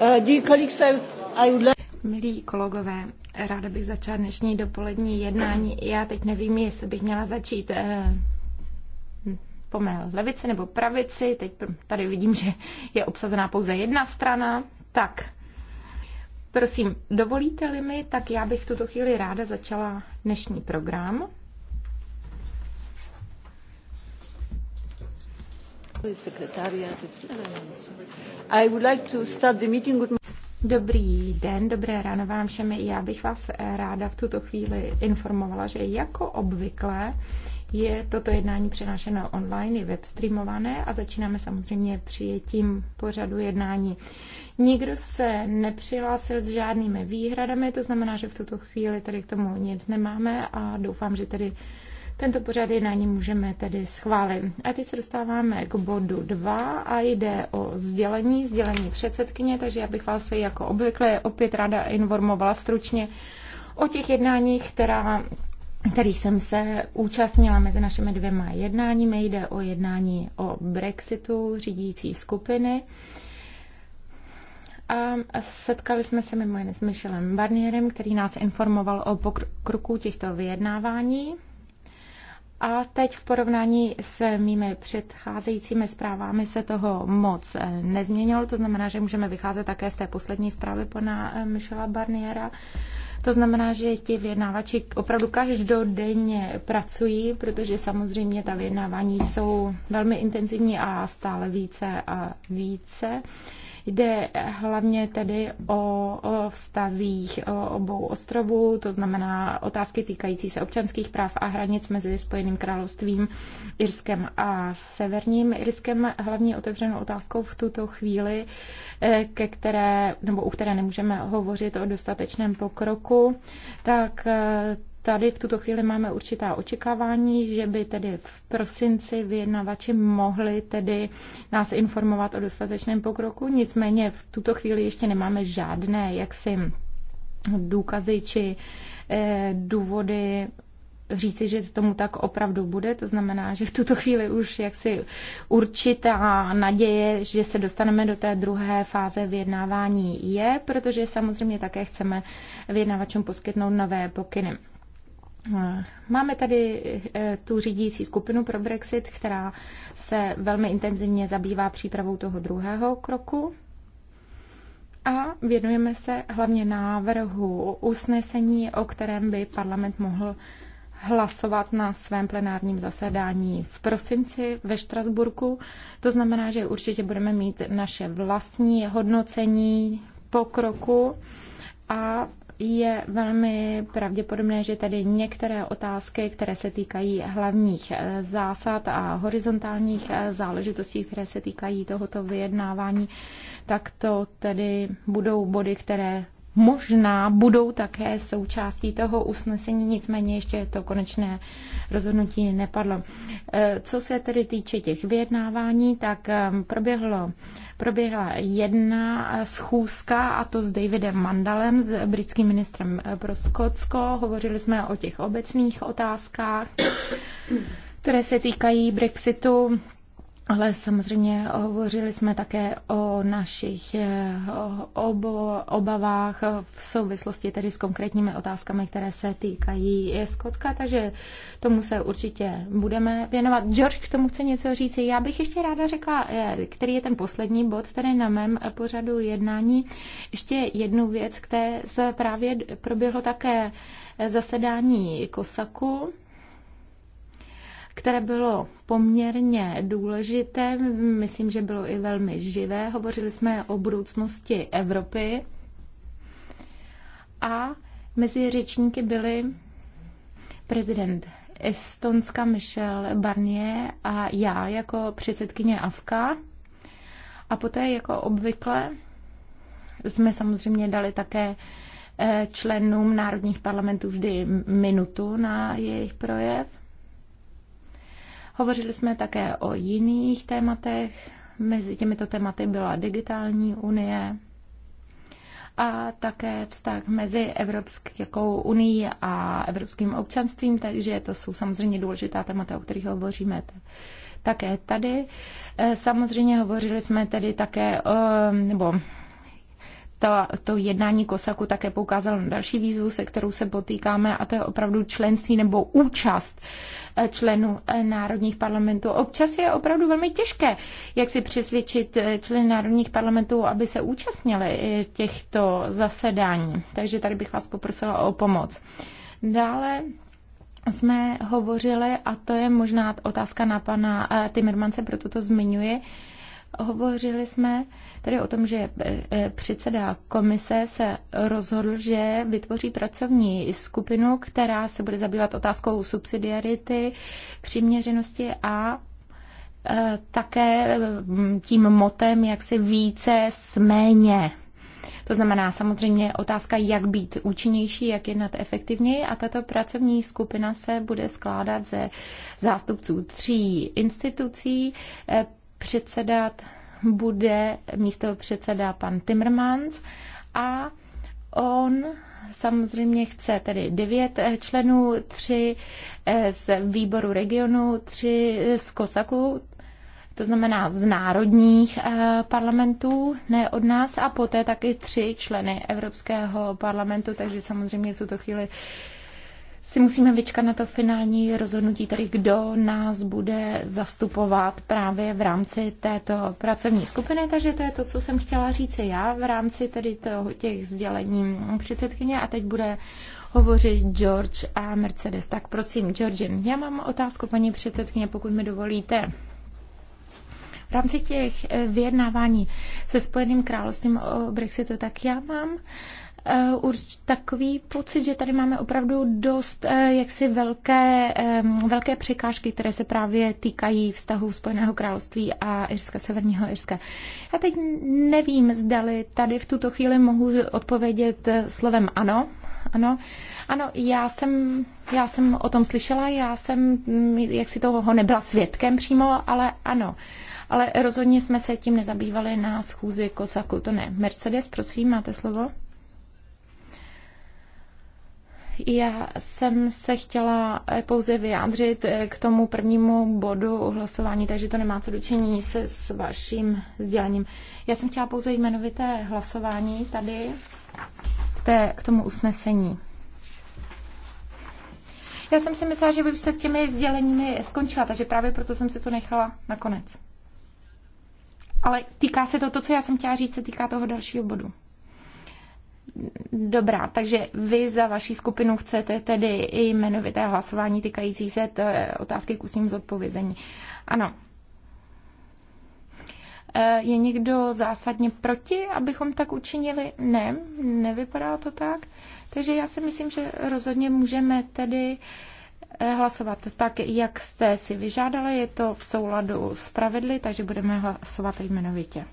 Uh, Milí kolegové, ráda bych začala dnešní dopolední jednání. Já teď nevím, jestli bych měla začít eh, po mé levici nebo pravici. Teď tady vidím, že je obsazená pouze jedna strana. Tak, prosím, dovolíte-li mi, tak já bych v tuto chvíli ráda začala dnešní program. Dobrý den, dobré ráno vám všem. Já bych vás eh, ráda v tuto chvíli informovala, že jako obvykle je toto jednání přenášeno online, je webstreamované a začínáme samozřejmě přijetím pořadu jednání. Nikdo se nepřihlásil s žádnými výhradami, to znamená, že v tuto chvíli tady k tomu nic nemáme a doufám, že tedy tento pořad jednání můžeme tedy schválit. A teď se dostáváme k bodu 2 a jde o sdělení, sdělení předsedkyně, takže já bych vás jako obvykle opět ráda informovala stručně o těch jednáních, která kterých jsem se účastnila mezi našimi dvěma jednáními. Jde o jednání o Brexitu řídící skupiny. A setkali jsme se mimo jiné s Michelem Barnierem, který nás informoval o pokroku těchto vyjednávání. A teď v porovnání s mými předcházejícími zprávami se toho moc eh, nezměnilo. To znamená, že můžeme vycházet také z té poslední zprávy pana eh, Michela Barniera. To znamená, že ti vyjednávači opravdu každodenně pracují, protože samozřejmě ta vyjednávání jsou velmi intenzivní a stále více a více. Jde hlavně tedy o vztazích obou ostrovů, to znamená otázky týkající se občanských práv a hranic mezi Spojeným královstvím, Irskem a Severním Irskem. Hlavní otevřenou otázkou v tuto chvíli, eh, ke které, nebo u které nemůžeme hovořit o dostatečném pokroku, tak eh, Tady v tuto chvíli máme určitá očekávání, že by tedy v prosinci vyjednavači mohli tedy nás informovat o dostatečném pokroku, nicméně v tuto chvíli ještě nemáme žádné jaksi důkazy či eh, důvody říci, že tomu tak opravdu bude. To znamená, že v tuto chvíli už jaksi určitá naděje, že se dostaneme do té druhé fáze vyjednávání je, protože samozřejmě také chceme vyjednavačům poskytnout nové pokyny. Máme tady eh, tu řídící skupinu pro Brexit, která se velmi intenzivně zabývá přípravou toho druhého kroku. A věnujeme se hlavně návrhu usnesení, o kterém by parlament mohl hlasovat na svém plenárním zasedání v prosinci ve Štrasburku. To znamená, že určitě budeme mít naše vlastní hodnocení pokroku a je velmi pravděpodobné, že tady některé otázky, které se týkají hlavních eh, zásad a horizontálních eh, záležitostí, které se týkají tohoto vyjednávání, tak to tedy budou body, které možná budou také součástí toho usnesení, nicméně ještě to konečné rozhodnutí nepadlo. Eh, co se tedy týče těch vyjednávání, tak ehm, proběhlo proběhla jedna schůzka a to s Davidem Mandalem, s britským ministrem eh, pro Skotsko. Hovořili jsme o těch obecných otázkách, které se týkají Brexitu ale samozřejmě hovořili jsme také o našich eh, obo, obavách v souvislosti tedy s konkrétními otázkami, které se týkají Skotska, takže tomu se určitě budeme věnovat. George k tomu chce něco říci. Já bych ještě ráda řekla, eh, který je ten poslední bod, tedy na mém pořadu jednání. Ještě jednu věc, které se právě proběhlo také eh, zasedání Kosaku které bylo poměrně důležité, myslím, že bylo i velmi živé. Hovořili jsme o budoucnosti Evropy a mezi řečníky byli prezident Estonska Michel Barnier a já jako předsedkyně Avka. A poté, jako obvykle, jsme samozřejmě dali také eh, členům národních parlamentů vždy minutu na jejich projev. Hovořili jsme také o jiných tématech. Mezi těmito tématy byla digitální unie a také vztah mezi Evropskou unii a evropským občanstvím, takže to jsou samozřejmě důležitá témata, o kterých hovoříme také tady. E, samozřejmě hovořili jsme tedy také, nebo ta, to jednání Kosaku také poukázalo na další výzvu, se kterou se potýkáme, a to je opravdu členství nebo účast eh, členů eh, národních parlamentů. Občas je opravdu velmi těžké, jak si přesvědčit eh, členy národních parlamentů, aby se účastnili těchto zasedání. Takže tady bych vás poprosila o pomoc. Dále jsme hovořili, a to je možná otázka na pana Timmermance, proto to zmiňuji, Hovořili jsme tedy o tom, že eh, předseda komise se rozhodl, že vytvoří pracovní skupinu, která se bude zabývat otázkou subsidiarity, přiměřenosti a eh, také mm, tím motem, jak si více sméně. To znamená samozřejmě otázka, jak být účinnější, jak jednat efektivněji a tato pracovní skupina se bude skládat ze zástupců tří institucí, eh, předsedat bude místo předseda pan Timmermans a on samozřejmě chce tedy devět členů, tři eh, z výboru regionu, tři z Kosaku, to znamená z národních eh, parlamentů, ne od nás, a poté taky tři členy Evropského parlamentu, takže samozřejmě v tuto chvíli si musíme vyčkat na to finální rozhodnutí, tedy kdo nás bude zastupovat právě v rámci této pracovní skupiny. Takže to je to, co jsem chtěla říct. já v rámci tedy toho, těch sdělení předsedkyně a teď bude hovořit George a Mercedes. Tak prosím, George, já mám otázku, paní předsedkyně, pokud mi dovolíte. V rámci těch eh, vyjednávání se Spojeným královstvím o Brexitu, tak já mám Eh, urč, takový pocit, že tady máme opravdu dost eh, jaksi velké, eh, velké překážky, které se právě týkají vztahu Spojeného království a Irska, Severního Irska. Já teď nevím, zdali tady v tuto chvíli mohu odpovědět slovem ano, ano. Ano, já jsem, já jsem o tom slyšela, já jsem, hm, jak si toho nebyla svědkem přímo, ale ano. Ale rozhodně jsme se tím nezabývali na schůzi Kosaku. To ne. Mercedes, prosím, máte slovo. Já jsem se chtěla eh, pouze vyjádřit eh, k tomu prvnímu bodu hlasování, takže to nemá co dočinění se s vaším sdělením. Já jsem chtěla pouze jmenovité hlasování tady k, té, k tomu usnesení. Já jsem si myslela, že by se s těmi sděleními skončila, takže právě proto jsem si to nechala nakonec. Ale týká se to, to, co já jsem chtěla říct, se týká toho dalšího bodu. Dobrá, takže vy za vaší skupinu chcete tedy i jmenovité hlasování týkající se té otázky k ústním zodpovězení. Ano. E, je někdo zásadně proti, abychom tak učinili? Ne, nevypadá to tak. Takže já si myslím, že rozhodně můžeme tedy e, hlasovat tak, jak jste si vyžádali. Je to v souladu s pravidly, takže budeme hlasovat jmenovitě.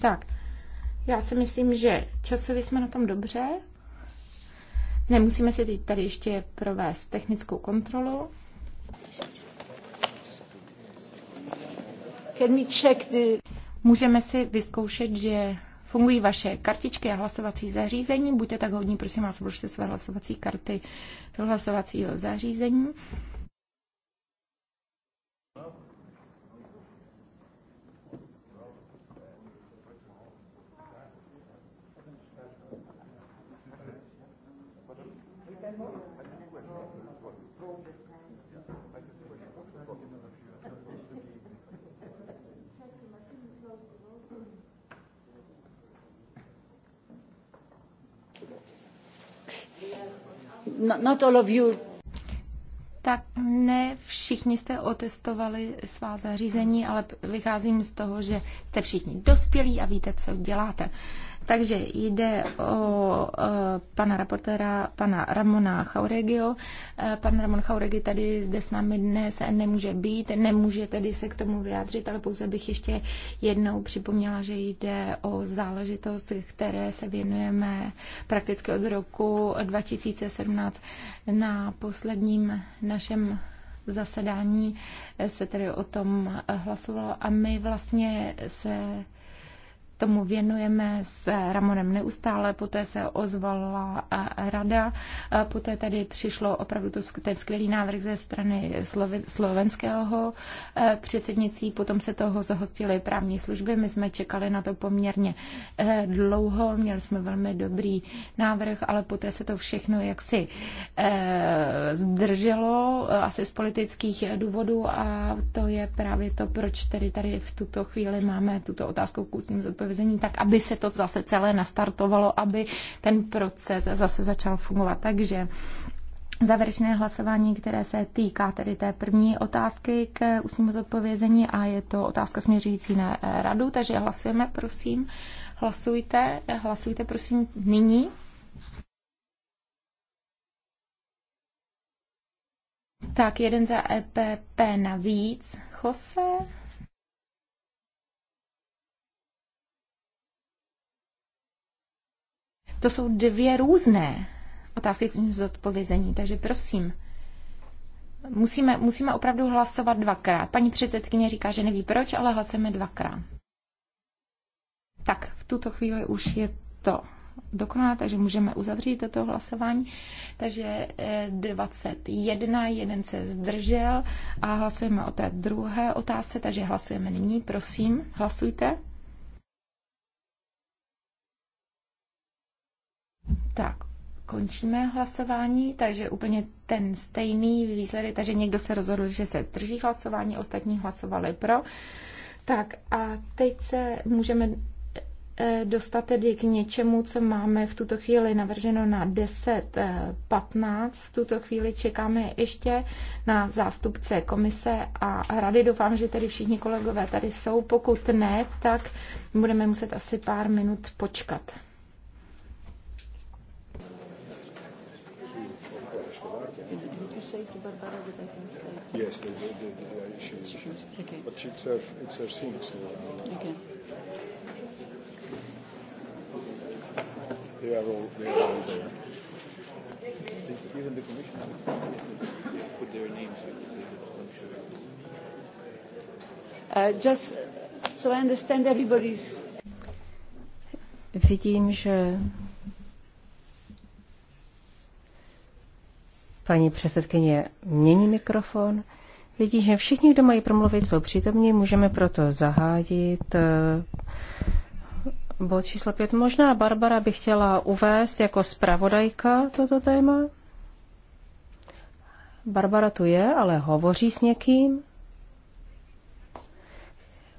Tak, já si myslím, že časově jsme na tom dobře. Nemusíme si teď tady ještě provést technickou kontrolu. Můžeme si vyzkoušet, že fungují vaše kartičky a hlasovací zařízení. Buďte tak hodní, prosím vás, vložte své hlasovací karty do hlasovacího zařízení. not all of you tak ne všichni jste otestovali svá zařízení, ale vycházím z toho, že jste všichni dospělí a víte, co děláte. Takže jde o pana reportéra, pana Ramona Chauregio. E, pan Ramon Chauregi tady zde s námi dnes nemůže být, nemůže tedy se k tomu vyjádřit, ale pouze bych ještě jednou připomněla, že jde o záležitost, které se věnujeme prakticky od roku 2017 na posledním našem zasedání se tedy o tom hlasovalo a my vlastně se tomu věnujeme s Ramonem neustále, poté se ozvala eh, rada, eh, poté tady přišlo opravdu to, ten skvělý návrh ze strany slovenského eh, předsednicí, potom se toho zahostily právní služby, my jsme čekali na to poměrně dlouho, měli jsme velmi dobrý návrh, ale poté se to všechno jaksi zdrželo, asi z politických důvodů a to je právě to, proč tedy tady v tuto chvíli máme tuto otázku k zodpovědět vězení, tak, aby se to zase celé nastartovalo, aby ten proces zase začal fungovat. Takže závěrečné hlasování, které se týká tedy té první otázky k ústnímu zodpovězení a je to otázka směřující na radu, takže hlasujeme, prosím. Hlasujte, hlasujte prosím nyní. Tak, jeden za EPP navíc. Jose? To jsou dvě různé otázky k zodpovězení, takže prosím. Musíme, musíme opravdu hlasovat dvakrát. Paní předsedkyně říká, že neví proč, ale hlasujeme dvakrát. Tak, v tuto chvíli už je to dokonalé, takže můžeme uzavřít toto hlasování. Takže 21, eh, jeden se zdržel a hlasujeme o té druhé otázce, takže hlasujeme nyní, prosím, hlasujte. Tak, končíme hlasování, takže úplně ten stejný výsledek, takže někdo se rozhodl, že se zdrží hlasování, ostatní hlasovali pro. Tak a teď se můžeme eh, dostat tedy k něčemu, co máme v tuto chvíli navrženo na 10.15. Eh, v tuto chvíli čekáme ještě na zástupce komise a rady. Doufám, že tedy všichni kolegové tady jsou. Pokud ne, tak budeme muset asi pár minut počkat. say to Barbara that I can stay? Yes, they did. They, they, they, she, she, okay. But it's her, it's her scene, so. Uh, okay. They are all, they are all there. Even the commissioner put their names. Uh, just so I understand everybody's. Vidím, že Paní předsedkyně mění mikrofon. Vidí, že všichni, kdo mají promluvit, jsou přítomní, můžeme proto zahájit eh, bod číslo pět. Možná Barbara by chtěla uvést jako zpravodajka toto téma. Barbara tu je, ale hovoří s někým.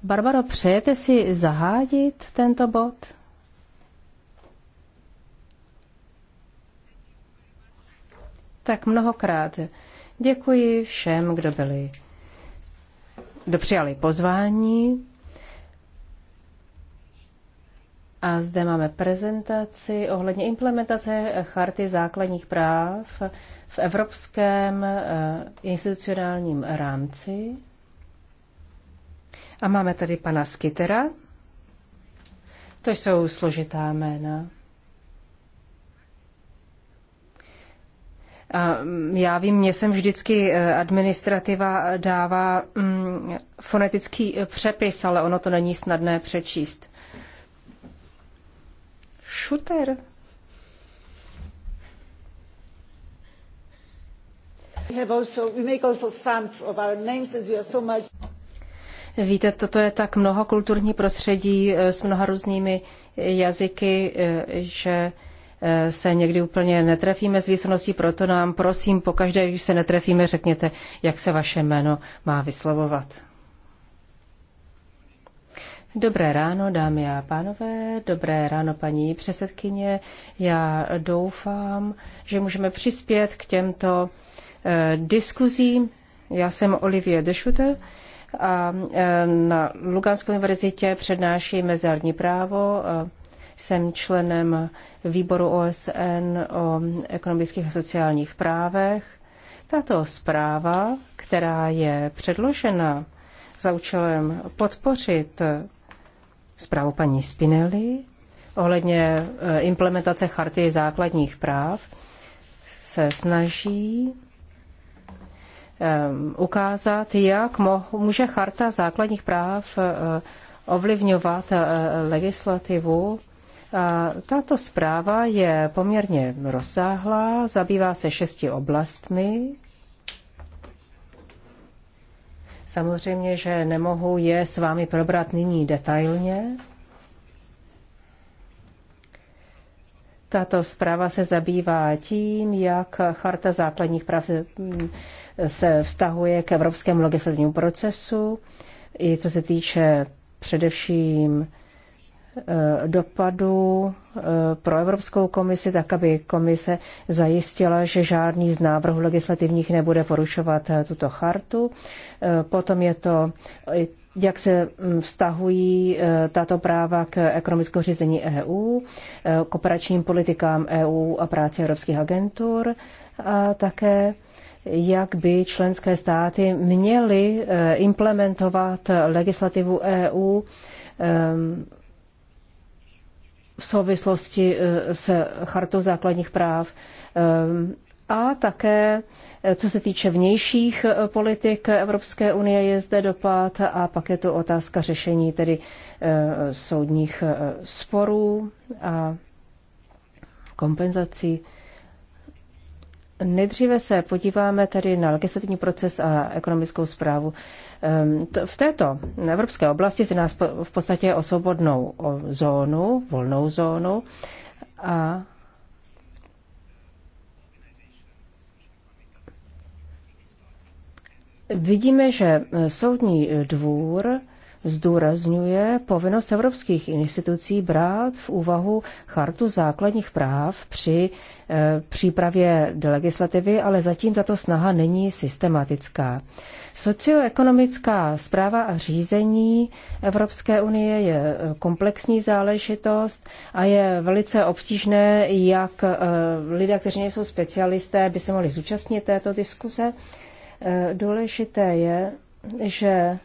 Barbaro, přejete si zahájit tento bod? tak mnohokrát děkuji všem, kdo byli, dopřijali přijali pozvání. A zde máme prezentaci ohledně implementace Charty základních práv v evropském eh, institucionálním rámci. A máme tady pana Skitera. To jsou složitá jména. Mm, já vím, mě jsem vždycky e, administrativa dává mm, fonetický e, přepis, ale ono to není snadné přečíst. Šuter. Víte, toto je tak mnoho kulturní prostředí e, s mnoha různými jazyky, že se někdy úplně netrefíme s výslovností, proto nám prosím, pokaždé, když se netrefíme, řekněte, jak se vaše jméno má vyslovovat. Dobré ráno, dámy a pánové, dobré ráno, paní předsedkyně. Já doufám, že můžeme přispět k těmto eh, diskuzím. Já jsem Olivier Dešute a eh, na Luganské univerzitě přednáším mezinárodní právo. Eh, jsem členem výboru OSN o ekonomických a sociálních právech. Tato zpráva, která je předložena za účelem podpořit zprávu paní Spinelli ohledně eh, implementace charty základních práv, se snaží eh, ukázat, jak může Charta základních práv eh, ovlivňovat legislativu tato zpráva je poměrně rozsáhlá, zabývá se šesti oblastmi. Samozřejmě, že nemohu je s vámi probrat nyní detailně. Tato zpráva se zabývá tím, jak Charta základních práv se vztahuje k evropskému legislativnímu procesu, i co se týče především Eh, dopadů eh, pro Evropskou komisi, tak aby komise zajistila, že žádný z návrhů legislativních nebude porušovat eh, tuto chartu. Potom je to, jak se mm, vztahují tato práva k ekonomickému řízení EU, k operačním politikám EU a práci evropských agentur a také jak by členské státy měly implementovat legislativu EU v souvislosti eh, s chartou základních práv eh, a také, eh, co se týče vnějších politik Evropské unie, je zde dopad a pak je to otázka řešení tedy soudních sporů a kompenzací. Nejdříve se podíváme tedy na legislativní proces a ekonomickou zprávu. Ehm, v této evropské oblasti se nás v podstatě o svobodnou zónu, volnou zónu a vidíme, že soudní dvůr zdůrazňuje povinnost evropských institucí brát v úvahu chartu základních práv při e, přípravě legislativy, ale zatím tato snaha není systematická. Socioekonomická zpráva a řízení Evropské unie je eh, komplexní záležitost a je velice obtížné, jak e, lidé, kteří nejsou specialisté, by se mohli zúčastnit této diskuze. E, důležité je, že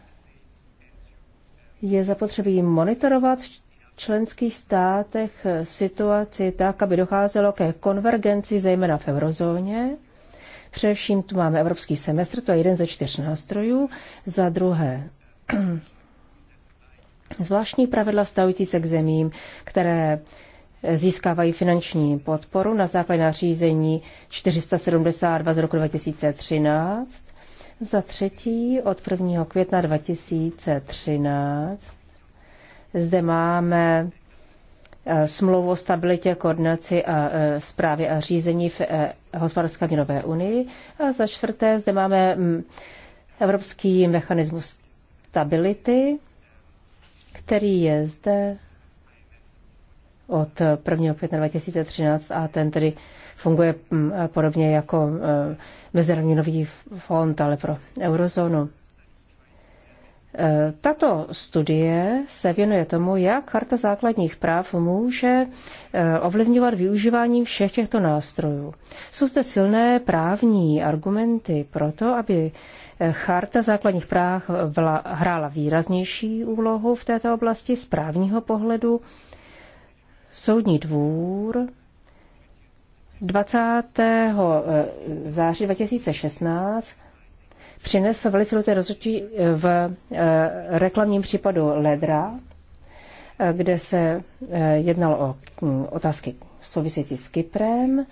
je zapotřebí monitorovat v členských státech situaci tak, aby docházelo ke konvergenci, zejména v eurozóně. Především tu máme evropský semestr, to je jeden ze čtyř nástrojů. Za druhé, zvláštní pravidla stavující se k zemím, které získávají finanční podporu na základě nařízení 472 z roku 2013 za třetí, od 1. května 2013 zde máme eh, smlouvu o stabilitě, koordinaci a zprávě eh, a řízení v eh, hospodářské měnové unii. A za čtvrté, zde máme mm, evropský mechanismus stability, který je zde od 1. května 2013 a ten tedy funguje mm, podobně jako e, Mezinárodní nový fond, ale pro eurozónu. E, tato studie se věnuje tomu, jak Charta základních práv může e, ovlivňovat využívání všech těchto nástrojů. Jsou zde silné právní argumenty pro to, aby Charta základních práv hrála výraznější úlohu v této oblasti z právního pohledu. Soudní dvůr 20. Eh, září 2016 přinesl velice důležité rozhodnutí eh, v eh, reklamním případu Ledra, kde se jednalo o hm, otázky související s Kyprem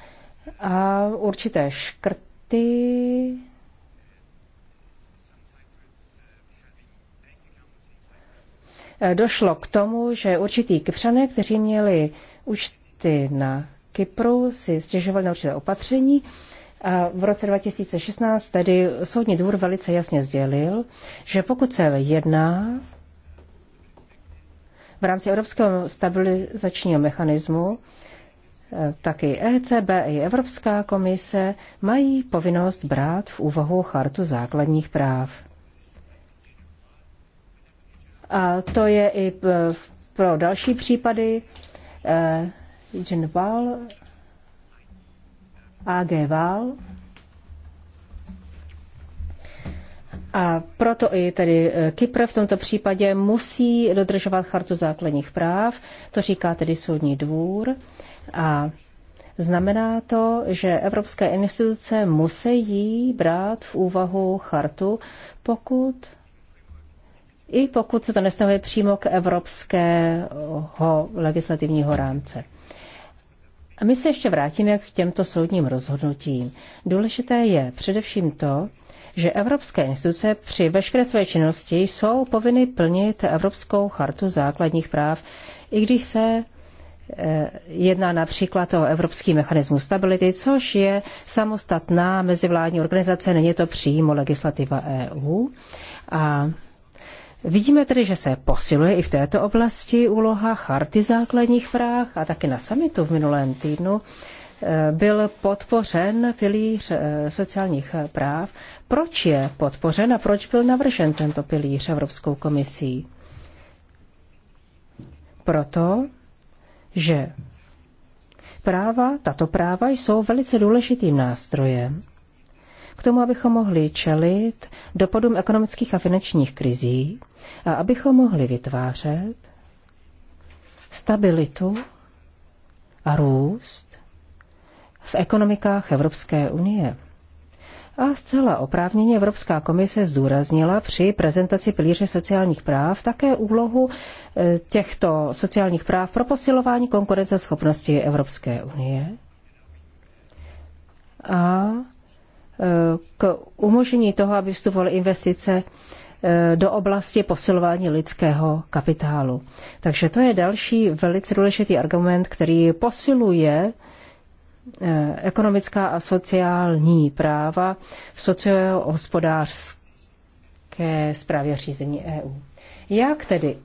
a určité škrty došlo k tomu, že určitý kypřané, kteří měli účty na Kypru si stěžoval na určité opatření. A v roce 2016 tedy Soudní dvůr velice jasně sdělil, že pokud se jedná v rámci Evropského stabilizačního mechanismu, eh, taky ECB i Evropská komise mají povinnost brát v úvahu chartu základních práv. A to je i eh, pro další případy eh, jen Val, AG Val. A proto i tedy eh, Kypr v tomto případě musí dodržovat chartu základních práv, to říká tedy soudní dvůr. A znamená to, že evropské instituce musí brát v úvahu chartu, pokud i pokud se to nestahuje přímo k evropského legislativního rámce. A my se ještě vrátíme k těmto soudním rozhodnutím. Důležité je především to, že evropské instituce při veškeré své činnosti jsou povinny plnit Evropskou chartu základních práv, i když se eh, jedná například o Evropský mechanismus stability, což je samostatná mezivládní organizace, není to přímo legislativa EU. A Vidíme tedy, že se posiluje i v této oblasti úloha Charty základních práv a taky na samitu v minulém týdnu eh, byl podpořen pilíř eh, sociálních eh, práv. Proč je podpořen a proč byl navržen tento pilíř Evropskou komisí? Proto, že práva, tato práva jsou velice důležitým nástrojem k tomu, abychom mohli čelit dopadům ekonomických a finančních krizí a abychom mohli vytvářet stabilitu a růst v ekonomikách Evropské unie. A zcela oprávněně Evropská komise zdůraznila při prezentaci pilíře sociálních práv také úlohu e, těchto sociálních práv pro posilování konkurenceschopnosti Evropské unie a k umožnění toho, aby vstupovaly investice e, do oblasti posilování lidského kapitálu. Takže to je další velice důležitý argument, který posiluje e, ekonomická a sociální práva v sociohospodářské zprávě řízení EU. Jak tedy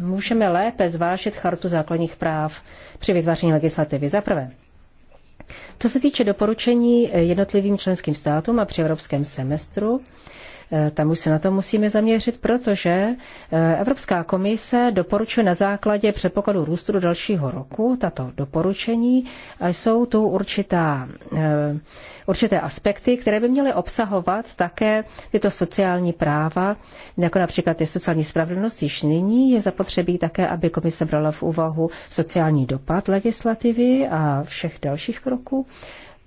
můžeme lépe zvážit chartu základních práv při vytváření legislativy? Za prvé, co se týče doporučení jednotlivým členským státům a při evropském semestru, Eh, tam už se na to musíme zaměřit, protože eh, Evropská komise doporučuje na základě předpokladu růstu do dalšího roku tato doporučení a jsou tu určitá, eh, určité aspekty, které by měly obsahovat také tyto sociální práva, jako například je sociální spravedlnost již nyní. Je zapotřebí také, aby komise brala v úvahu sociální dopad legislativy a všech dalších kroků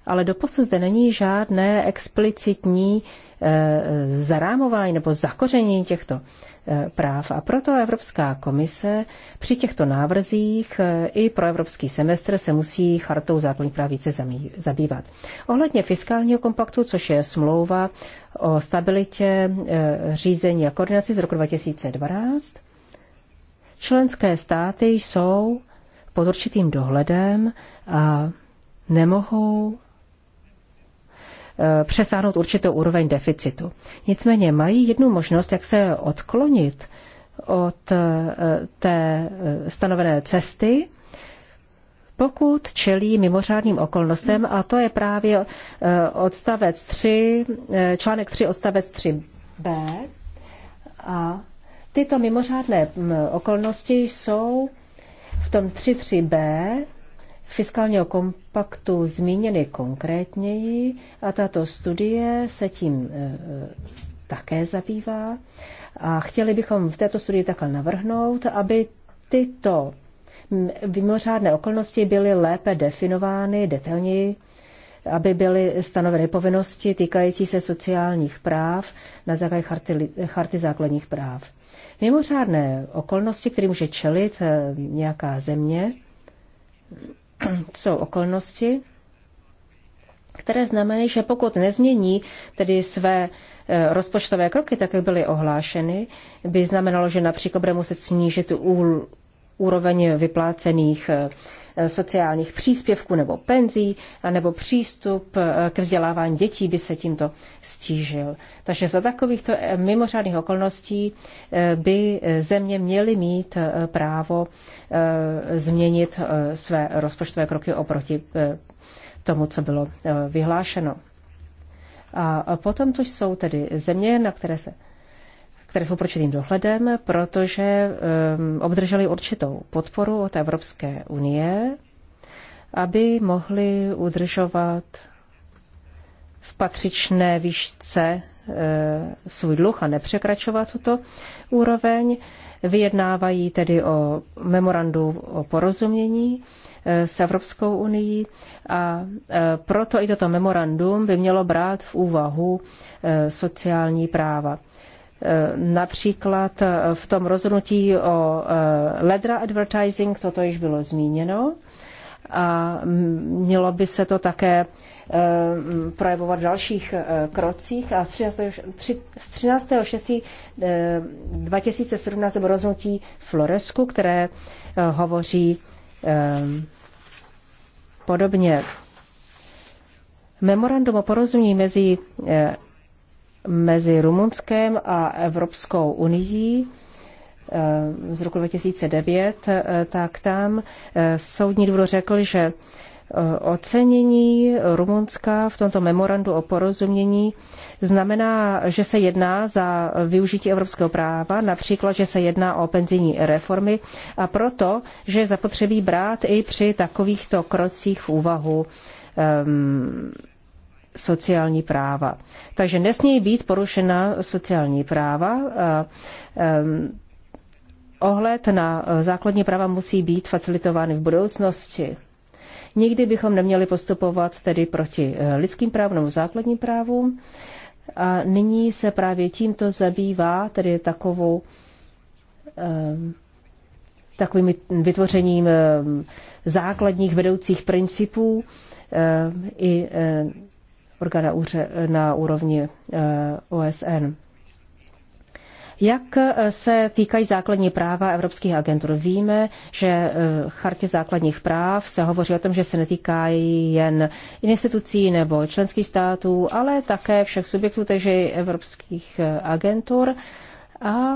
ale doposud zde není žádné explicitní Eh, zarámování nebo zakoření těchto eh, práv. A proto Evropská komise při těchto návrzích eh, i pro evropský semestr se musí chartou základních práv více zabývat. Ohledně fiskálního kompaktu, což je smlouva o stabilitě, řízení a koordinaci z roku 2012, členské státy jsou pod určitým dohledem a nemohou Eh, přesáhnout určitou úroveň deficitu. Nicméně mají jednu možnost, jak se odklonit od eh, té eh, stanovené cesty, pokud čelí mimořádným okolnostem, a to je právě odstavec 3, článek 3, odstavec 3b. A tyto mimořádné mm, okolnosti jsou v tom 3.3b fiskálního kompaktu zmíněny konkrétněji a tato studie se tím e, e, také zabývá. A chtěli bychom v této studii takhle navrhnout, aby tyto mimořádné okolnosti byly lépe definovány, detailněji, aby byly stanoveny povinnosti týkající se sociálních práv na základě charty, charty základních práv. Mimořádné okolnosti, které může čelit e, nějaká země, jsou okolnosti, které znamenají, že pokud nezmění tedy své e, rozpočtové kroky, tak jak byly ohlášeny, by znamenalo, že například bude muset snížit úroveň vyplácených e, Eh, sociálních příspěvků nebo penzí, nebo přístup eh, k vzdělávání dětí by se tímto stížil. Takže za takovýchto eh, mimořádných okolností by země měly mít právo změnit své rozpočtové kroky oproti tomu, co bylo vyhlášeno. A potom to jsou tedy země, na které se které jsou pročetným dohledem, protože um, obdrželi určitou podporu od Evropské unie, aby mohli udržovat v patřičné výšce eh, svůj dluh a nepřekračovat tuto úroveň. Vyjednávají tedy o memorandu o porozumění eh, s Evropskou unii a eh, proto i toto memorandum by mělo brát v úvahu sociální práva. Eh, například eh, v tom rozhodnutí o eh, ledra advertising, toto již bylo zmíněno, a mělo by se to také projevovat v dalších krocích a z 13.6.2017 bylo rozhodnutí Floresku, které hovoří podobně. Memorandum o porozumění mezi mezi Rumunskem a Evropskou unii eh, z roku 2009, eh, tak tam eh, soudní dvůr řekl, že ocenění Rumunska v tomto memorandu o porozumění znamená, že se jedná za využití evropského práva, například, že se jedná o penzijní reformy a proto, že zapotřebí brát i při takovýchto krocích v úvahu um, sociální práva. Takže nesmějí být porušena sociální práva. ohled na základní práva musí být facilitovány v budoucnosti. Nikdy bychom neměli postupovat tedy proti eh, lidským právům nebo základním právům. A nyní se právě tímto zabývá tedy takovou takovým vytvořením základních vedoucích principů i orgán na, eh, na úrovni eh, OSN. Jak eh, se týkají základní práva evropských agentur? Víme, že v chartě základních práv se hovoří o tom, že se netýkají jen institucí nebo členských států, ale také všech subjektů, takže i evropských agentur. A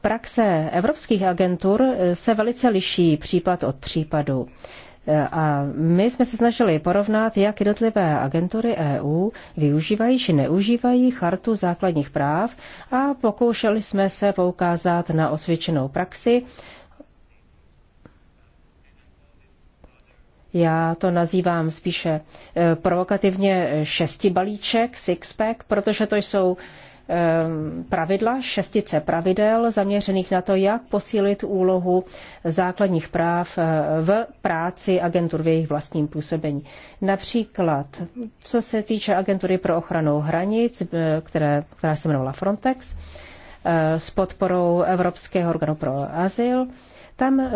praxe evropských agentur se velice liší případ od případu. E, a my jsme se snažili porovnat, jak jednotlivé agentury EU využívají či neužívají chartu základních práv a pokoušeli jsme se poukázat na osvědčenou praxi. Já to nazývám spíše e, provokativně šesti balíček, six-pack, protože to jsou Eh, pravidla, šestice pravidel zaměřených na to, jak posílit úlohu základních práv eh, v práci agentur v jejich vlastním působení. Například, co se týče agentury pro ochranu hranic, eh, které, která se jmenovala Frontex, s podporou Evropského organu pro azyl, tam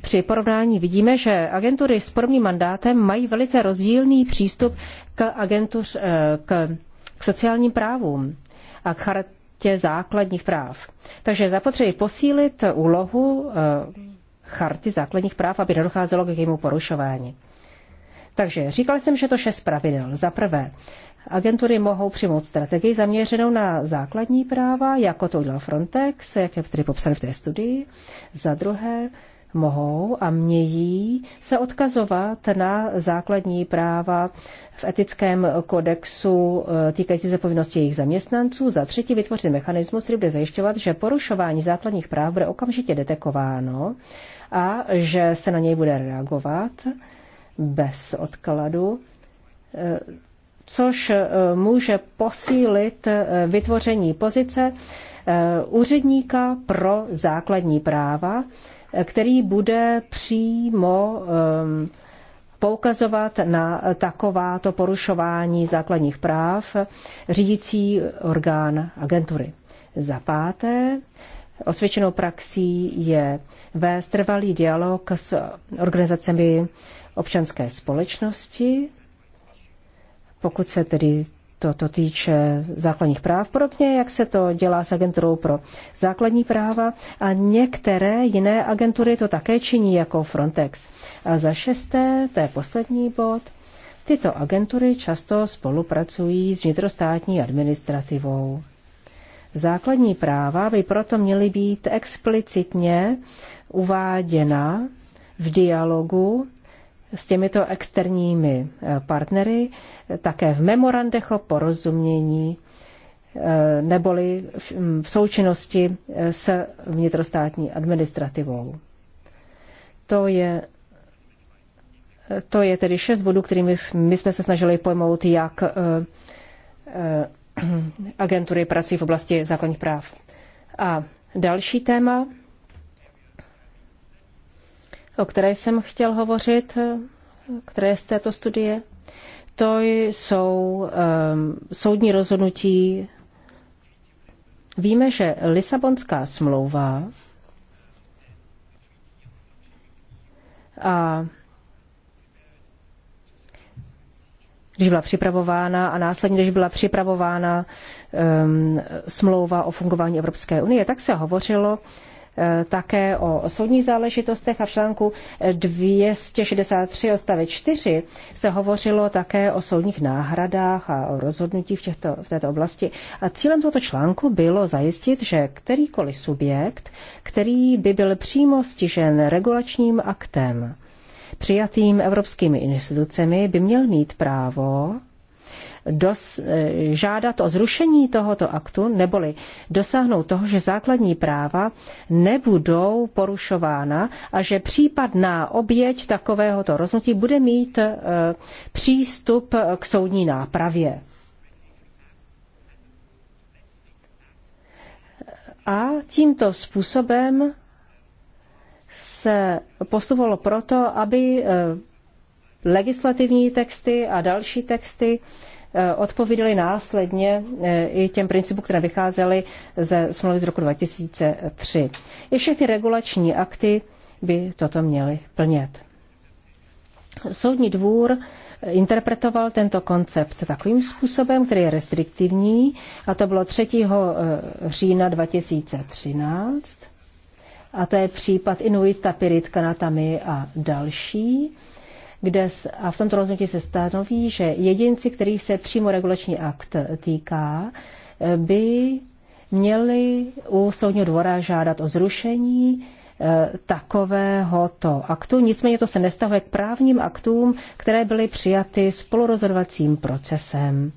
při porovnání vidíme, že agentury s prvním mandátem mají velice rozdílný přístup k agentuř, k k sociálním právům a k chartě základních práv. Takže zapotřebí posílit úlohu eh, charty základních práv, aby nedocházelo k jejímu porušování. Takže říkal jsem, že to šest pravidel. Za prvé, agentury mohou přijmout strategii zaměřenou na základní práva, jako to udělal Frontex, jak je tedy popsané v té studii. Za druhé, mohou a mějí se odkazovat na základní práva v etickém kodexu eh, týkající se povinnosti jejich zaměstnanců. Za třetí vytvořit mechanismus, který bude zajišťovat, že porušování základních práv bude okamžitě detekováno a že se na něj bude reagovat bez odkladu, eh, což eh, může posílit vytvoření pozice úředníka pro základní práva, který bude přímo um, poukazovat na takováto porušování základních práv řídící orgán agentury. Za páté, osvědčenou praxí je vést trvalý dialog s organizacemi občanské společnosti, pokud se tedy toto týče základních práv, podobně jak se to dělá s agenturou pro základní práva a některé jiné agentury to také činí jako Frontex. A za šesté, to je poslední bod, tyto agentury často spolupracují s vnitrostátní administrativou. Základní práva by proto měly být explicitně uváděna v dialogu s těmito externími eh, partnery, také v memorandech o porozumění eh, neboli v mm, součinnosti eh, s vnitrostátní administrativou. To je, to je tedy šest bodů, kterými my jsme se snažili pojmout, jak agentury pracují v oblasti základních práv. A další téma o které jsem chtěl hovořit, které je z této studie, to jsou um, soudní rozhodnutí. Víme, že Lisabonská smlouva a když byla připravována a následně, když byla připravována um, smlouva o fungování Evropské unie, tak se hovořilo Eh, také o soudních záležitostech a v článku 263 odstavec 4 se hovořilo také o soudních náhradách a o rozhodnutí v, těchto, v této oblasti. A cílem tohoto článku bylo zajistit, že kterýkoliv subjekt, který by byl přímo stižen regulačním aktem, přijatým evropskými institucemi, by měl mít právo dos, eh, žádat o zrušení tohoto aktu, neboli dosáhnout toho, že základní práva nebudou porušována a že případná oběť takovéhoto rozhodnutí bude mít eh, přístup k soudní nápravě. A tímto způsobem se postupovalo proto, aby eh, legislativní texty a další texty Eh, odpovídali následně eh, i těm principům, které vycházely ze smlouvy z roku 2003. I všechny regulační akty by toto měly plnět. Soudní dvůr interpretoval tento koncept takovým způsobem, který je restriktivní, a to bylo 3. Eh, října 2013. A to je případ Inuit, Tapirit, Kanatami a další kde a v tomto rozhodnutí se stanoví, že jedinci, kterých se přímo regulační akt týká, eh, by měli u soudního dvora žádat o zrušení eh, takovéhoto aktu. Nicméně to se nestahuje k právním aktům, které byly přijaty spolurozhodovacím procesem,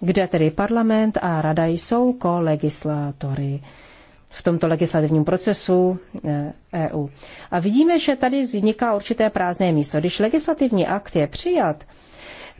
kde tedy parlament a rada jsou kolegislátory. legislátory v tomto legislativním procesu EU. Eh, e A vidíme, že tady vzniká určité prázdné místo. Když legislativní akt je přijat,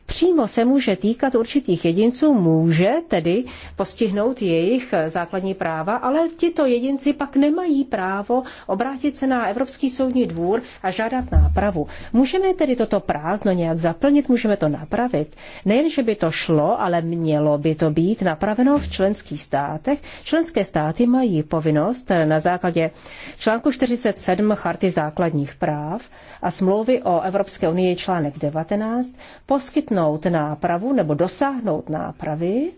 přímo se může týkat určitých jedinců, může tedy postihnout jejich základní práva, ale tito jedinci pak nemají právo obrátit se na Evropský soudní dvůr a žádat nápravu. Můžeme tedy toto prázdno nějak zaplnit, můžeme to napravit. Nejen, že by to šlo, ale mělo by to být napraveno v členských státech. Členské státy mají povinnost na základě článku 47 Charty základních práv a smlouvy o Evropské unii článek 19 poskytnout poskytnout nápravu nebo dosáhnout nápravy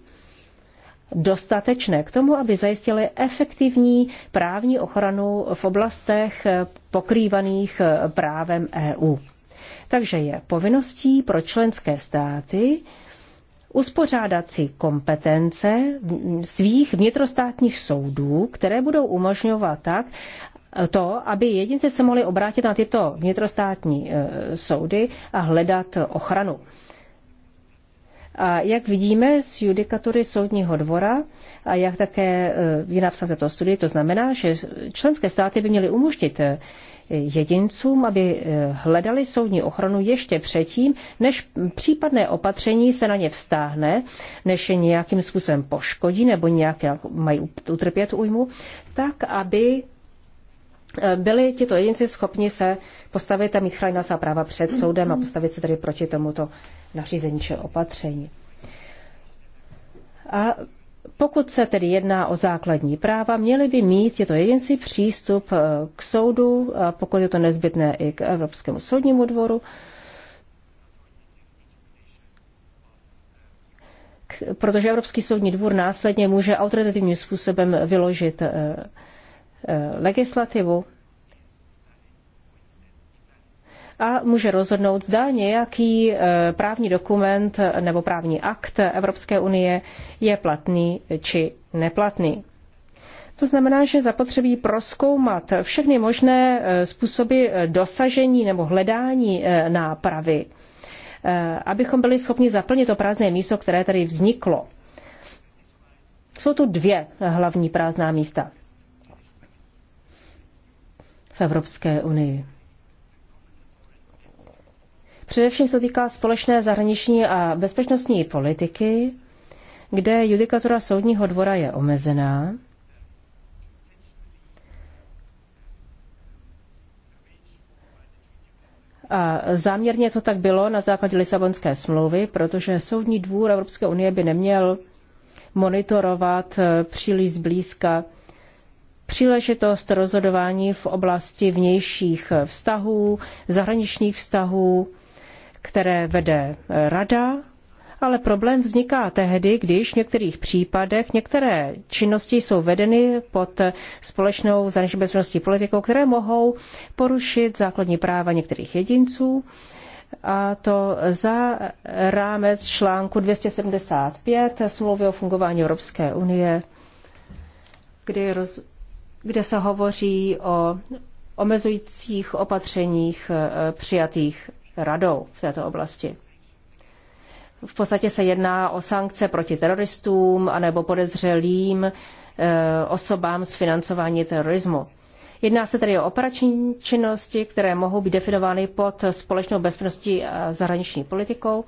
dostatečné k tomu, aby zajistili efektivní právní ochranu v oblastech pokrývaných právem EU. Takže je povinností pro členské státy uspořádat si kompetence svých vnitrostátních soudů, které budou umožňovat tak, to, aby jedinci se mohli obrátit na tyto vnitrostátní e, soudy a hledat ochranu. A jak vidíme z judikatury Soudního dvora a jak také eh, je napsat to studii, to znamená, že členské státy by měly umožnit eh, jedincům, aby eh, hledali soudní ochranu ještě předtím, než případné opatření se na ně vztáhne, než je nějakým způsobem poškodí nebo nějak mají utrpět újmu, tak aby Eh, byli tito jedinci schopni se postavit a mít chráněná svá práva před soudem a postavit se tedy proti tomuto nařízení či opatření. A pokud se tedy jedná o základní práva, měli by mít tyto jedinci přístup eh, k soudu, pokud je to nezbytné i k Evropskému soudnímu dvoru, protože Evropský soudní dvůr následně může autoritativním způsobem vyložit eh, Eh, legislativu a může rozhodnout, zda nějaký eh, právní dokument nebo právní akt Evropské unie je platný či neplatný. To znamená, že zapotřebí proskoumat všechny možné eh, způsoby dosažení nebo hledání nápravy, abychom byli schopni zaplnit to prázdné místo, které tady vzniklo. Jsou tu dvě hlavní prázdná místa v Evropské unii. Především se týká společné zahraniční a bezpečnostní politiky, kde judikatura soudního dvora je omezená. A záměrně to tak bylo na základě Lisabonské smlouvy, protože Soudní dvůr Evropské unie by neměl monitorovat eh, příliš zblízka příležitost rozhodování v oblasti vnějších vztahů, zahraničních vztahů, které vede eh, rada, ale problém vzniká tehdy, když v některých případech některé činnosti jsou vedeny pod eh, společnou zahraniční bezpečnostní politikou, které mohou porušit základní práva některých jedinců a to za rámec článku 275 smlouvy o fungování Evropské unie, kdy roz, kde se hovoří o omezujících opatřeních eh, přijatých radou v této oblasti. V podstatě se jedná o sankce proti teroristům anebo podezřelým eh, osobám z financování terorismu. Jedná se tedy o operační činnosti, které mohou být definovány pod společnou bezpečností a zahraniční politikou,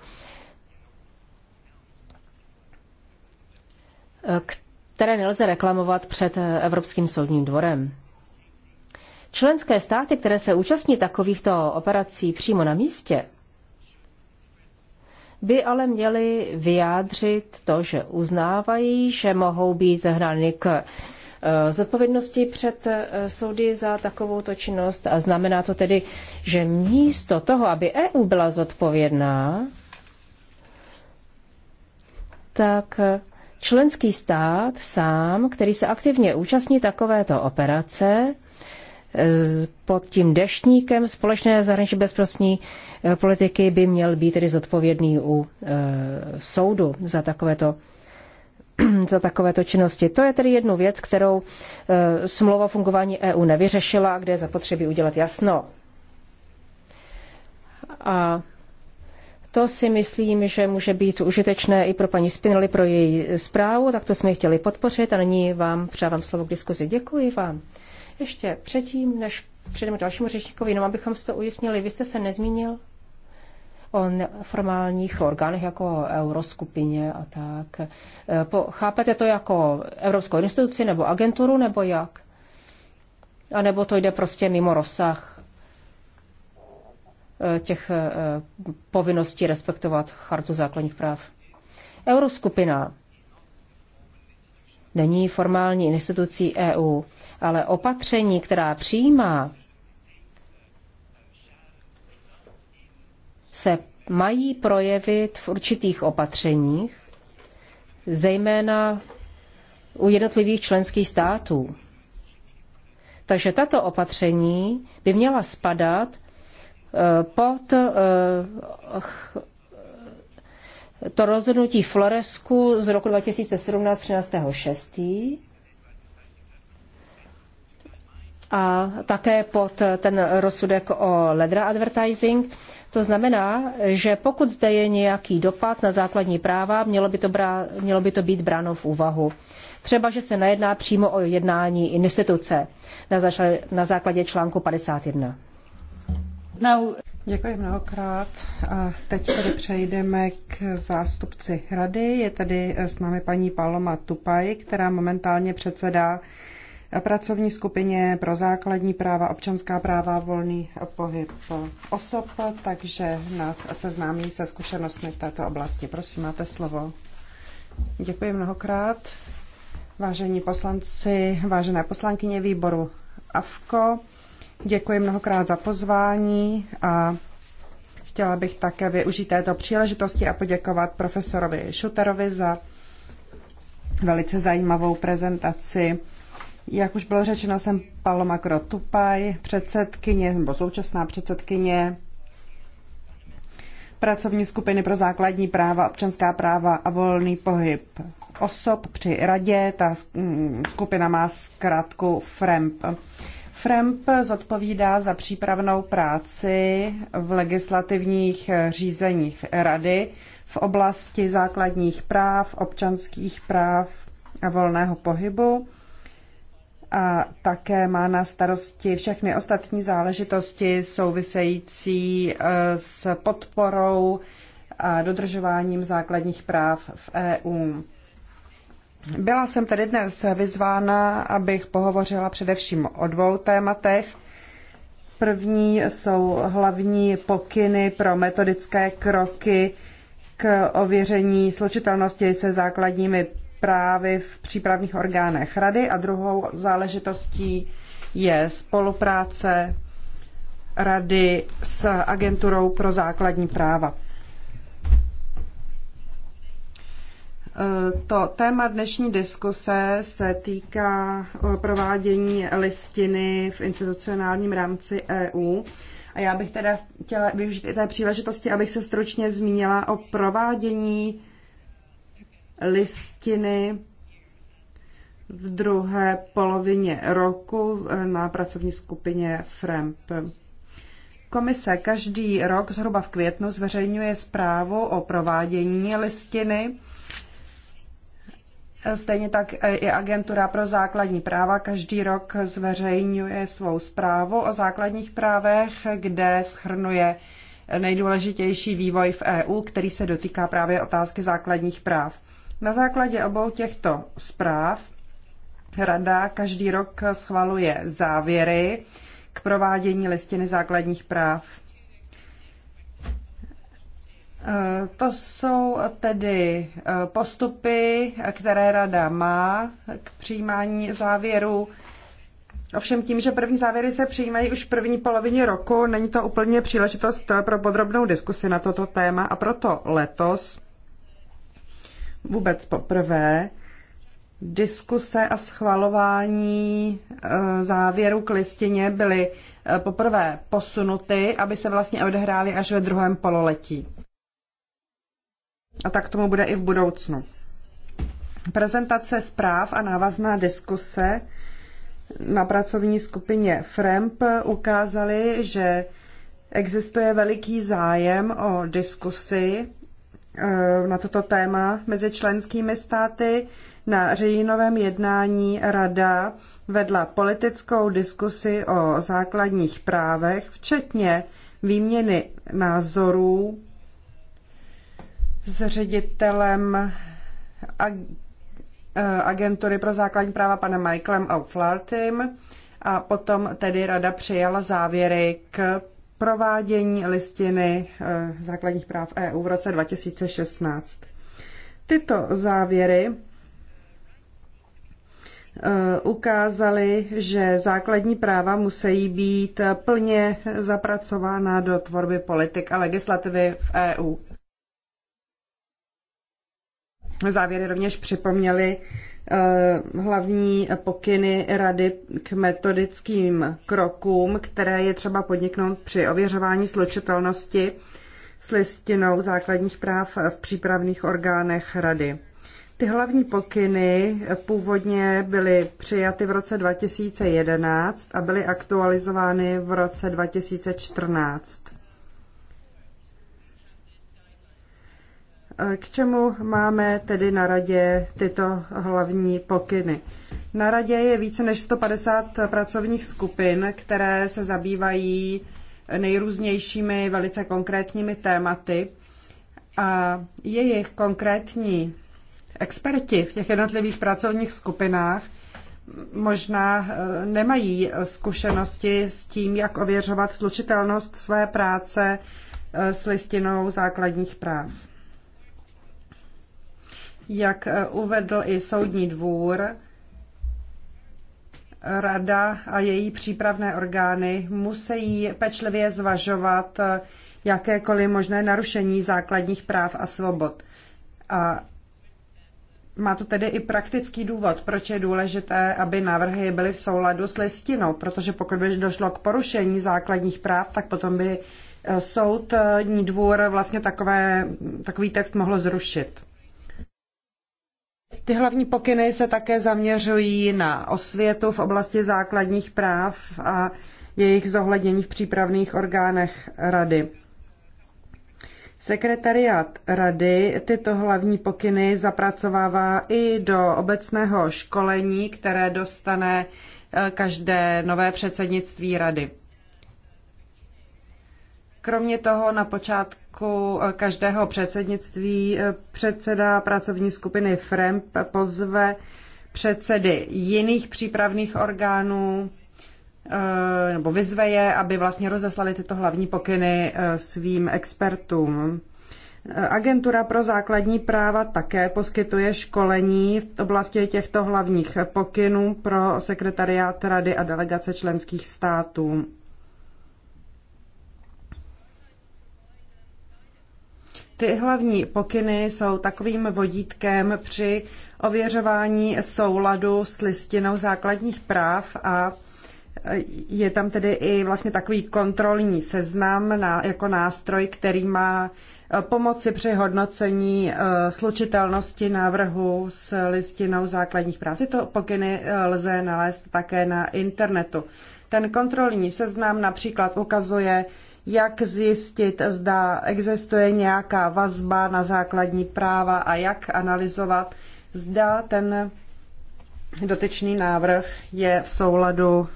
eh, které nelze reklamovat před eh, Evropským soudním dvorem. Členské státy, které se účastní takovýchto operací přímo na místě, by ale měly vyjádřit to, že uznávají, že mohou být hrány k eh, zodpovědnosti před eh, soudy za takovouto činnost a znamená to tedy, že místo toho, aby EU byla zodpovědná, tak Členský stát sám, který se aktivně účastní takovéto operace, pod tím deštníkem společné zahraniční bezprostní eh, politiky by měl být tedy zodpovědný u e, soudu za takovéto za takovéto činnosti. To je tedy jednu věc, kterou eh, e, smlouva fungování EU nevyřešila, kde je zapotřebí udělat jasno. A to si myslím, že může být užitečné i pro paní Spinelli, pro její zprávu, tak to jsme chtěli podpořit a nyní vám přávám slovo k diskuzi. Děkuji vám. Ještě předtím, než předem dalšímu řečníkovi, jenom abychom si to ujasnili, vy jste se nezmínil o neformálních orgánech jako euroskupině a tak. Po, chápete to jako evropskou instituci nebo agenturu nebo jak? A nebo to jde prostě mimo rozsah Eh, těch eh, povinností respektovat chartu základních práv. Euroskupina není formální institucí EU, ale opatření, která přijímá, se mají projevit v určitých opatřeních, zejména u jednotlivých členských států. Takže tato opatření by měla spadat Eh, pod eh, to rozhodnutí Floresku z roku 2017 13.6. a také pod ten rozsudek o Ledra Advertising. To znamená, že pokud zde je nějaký dopad na základní práva, mělo by to, brá, mělo by to být bráno v úvahu. Třeba, že se nejedná přímo o jednání instituce na, na základě článku 51. Now... Děkuji mnohokrát. A teď tedy přejdeme k zástupci rady. Je tady s námi paní Paloma Tupaj, která momentálně předsedá pracovní skupině pro základní práva, občanská práva, volný pohyb osob, takže nás seznámí se zkušenostmi v této oblasti. Prosím, máte slovo. Děkuji mnohokrát. Vážení poslanci, vážené poslankyně výboru AFKO, Děkuji mnohokrát za pozvání a chtěla bych také využít této příležitosti a poděkovat profesorovi Šuterovi za velice zajímavou prezentaci. Jak už bylo řečeno, jsem Paloma Krotupaj, předsedkyně nebo současná předsedkyně pracovní skupiny pro základní práva, občanská práva a volný pohyb osob při radě. Ta mm, skupina má zkrátku FREMP. FREMP zodpovídá za přípravnou práci v legislativních řízeních Rady v oblasti základních práv, občanských práv a volného pohybu a také má na starosti všechny ostatní záležitosti související eh, s podporou a dodržováním základních práv v EU. Byla jsem tedy dnes vyzvána, abych pohovořila především o dvou tématech. První jsou hlavní pokyny pro metodické kroky k ověření slučitelnosti se základními právy v přípravných orgánech rady a druhou záležitostí je spolupráce rady s agenturou pro základní práva. To téma dnešní diskuse se týká eh, provádění listiny v institucionálním rámci EU. A já bych teda chtěla využít i té příležitosti, abych se stručně zmínila o provádění listiny v druhé polovině roku eh, na pracovní skupině FREMP. Komise každý rok zhruba v květnu zveřejňuje zprávu o provádění listiny Stejně tak i Agentura pro základní práva každý rok zveřejňuje svou zprávu o základních právech, kde schrnuje nejdůležitější vývoj v EU, který se dotýká právě otázky základních práv. Na základě obou těchto zpráv Rada každý rok schvaluje závěry k provádění listiny základních práv Eh, to jsou tedy eh, postupy, které rada má k přijímání závěrů. Ovšem tím, že první závěry se přijímají už v první polovině roku, není to úplně příležitost eh, pro podrobnou diskusi na toto téma a proto letos vůbec poprvé diskuse a schvalování závěru k listině byly poprvé posunuty, aby se vlastně odehrály až ve druhém pololetí. A tak tomu bude i v budoucnu. Prezentace zpráv a návazná diskuse na pracovní skupině FREMP ukázaly, že existuje veliký zájem o diskusi eh, na toto téma mezi členskými státy. Na říjnovém jednání rada vedla politickou diskusi o základních právech, včetně výměny názorů s ředitelem e, agentury pro základní práva panem Michaelem Auflartym a potom tedy rada přijala závěry k provádění listiny e, základních práv EU v roce 2016. Tyto závěry e, ukázaly, že základní práva musí být plně zapracována do tvorby politik a legislativy v EU závěry rovněž připomněly eh, hlavní pokyny rady k metodickým krokům, které je třeba podniknout při ověřování slučitelnosti s listinou základních práv v přípravných orgánech rady. Ty hlavní pokyny původně byly přijaty v roce 2011 a byly aktualizovány v roce 2014. K čemu máme tedy na radě tyto hlavní pokyny? Na radě je více než 150 pracovních skupin, které se zabývají nejrůznějšími velice konkrétními tématy a jejich konkrétní experti v těch jednotlivých pracovních skupinách možná eh, nemají zkušenosti s tím, jak ověřovat slučitelnost své práce eh, s listinou základních práv. Jak eh, uvedl i soudní dvůr, rada a její přípravné orgány musí pečlivě zvažovat eh, jakékoliv možné narušení základních práv a svobod. A má to tedy i praktický důvod, proč je důležité, aby návrhy byly v souladu s listinou, protože pokud by došlo k porušení základních práv, tak potom by eh, soudní dvůr vlastně takové, takový text mohl zrušit. Ty hlavní pokyny se také zaměřují na osvětu v oblasti základních práv a jejich zohlednění v přípravných orgánech rady. Sekretariát rady tyto hlavní pokyny zapracovává i do obecného školení, které dostane eh, každé nové předsednictví rady. Kromě toho na počátku eh, každého předsednictví eh, předseda pracovní skupiny FREMP pozve předsedy jiných přípravných orgánů eh, nebo vyzve je, aby vlastně rozeslali tyto hlavní pokyny svým expertům. Agentura pro základní práva také poskytuje školení v oblasti těchto hlavních pokynů pro sekretariát Rady a delegace členských států. Ty hlavní pokyny jsou takovým vodítkem při ověřování souladu s listinou základních práv a eh, je tam tedy i vlastně takový kontrolní seznam na, jako nástroj, který má eh, pomoci při hodnocení eh, slučitelnosti návrhu s listinou základních práv. Tyto pokyny lze nalézt také na internetu. Ten kontrolní seznam například ukazuje, jak zjistit, zda existuje nějaká vazba na základní práva a jak analyzovat, zda ten dotyčný návrh je v souladu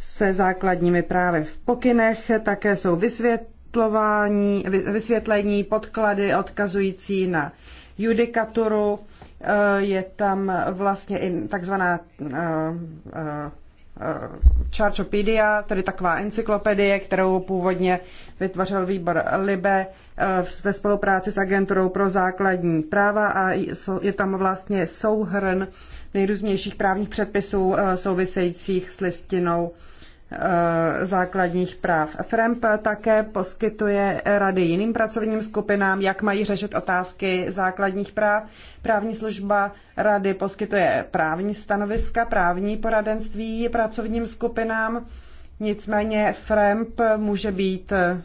se základními právy. V pokynech také jsou vysvětlování, vysvětlení, podklady odkazující na judikaturu. Eh, je tam vlastně i takzvaná eh, eh, Charchopedia, eh, tedy taková encyklopedie, kterou původně vytvořil výbor Libe eh, ve spolupráci s agenturou pro základní práva a je tam vlastně souhrn nejrůznějších právních předpisů eh, souvisejících s listinou Eh, základních práv. FREMP také poskytuje rady jiným pracovním skupinám, jak mají řešit otázky základních práv. Právní služba rady poskytuje právní stanoviska, právní poradenství pracovním skupinám. Nicméně FREMP může být eh,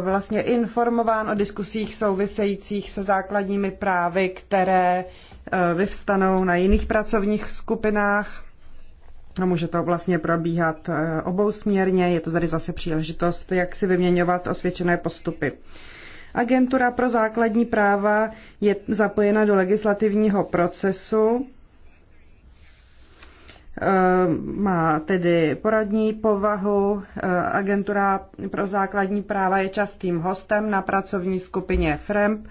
vlastně informován o diskusích souvisejících se základními právy, které eh, vyvstanou na jiných pracovních skupinách a může to vlastně probíhat eh, obousměrně, je to tady zase příležitost, jak si vyměňovat osvědčené postupy. Agentura pro základní práva je zapojena do legislativního procesu, eh, má tedy poradní povahu. Eh, agentura pro základní práva je častým hostem na pracovní skupině FREMP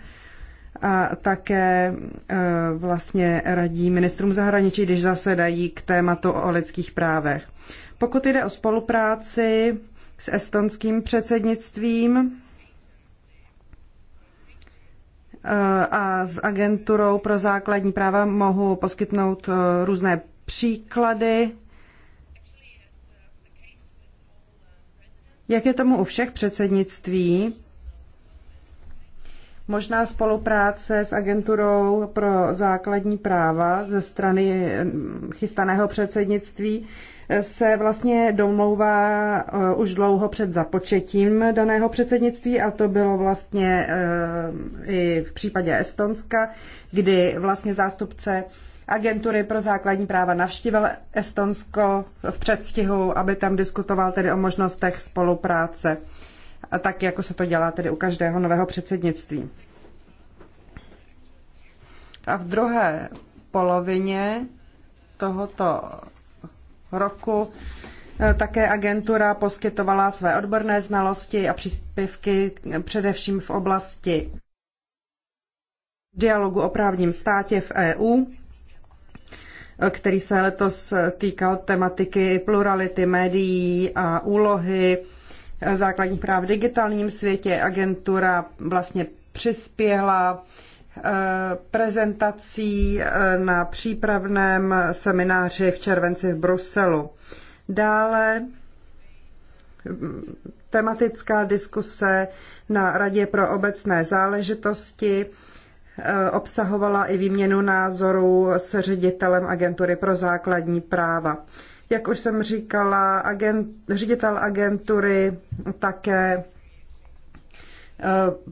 a také e, vlastně radí ministrům zahraničí, když zasedají k tématu o lidských právech. Pokud jde o spolupráci s estonským předsednictvím e, a s agenturou pro základní práva, mohu poskytnout e, různé příklady. Jak je tomu u všech předsednictví, Možná spolupráce s agenturou pro základní práva ze strany eh, chystaného předsednictví eh, se vlastně domlouvá eh, už dlouho před započetím daného předsednictví a to bylo vlastně i v případě Estonska, kdy vlastně zástupce agentury pro základní práva navštívil Estonsko v předstihu, aby tam diskutoval tedy o možnostech spolupráce tak jako se to dělá tedy u každého nového předsednictví. A v druhé polovině tohoto roku eh, také agentura poskytovala své odborné znalosti a příspěvky eh, především v oblasti dialogu o právním státě v EU, eh, který se letos týkal tematiky plurality médií a úlohy základních práv v digitálním světě. Agentura vlastně přispěla eh, prezentací eh, na přípravném semináři v červenci v Bruselu. Dále mm, tematická diskuse na Radě pro obecné záležitosti eh, obsahovala i výměnu názorů s ředitelem agentury pro základní práva. Jak už jsem říkala, agent, ředitel agentury také eh,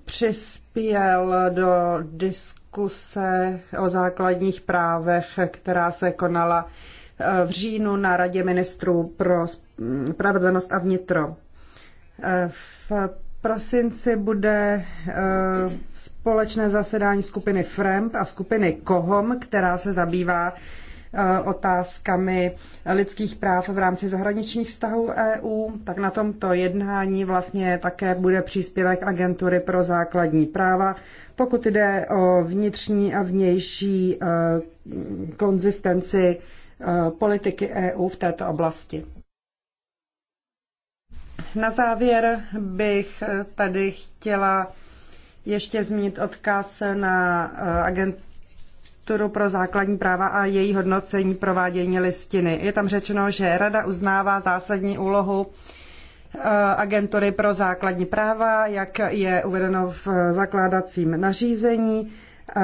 přispěl do diskuse o základních právech, která se konala eh, v říjnu na Radě ministrů pro spravedlnost a vnitro. Eh, v prosinci bude společné zasedání skupiny FREMP a skupiny KOHOM, která se zabývá Eh, otázkami lidských práv v rámci zahraničních vztahů EU, tak na tomto jednání vlastně také bude příspěvek agentury pro základní práva, pokud jde o vnitřní a vnější eh, konzistenci eh, politiky EU v této oblasti. Na závěr bych tady chtěla ještě zmínit odkaz na agent agenturu pro základní práva a její hodnocení provádění listiny. Je tam řečeno, že Rada uznává zásadní úlohu eh, agentury pro základní práva, jak je uvedeno v zakládacím nařízení. Eh,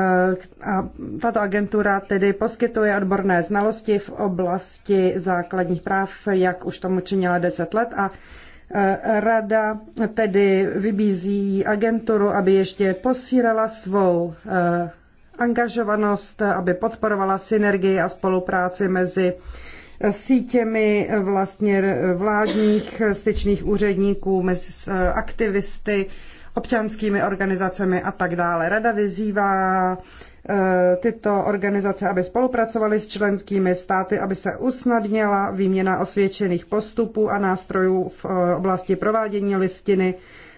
a tato agentura tedy poskytuje odborné znalosti v oblasti základních práv, jak už tomu činila 10 let a eh, Rada tedy vybízí agenturu, aby ještě posílala svou angažovanost, aby podporovala synergii a spolupráci mezi sítěmi vlastně vládních styčných úředníků, mezi aktivisty, občanskými organizacemi a tak dále. Rada vyzývá eh, tyto organizace, aby spolupracovaly s členskými státy, aby se usnadnila výměna osvědčených postupů a nástrojů v eh, oblasti provádění listiny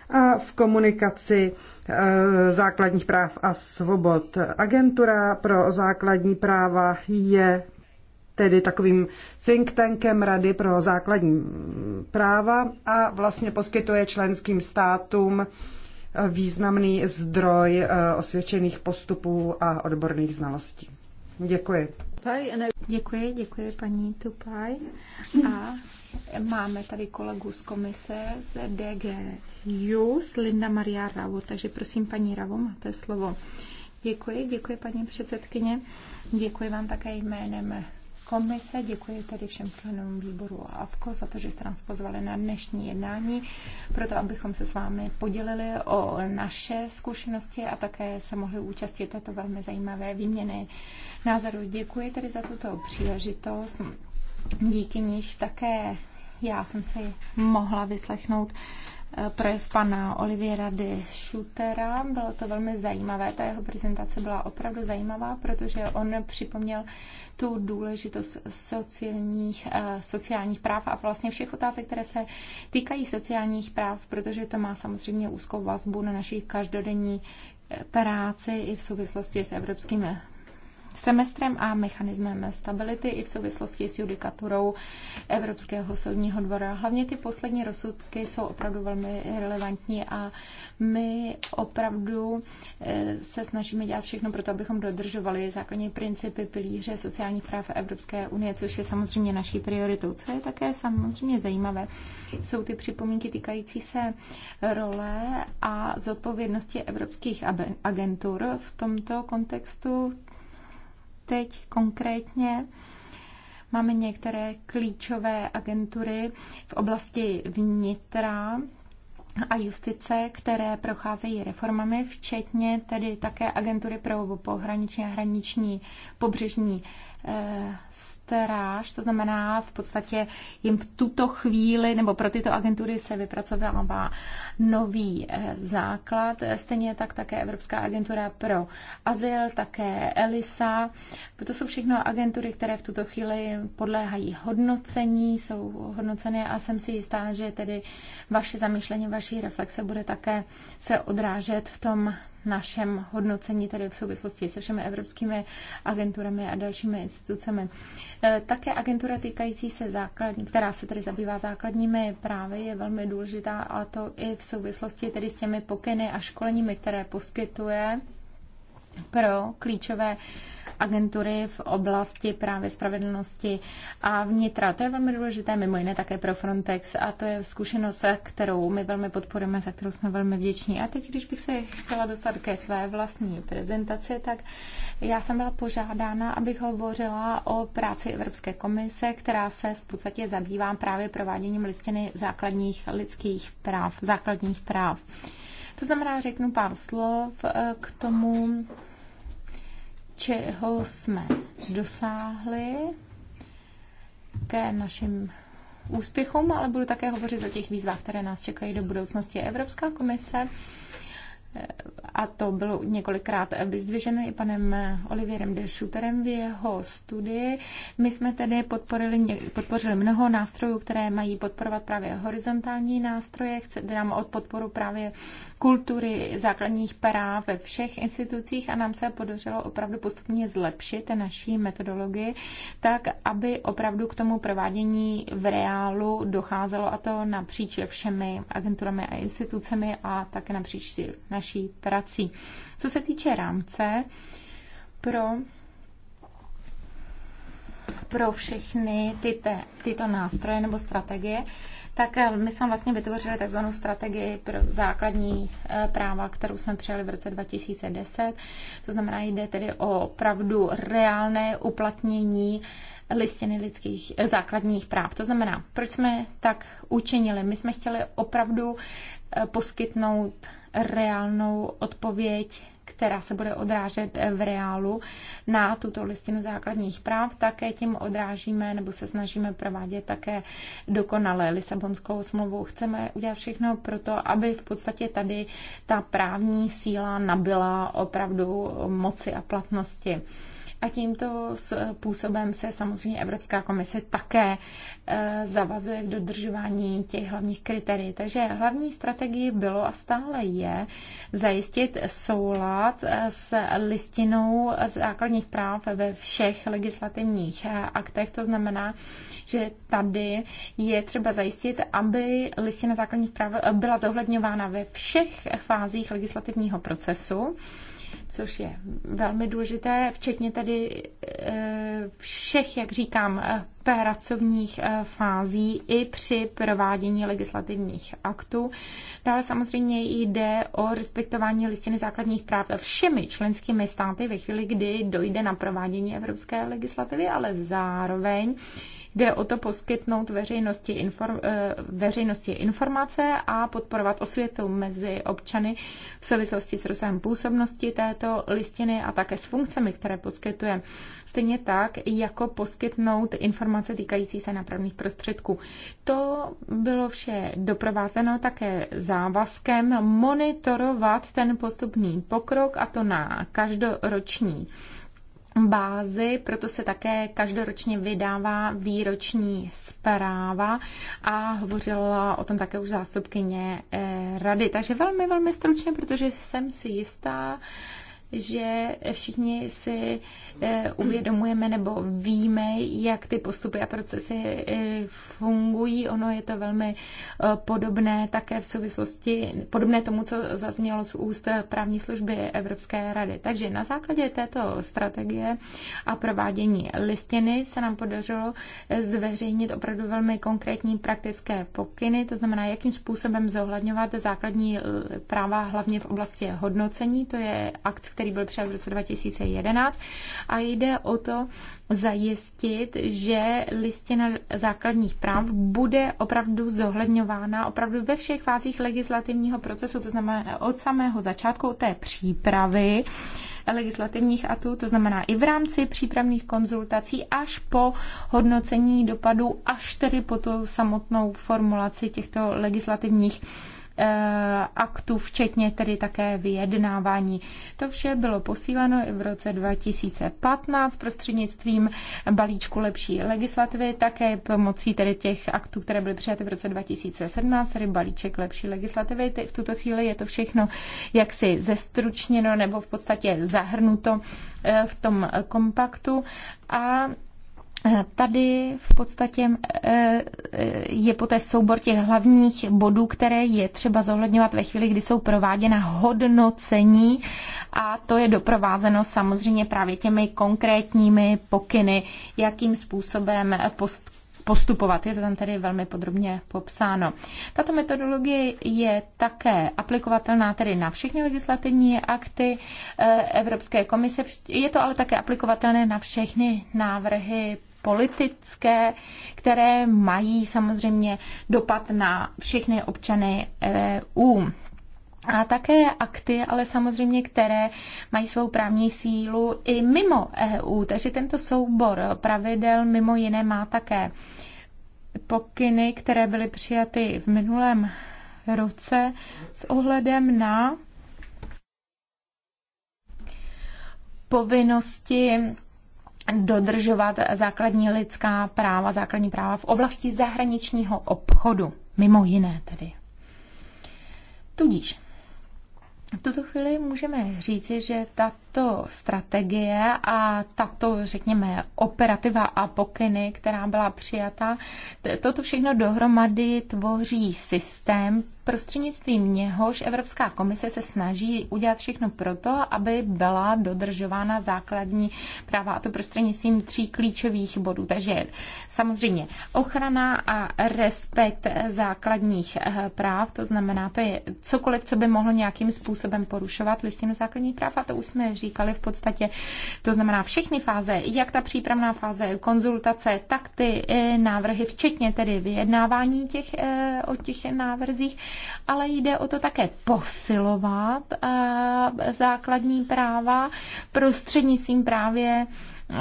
a v komunikaci e, základních práv a svobod. Agentura pro základní práva je tedy takovým think tankem Rady pro základní práva a vlastně poskytuje členským státům významný zdroj e, osvědčených postupů a odborných znalostí. Děkuji. Děkuji, děkuji paní Tupaj. A Máme tady kolegu z komise z DG JUS, Linda Maria Ravo, takže prosím paní Ravo, máte slovo. Děkuji, děkuji paní předsedkyně, děkuji vám také jménem komise, děkuji tedy všem členům výboru a za to, že jste nás pozvali na dnešní jednání, proto abychom se s vámi podělili o naše zkušenosti a také se mohli účastnit této velmi zajímavé výměny názorů. Děkuji tedy za tuto příležitost díky níž také já jsem si mohla vyslechnout eh, projev pana Oliviera de Schutera. Bylo to velmi zajímavé, ta jeho prezentace byla opravdu zajímavá, protože on připomněl tu důležitost sociálních, eh, sociálních práv a vlastně všech otázek, které se týkají sociálních práv, protože to má samozřejmě úzkou vazbu na naší každodenní eh, práci i v souvislosti s evropským semestrem a mechanismem stability i v souvislosti s judikaturou Evropského soudního dvora. Hlavně ty poslední rozsudky jsou opravdu velmi relevantní a my opravdu eh, se snažíme dělat všechno pro to, abychom dodržovali základní principy pilíře sociálních práv Evropské unie, což je samozřejmě naší prioritou. Co je také samozřejmě zajímavé, jsou ty připomínky týkající se role a zodpovědnosti evropských agentur v tomto kontextu teď konkrétně. Máme některé klíčové agentury v oblasti vnitra, a justice, které procházejí reformami, včetně tedy také agentury pro pohraniční a hraniční pobřežní eh, arbitráž, to znamená v podstatě jim v tuto chvíli nebo pro tyto agentury se vypracovává nový eh, základ. Stejně tak také Evropská agentura pro azyl, také ELISA. To jsou všechno agentury, které v tuto chvíli podléhají hodnocení, jsou hodnoceny a jsem si jistá, že tedy vaše zamýšlení, vaší reflexe bude také se odrážet v tom našem hodnocení tedy v souvislosti se všemi evropskými agenturami a dalšími institucemi. E, také agentura týkající se základní, která se tedy zabývá základními právy, je velmi důležitá a to i v souvislosti tedy s těmi pokyny a školeními, které poskytuje pro klíčové agentury v oblasti právě spravedlnosti a vnitra. To je velmi důležité, mimo jiné také pro Frontex a to je zkušenost, kterou my velmi podporujeme, za kterou jsme velmi vděční. A teď, když bych se chtěla dostat ke své vlastní prezentaci, tak já jsem byla požádána, abych hovořila o práci Evropské komise, která se v podstatě zabývá právě prováděním listiny základních lidských práv, základních práv. To znamená, řeknu pár slov eh, k tomu, čeho jsme dosáhli ke našim úspěchům, ale budu také hovořit o těch výzvách, které nás čekají do budoucnosti. Evropská komise a to bylo několikrát vyzdvěženo i panem Olivierem de Schuterem v jeho studii. My jsme tedy podporili, podpořili mnoho nástrojů, které mají podporovat právě horizontální nástroje. Chce nám od podporu právě kultury, základních práv ve všech institucích a nám se podařilo opravdu postupně zlepšit naší metodologii tak, aby opravdu k tomu provádění v reálu docházelo a to napříč všemi agenturami a institucemi a také napříč naší prací. Co se týče rámce pro pro všechny ty tyto nástroje nebo strategie, tak eh, my jsme vlastně vytvořili takzvanou strategii pro základní eh, práva, kterou jsme přijali v roce 2010. To znamená, jde tedy o opravdu reálné uplatnění listiny lidských eh, základních práv. To znamená, proč jsme tak učinili? My jsme chtěli opravdu poskytnout reálnou odpověď která se bude odrážet eh, v reálu na tuto listinu základních práv. Také tím odrážíme nebo se snažíme provádět také dokonalé Lisabonskou smlouvu. Chceme udělat všechno pro to, aby v podstatě tady ta právní síla nabyla opravdu moci a platnosti. A tímto způsobem eh, se samozřejmě Evropská komise také eh, zavazuje k dodržování těch hlavních kritérií. Takže hlavní strategie bylo a stále je zajistit soulad eh, s listinou základních práv ve všech legislativních aktech. To znamená, že tady je třeba zajistit, aby listina základních práv byla zohledňována ve všech fázích legislativního procesu což je velmi důležité, včetně tady eh, všech, jak říkám, eh, pracovních eh, fází i při provádění legislativních aktů. Dále samozřejmě jde o respektování listiny základních práv všemi členskými státy ve chvíli, kdy dojde na provádění evropské legislativy, ale zároveň Jde o to poskytnout veřejnosti, inform, eh, veřejnosti informace a podporovat osvětu mezi občany v souvislosti s rozsahem působnosti této listiny a také s funkcemi, které poskytuje. Stejně tak, jako poskytnout informace týkající se napravných prostředků. To bylo vše doprovázeno také závazkem monitorovat ten postupný pokrok a to na každoroční bázi, proto se také každoročně vydává výroční zpráva a hovořila o tom také už zástupkyně eh, rady. Takže velmi, velmi stručně, protože jsem si jistá, že všichni si eh, uvědomujeme nebo víme, jak ty postupy a procesy eh, fungují. Ono je to velmi eh, podobné také v souvislosti, podobné tomu, co zaznělo z úst právní služby Evropské rady. Takže na základě této strategie a provádění listiny se nám podařilo zveřejnit opravdu velmi konkrétní praktické pokyny, to znamená, jakým způsobem zohledňovat základní práva, hlavně v oblasti hodnocení. To je akt, který byl přijat v roce 2011. A jde o to zajistit, že listina základních práv bude opravdu zohledňována opravdu ve všech fázích legislativního procesu, to znamená od samého začátku té přípravy legislativních atů, to znamená i v rámci přípravných konzultací až po hodnocení dopadů, až tedy po tu samotnou formulaci těchto legislativních Eh, aktů, včetně tedy také vyjednávání. To vše bylo posíleno i v roce 2015 prostřednictvím balíčku lepší legislativy, také pomocí tedy těch aktů, které byly přijaty v roce 2017, tedy balíček lepší legislativy. V tuto chvíli je to všechno jaksi zestručněno nebo v podstatě zahrnuto eh, v tom kompaktu a Eh, tady v podstatě eh, eh, je poté soubor těch hlavních bodů, které je třeba zohledňovat ve chvíli, kdy jsou prováděna hodnocení a to je doprovázeno samozřejmě právě těmi konkrétními pokyny, jakým způsobem post postupovat. Je to tam tedy velmi podrobně popsáno. Tato metodologie je také aplikovatelná tedy na všechny legislativní akty Evropské komise. Je to ale také aplikovatelné na všechny návrhy politické, které mají samozřejmě dopad na všechny občany EU. A také akty, ale samozřejmě, které mají svou právní sílu i mimo EU. Takže tento soubor pravidel mimo jiné má také pokyny, které byly přijaty v minulém roce s ohledem na povinnosti dodržovat základní lidská práva, základní práva v oblasti zahraničního obchodu, mimo jiné tedy. Tudíž v tuto chvíli můžeme říci, že tato strategie a tato, řekněme, operativa a pokyny, která byla přijata, toto všechno dohromady tvoří systém prostřednictvím něhož Evropská komise se snaží udělat všechno proto, aby byla dodržována základní práva, a to prostřednictvím tří klíčových bodů. Takže samozřejmě ochrana a respekt základních eh, práv, to znamená, to je cokoliv, co by mohlo nějakým způsobem porušovat listinu základních práv, a to už jsme říkali v podstatě, to znamená všechny fáze, jak ta přípravná fáze, konzultace, tak ty eh, návrhy, včetně tedy vyjednávání těch, eh, o těch návrzích, ale jde o to také posilovat eh, základní práva prostřednictvím právě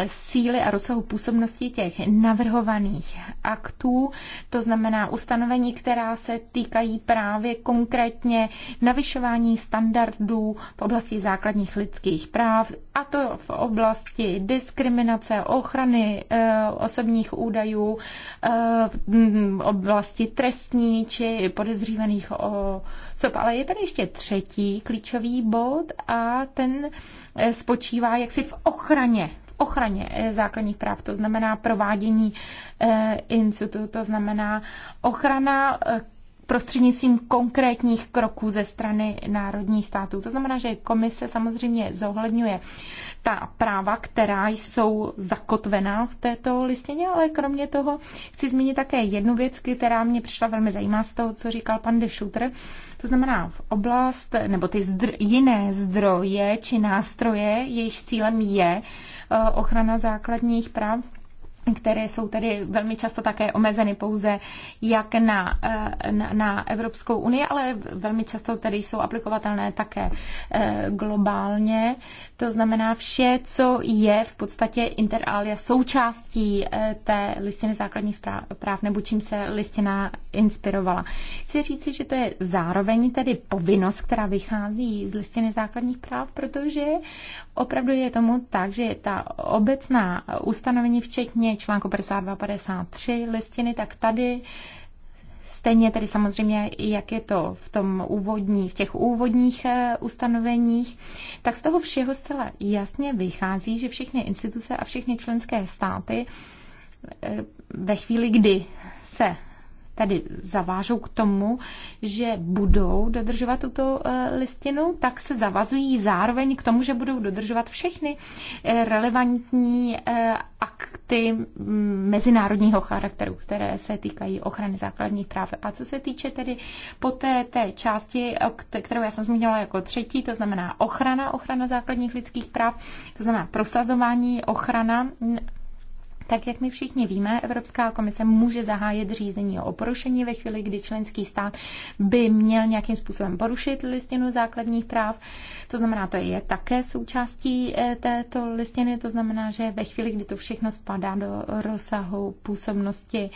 síly a rozsahu působnosti těch navrhovaných aktů, to znamená ustanovení, která se týkají právě konkrétně navyšování standardů v oblasti základních lidských práv, a to v oblasti diskriminace, ochrany e, osobních údajů, e, eh, v oblasti trestní či podezřívaných osob. Ale je tady ještě třetí klíčový bod a ten eh, spočívá jaksi v ochraně ochraně eh, základních práv, to znamená provádění eh, institutu, to znamená ochrana eh, prostřednictvím konkrétních kroků ze strany národních států. To znamená, že komise samozřejmě zohledňuje ta práva, která jsou zakotvená v této listině, ale kromě toho chci zmínit také jednu věc, která mě přišla velmi zajímá z toho, co říkal pan de Schutter, to znamená v oblast nebo ty zdr- jiné zdroje či nástroje, jejichž cílem je eh, ochrana základních práv které jsou tedy velmi často také omezeny pouze jak na, eh, na, na Evropskou unii, ale velmi často tedy jsou aplikovatelné také eh, globálně. To znamená vše, co je v podstatě inter alia součástí eh, té listiny základních práv, nebo čím se listina inspirovala. Chci říci, že to je zároveň tedy povinnost, která vychází z listiny základních práv, protože opravdu je tomu tak, že ta obecná ustanovení, včetně článku 52-53 listiny, tak tady Stejně tedy samozřejmě, jak je to v tom úvodní, v těch úvodních eh, ustanoveních, tak z toho všeho zcela jasně vychází, že všechny instituce a všechny členské státy eh, ve chvíli, kdy se tedy zavážou k tomu, že budou dodržovat tuto eh, listinu, tak se zavazují zároveň k tomu, že budou dodržovat všechny eh, relevantní eh, akty mm, mezinárodního charakteru, které se týkají ochrany základních práv. A co se týče tedy po té, té části, kterou já jsem zmínila jako třetí, to znamená ochrana, ochrana základních lidských práv, to znamená prosazování, ochrana tak jak my všichni víme, Evropská komise může zahájit řízení o porušení ve chvíli, kdy členský stát by měl nějakým způsobem porušit listinu základních práv. To znamená, to je také součástí eh, této listiny, to znamená, že ve chvíli, kdy to všechno spadá do rozsahu působnosti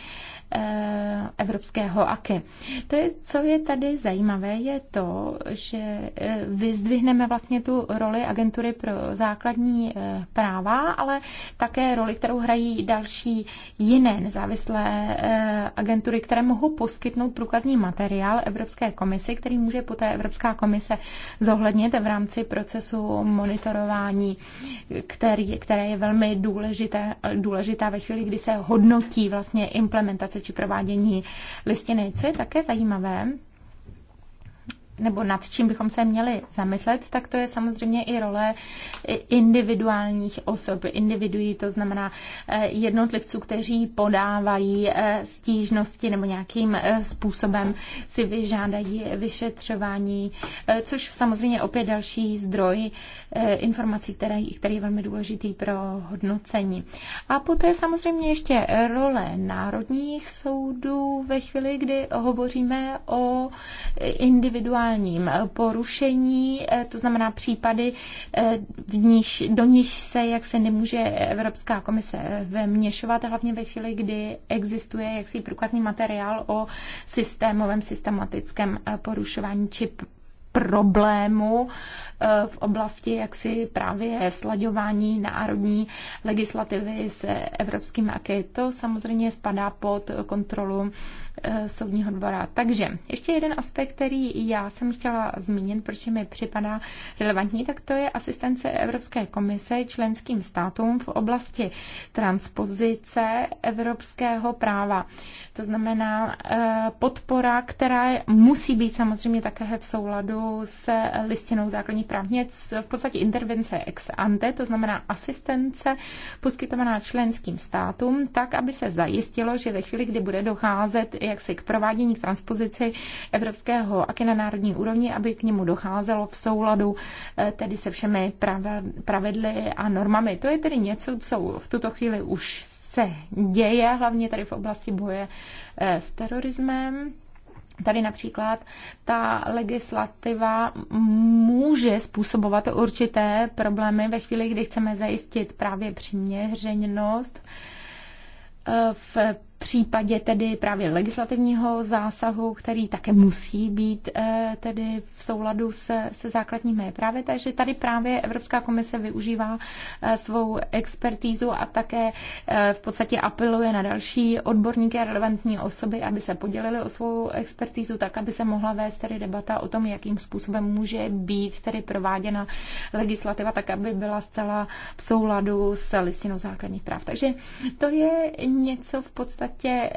Eh, evropského AKY. To, je, co je tady zajímavé, je to, že eh, vyzdvihneme vlastně tu roli agentury pro základní eh, práva, ale také roli, kterou hrají další jiné nezávislé agentury, které mohou poskytnout průkazní materiál Evropské komisi, který může poté Evropská komise zohlednit v rámci procesu monitorování, který, které je velmi důležité, důležitá ve chvíli, kdy se hodnotí vlastně implementace či provádění listiny. Co je také zajímavé, nebo nad čím bychom se měli zamyslet, tak to je samozřejmě i role individuálních osob, individuí, to znamená eh, jednotlivců, kteří podávají eh, stížnosti nebo nějakým eh, způsobem si vyžádají vyšetřování, což samozřejmě opět další zdroj informací, které, který je velmi důležitý pro hodnocení. A poté samozřejmě ještě role národních soudů ve chvíli, kdy hovoříme o individuální sexuálním porušení, eh, to znamená případy, eh, v níž, do níž se, jak se nemůže Evropská komise eh, vměšovat, hlavně ve chvíli, kdy existuje jaksi průkazný materiál o systémovém, systematickém porušování či problému v oblasti jaksi právě slaďování národní legislativy s evropským aké. To samozřejmě spadá pod kontrolu Eh, soudního dvora. Takže ještě jeden aspekt, který já jsem chtěla zmínit, proč mi připadá relevantní, tak to je asistence Evropské komise členským státům v oblasti transpozice evropského práva. To znamená eh, podpora, která musí být samozřejmě také v souladu s listinou základních práv. V podstatě intervence ex ante, to znamená asistence poskytovaná členským státům, tak, aby se zajistilo, že ve chvíli, kdy bude docházet jaksi k provádění, k transpozici evropského aky na národní úrovni, aby k němu docházelo v souladu eh, tedy se všemi pravidly a normami. To je tedy něco, co v tuto chvíli už se děje, hlavně tady v oblasti boje eh, s terorismem. Tady například ta legislativa může způsobovat určité problémy ve chvíli, kdy chceme zajistit právě přiměřenost eh, v případě tedy právě legislativního zásahu, který také musí být eh, tedy v souladu se, se základními právy. Takže tady právě Evropská komise využívá eh, svou expertízu a také eh, v podstatě apeluje na další odborníky a relevantní osoby, aby se podělili o svou expertízu, tak aby se mohla vést tedy debata o tom, jakým způsobem může být tedy prováděna legislativa, tak aby byla zcela v souladu s listinou základních práv. Takže to je něco v podstatě podstatě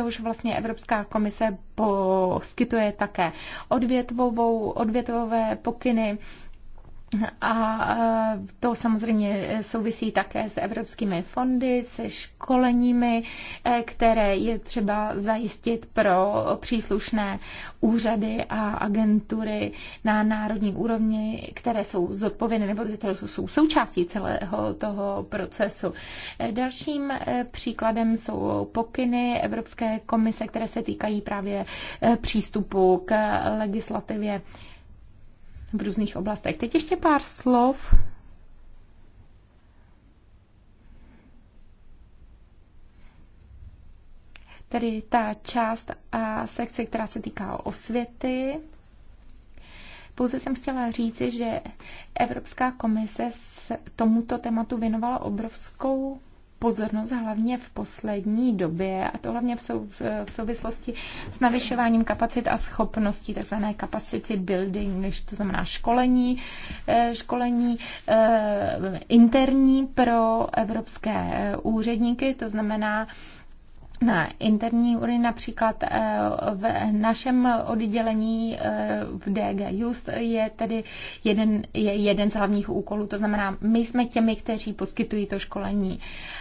e, u už vlastně Evropská komise poskytuje také odvětvovou, odvětvové pokyny, a eh, to samozřejmě souvisí také s evropskými fondy, se školeními, eh, které je třeba zajistit pro příslušné úřady a agentury na národní úrovni, které jsou zodpovědné nebo které jsou součástí celého toho procesu. Eh, dalším příkladem jsou pokyny Evropské komise, které se týkají právě přístupu k legislativě v různých oblastech. Teď ještě pár slov tedy ta část a sekce, která se týká osvěty. Pouze jsem chtěla říci, že Evropská komise s tomuto tématu věnovala obrovskou pozornost hlavně v poslední době, a to hlavně v, sou, v souvislosti s navyšováním kapacit a schopností, takzvané capacity building, to znamená školení, eh, školení eh, interní pro evropské eh, úředníky, to znamená, na interní úrovni, například eh, v našem oddělení eh, v DG Just je tedy jeden, je jeden z hlavních úkolů, to znamená, my jsme těmi, kteří poskytují to školení,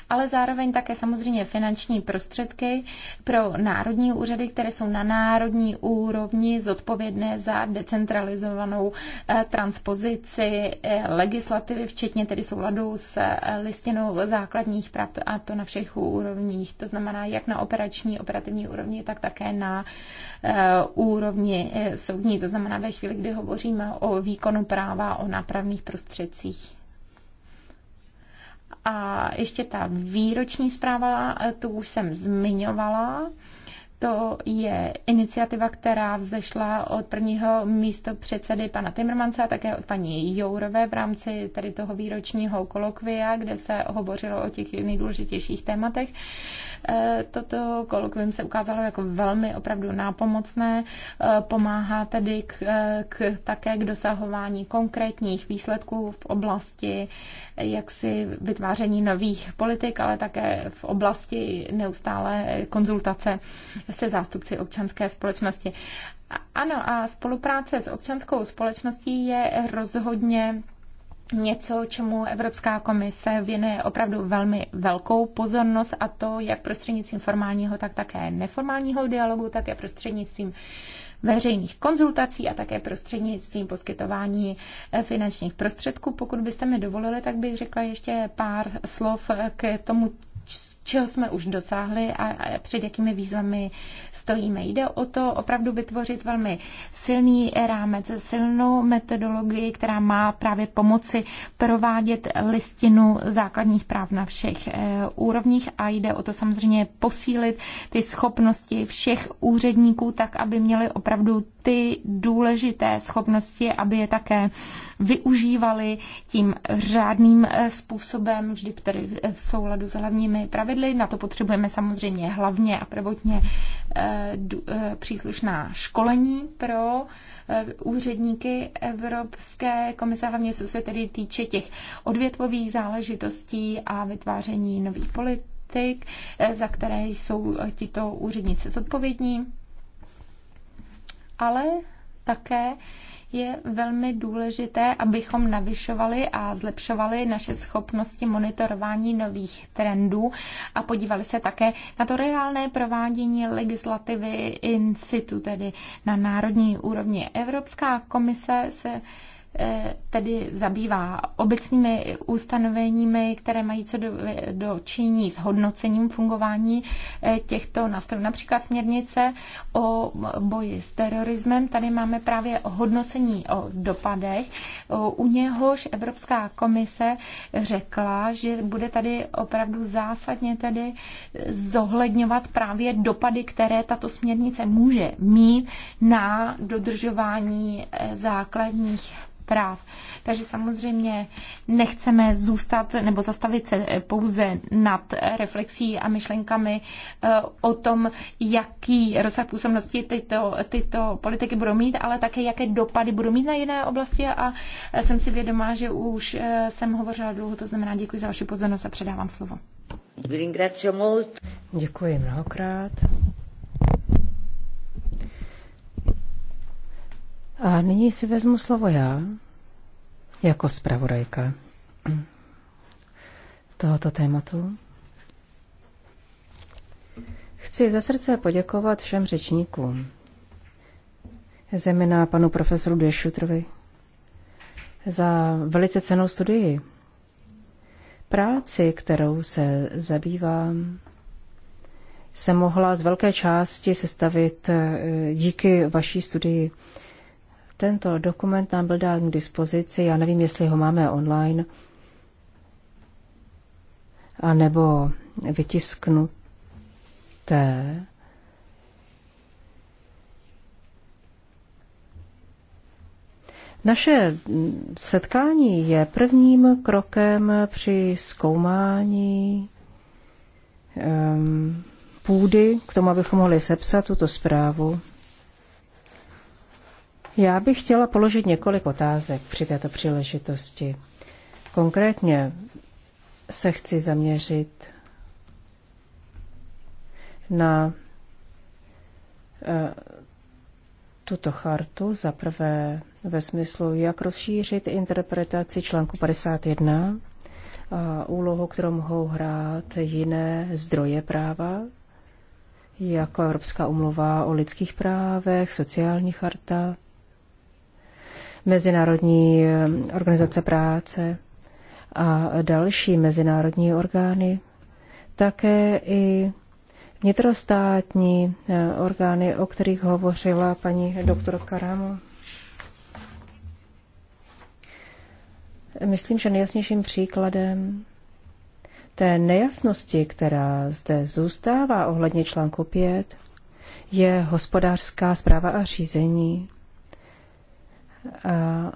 ale zároveň také samozřejmě finanční prostředky pro národní úřady, které jsou na národní úrovni zodpovědné za decentralizovanou eh, transpozici legislativy, včetně tedy souladu s listinou základních práv a to na všech úrovních, to znamená jak na na operační, operativní úrovni, tak také na eh, úrovni eh, soudní. To znamená ve chvíli, kdy hovoříme o výkonu práva, o nápravných prostředcích. A ještě ta výroční zpráva, eh, tu už jsem zmiňovala. To je iniciativa, která vzešla od prvního místo předsedy pana Timmermansa a také od paní Jourové v rámci tady toho výročního kolokvia, kde se hovořilo o těch nejdůležitějších tématech. Eh, toto kolokvium se ukázalo jako velmi opravdu nápomocné, eh, pomáhá tedy k, eh, k, také k dosahování konkrétních výsledků v oblasti jaksi vytváření nových politik, ale také v oblasti neustále konzultace se zástupci občanské společnosti. Ano, a spolupráce s občanskou společností je rozhodně něco, čemu Evropská komise věnuje opravdu velmi velkou pozornost a to jak prostřednictvím formálního, tak také neformálního dialogu, také prostřednictvím veřejných konzultací a také prostřednictvím poskytování eh, finančních prostředků. Pokud byste mi dovolili, tak bych řekla ještě pár slov k tomu, čeho jsme už dosáhli a před jakými výzvami stojíme. Jde o to opravdu vytvořit velmi silný rámec, silnou metodologii, která má právě pomoci provádět listinu základních práv na všech eh, úrovních a jde o to samozřejmě posílit ty schopnosti všech úředníků tak, aby měli opravdu ty důležité schopnosti, aby je také využívali tím řádným eh, způsobem, vždy tedy eh, v souladu s hlavními pravidly. Na to potřebujeme samozřejmě hlavně a prvotně eh, příslušná školení pro úředníky Evropské komise, hlavně co se tedy týče těch odvětvových záležitostí a vytváření nových politik, za které jsou tito úředníci zodpovědní. Ale také je velmi důležité, abychom navyšovali a zlepšovali naše schopnosti monitorování nových trendů a podívali se také na to reálné provádění legislativy in situ, tedy na národní úrovni. Evropská komise se Eh, tedy zabývá obecnými ustanoveními, které mají co do, do činí s hodnocením fungování eh, těchto nástrojů. Například směrnice o boji s terorismem. Tady máme právě hodnocení o dopadech. U něhož Evropská komise řekla, že bude tady opravdu zásadně tedy zohledňovat právě dopady, které tato směrnice může mít na dodržování eh, základních práv. Takže samozřejmě nechceme zůstat nebo zastavit se eh, pouze nad reflexí a myšlenkami eh, o tom, jaký rozsah působnosti tyto, tyto politiky budou mít, ale také jaké dopady budou mít na jiné oblasti a eh, jsem si vědomá, že už jsem hovořila dlouho, to znamená děkuji za vaši pozornost a předávám slovo. Děkuji mnohokrát. A nyní si vezmu slovo já jako zpravodajka tohoto tématu. Chci ze srdce poděkovat všem řečníkům, zejména panu profesoru Dešutrovi, za velice cenou studii, práci, kterou se zabývám, se mohla z velké části sestavit eh, díky vaší studii. Tento dokument nám byl dán k dispozici, já nevím, jestli ho máme online, anebo vytisknuté. Naše setkání je prvním krokem při zkoumání um, půdy k tomu, abychom mohli sepsat tuto zprávu. Já bych chtěla položit několik otázek při této příležitosti. Konkrétně se chci zaměřit na eh, tuto chartu za prvé ve smyslu, jak rozšířit interpretaci článku 51 a úlohu, kterou mohou hrát jiné zdroje práva, jako Evropská umluva o lidských právech, sociální charta, Mezinárodní eh, organizace práce a další mezinárodní orgány, také i vnitrostátní eh, orgány, o kterých hovořila paní doktorka Ramo. Myslím, že nejjasnějším příkladem té nejasnosti, která zde zůstává ohledně článku 5, je hospodářská zpráva a řízení. Eh,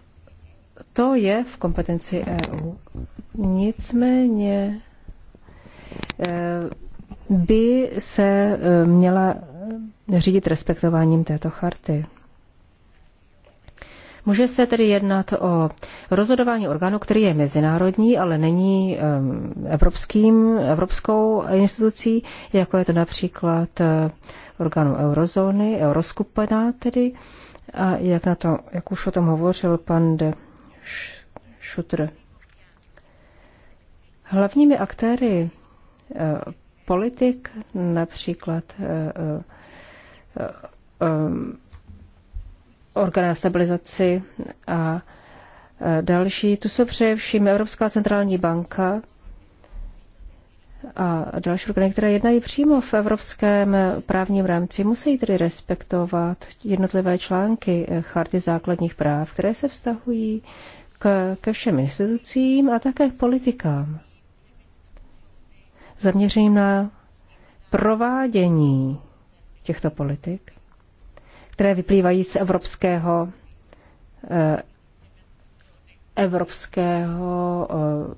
to je v kompetenci EU. Nicméně eh, by se eh, měla řídit respektováním této charty. Může se tedy jednat o rozhodování orgánu, který je mezinárodní, ale není evropským, evropskou institucí, jako je to například orgánu eurozóny, euroskupina tedy, a jak na to, jak už o tom hovořil pan de Šutr. Hlavními aktéry e, politik, například e, e, orgány stabilizaci a další, tu jsou především Evropská centrální banka, a další orgány, které jednají přímo v evropském právním rámci, musí tedy respektovat jednotlivé články Charty základních práv, které se vztahují k, ke všem institucím a také k politikám. Zaměřím na provádění těchto politik, které vyplývají z evropského eh, evropského eh,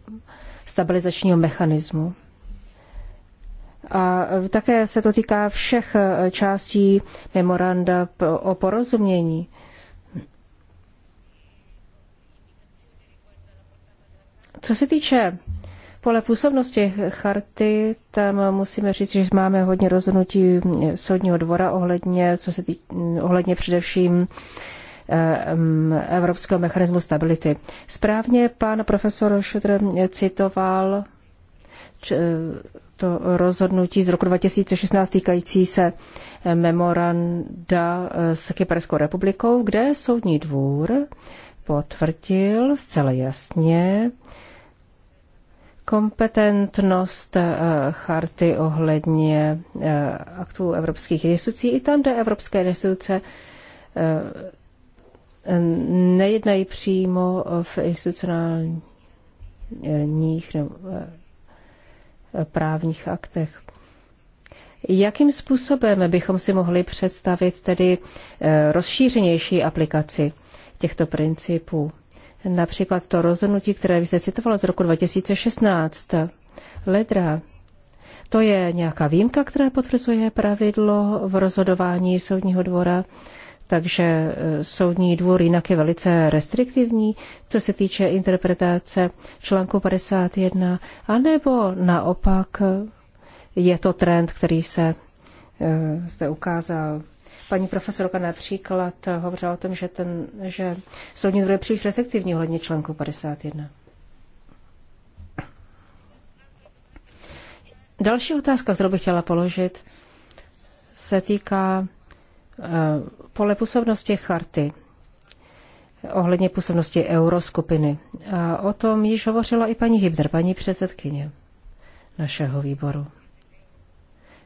stabilizačního mechanismu. A eh, také se to týká všech eh, částí memoranda o porozumění. Co se týče pole působnosti charty, tam musíme říct, že máme hodně rozhodnutí eh, soudního dvora ohledně, co se tý, mm, ohledně především mm, Evropského mechanismu stability. Správně pan profesor Šutr citoval to rozhodnutí z roku 2016 týkající se eh, memoranda eh, s Kyperskou republikou, kde soudní dvůr potvrdil zcela jasně kompetentnost eh, charty ohledně aktů evropských institucí i tam, kde evropské instituce nejednají přímo v institucionálních právních aktech. Jakým způsobem bychom si mohli představit tedy eh, rozšířenější aplikaci těchto principů? Například to rozhodnutí, které vy jste citovala z roku 2016, Ledra, to je nějaká výjimka, která potvrzuje pravidlo v rozhodování soudního dvora takže eh, soudní dvůr jinak je velice restriktivní, co se týče interpretace článku 51, anebo naopak eh, je to trend, který se eh, zde ukázal. Paní profesorka například hovořila o tom, že, ten, že soudní dvůr je příliš restriktivní ohledně článku 51. Další otázka, kterou bych chtěla položit, se týká Eh, podle působnosti charty ohledně působnosti euroskupiny. A eh, o tom již hovořila i paní Hybner, paní předsedkyně našeho výboru.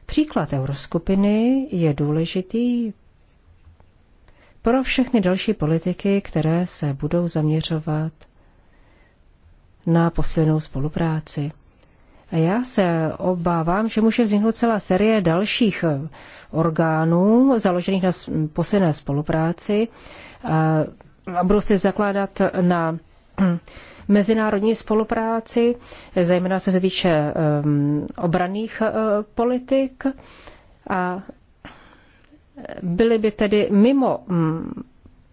Příklad euroskupiny je důležitý pro všechny další politiky, které se budou zaměřovat na posilnou spolupráci já se obávám, že může vzniknout celá série dalších eh, orgánů založených na posilné spolupráci eh, a budou se zakládat na eh, mezinárodní spolupráci, zejména co se týče obraných politik. A byly by tedy mimo mm,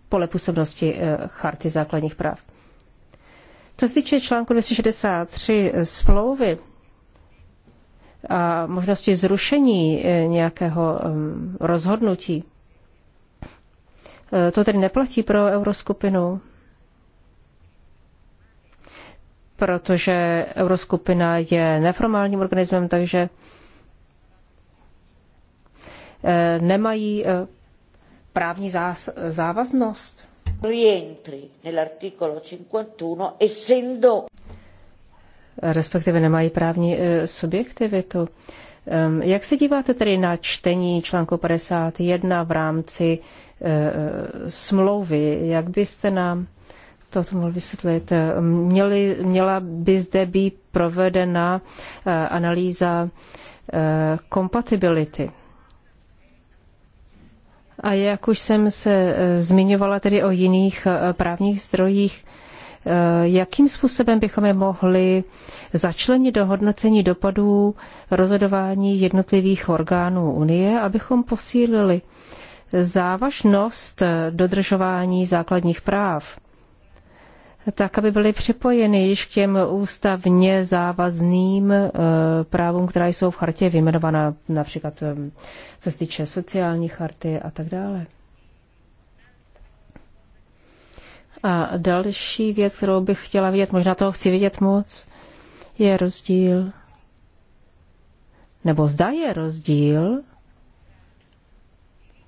pole působnosti Charty základních práv. Co se týče článku 263 smlouvy, a možnosti zrušení e, nějakého rozhodnutí. E, to tedy neplatí pro euroskupinu, protože euroskupina je neformálním organismem, takže e, nemají právní zás- závaznost respektive nemají právní e, subjektivitu. Jak se díváte tedy na čtení článku 51 v rámci e, e, smlouvy? Jak byste nám to mohl vysvětlit? Měli, měla by zde být provedena analýza kompatibility. A jak už jsem se zmiňovala tedy o jiných právních zdrojích, Eh, jakým způsobem bychom je mohli začlenit do hodnocení dopadů rozhodování jednotlivých orgánů Unie, abychom posílili závažnost eh, dodržování základních práv tak, aby byly připojeny již k těm ústavně závazným eh, právům, která jsou v chartě vyjmenovaná, například co se týče sociální charty a tak dále. A další věc, kterou bych chtěla vidět, možná toho chci vidět moc, je rozdíl, nebo zda je rozdíl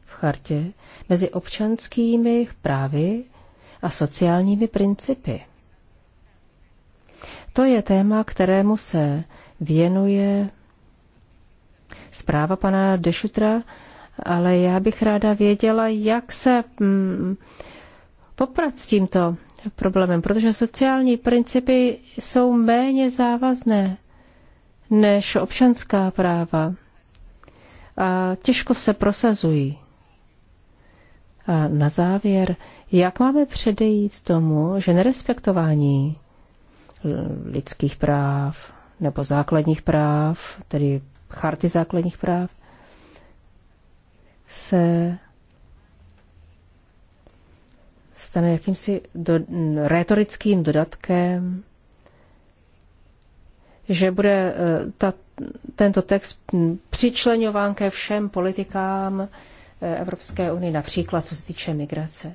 v chartě mezi občanskými právy a sociálními principy. To je téma, kterému se věnuje zpráva pana Dešutra, ale já bych ráda věděla, jak se mm, poprat s tímto problémem, protože sociální principy jsou méně závazné než občanská práva a těžko se prosazují. A na závěr, jak máme předejít tomu, že nerespektování lidských práv nebo základních práv, tedy charty základních práv, se stane jakýmsi do, retorickým dodatkem, že bude e, ta, tento text přičlenován ke všem politikám e, Evropské unie, například co se týče migrace.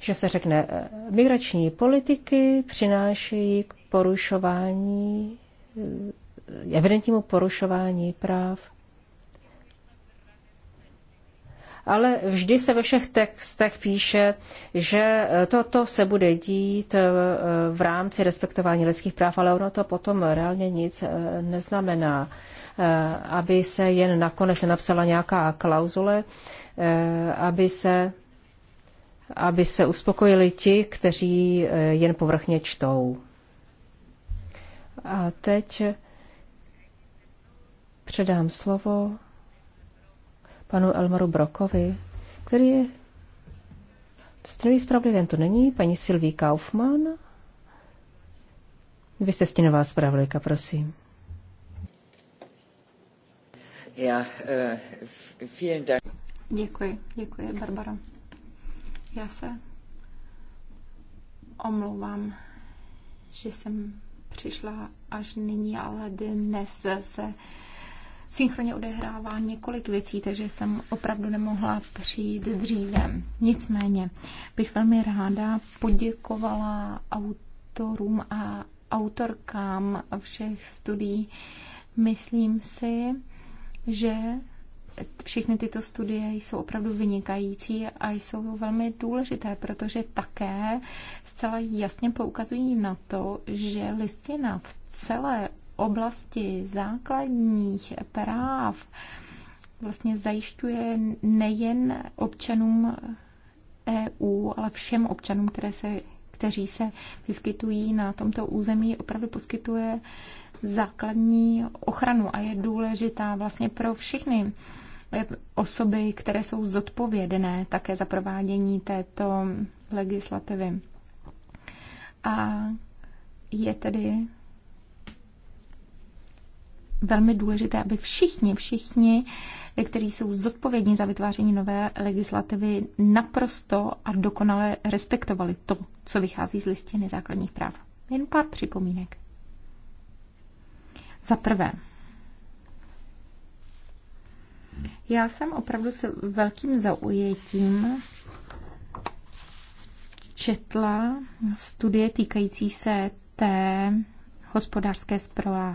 Že se řekne, e, migrační politiky přinášejí k porušování, evidentnímu porušování práv ale vždy se ve všech textech píše, že toto se bude dít eh, v rámci respektování lidských práv, ale ono to potom reálně nic eh, neznamená, eh, aby se jen nakonec napsala nějaká klauzule, aby se aby se uspokojili ti, kteří jen povrchně čtou. A teď předám slovo panu Elmaru Brokovi, který je Strany zpravodajem to není, paní Sylvie Kaufmann. Vy jste stěnová zpravodajka, prosím. Já, eh, vielen Dank. Děkuji, děkuji, Barbara. Já se omlouvám, že jsem přišla až nyní, ale dnes se synchronně odehrává několik věcí, takže jsem opravdu nemohla přijít dříve. Nicméně bych velmi ráda poděkovala autorům a autorkám všech studií. Myslím si, že všechny tyto studie jsou opravdu vynikající a jsou velmi důležité, protože také zcela jasně poukazují na to, že listina v celé oblasti základních práv vlastně zajišťuje nejen občanům EU, ale všem občanům, které se, kteří se vyskytují na tomto území, opravdu poskytuje základní ochranu a je důležitá vlastně pro všechny osoby, které jsou zodpovědné také za provádění této legislativy. A je tedy velmi důležité, aby všichni, všichni, kteří jsou zodpovědní za vytváření nové legislativy, naprosto a dokonale respektovali to, co vychází z listiny základních práv. Jen pár připomínek. Za prvé, já jsem opravdu s velkým zaujetím četla studie týkající se té hospodářské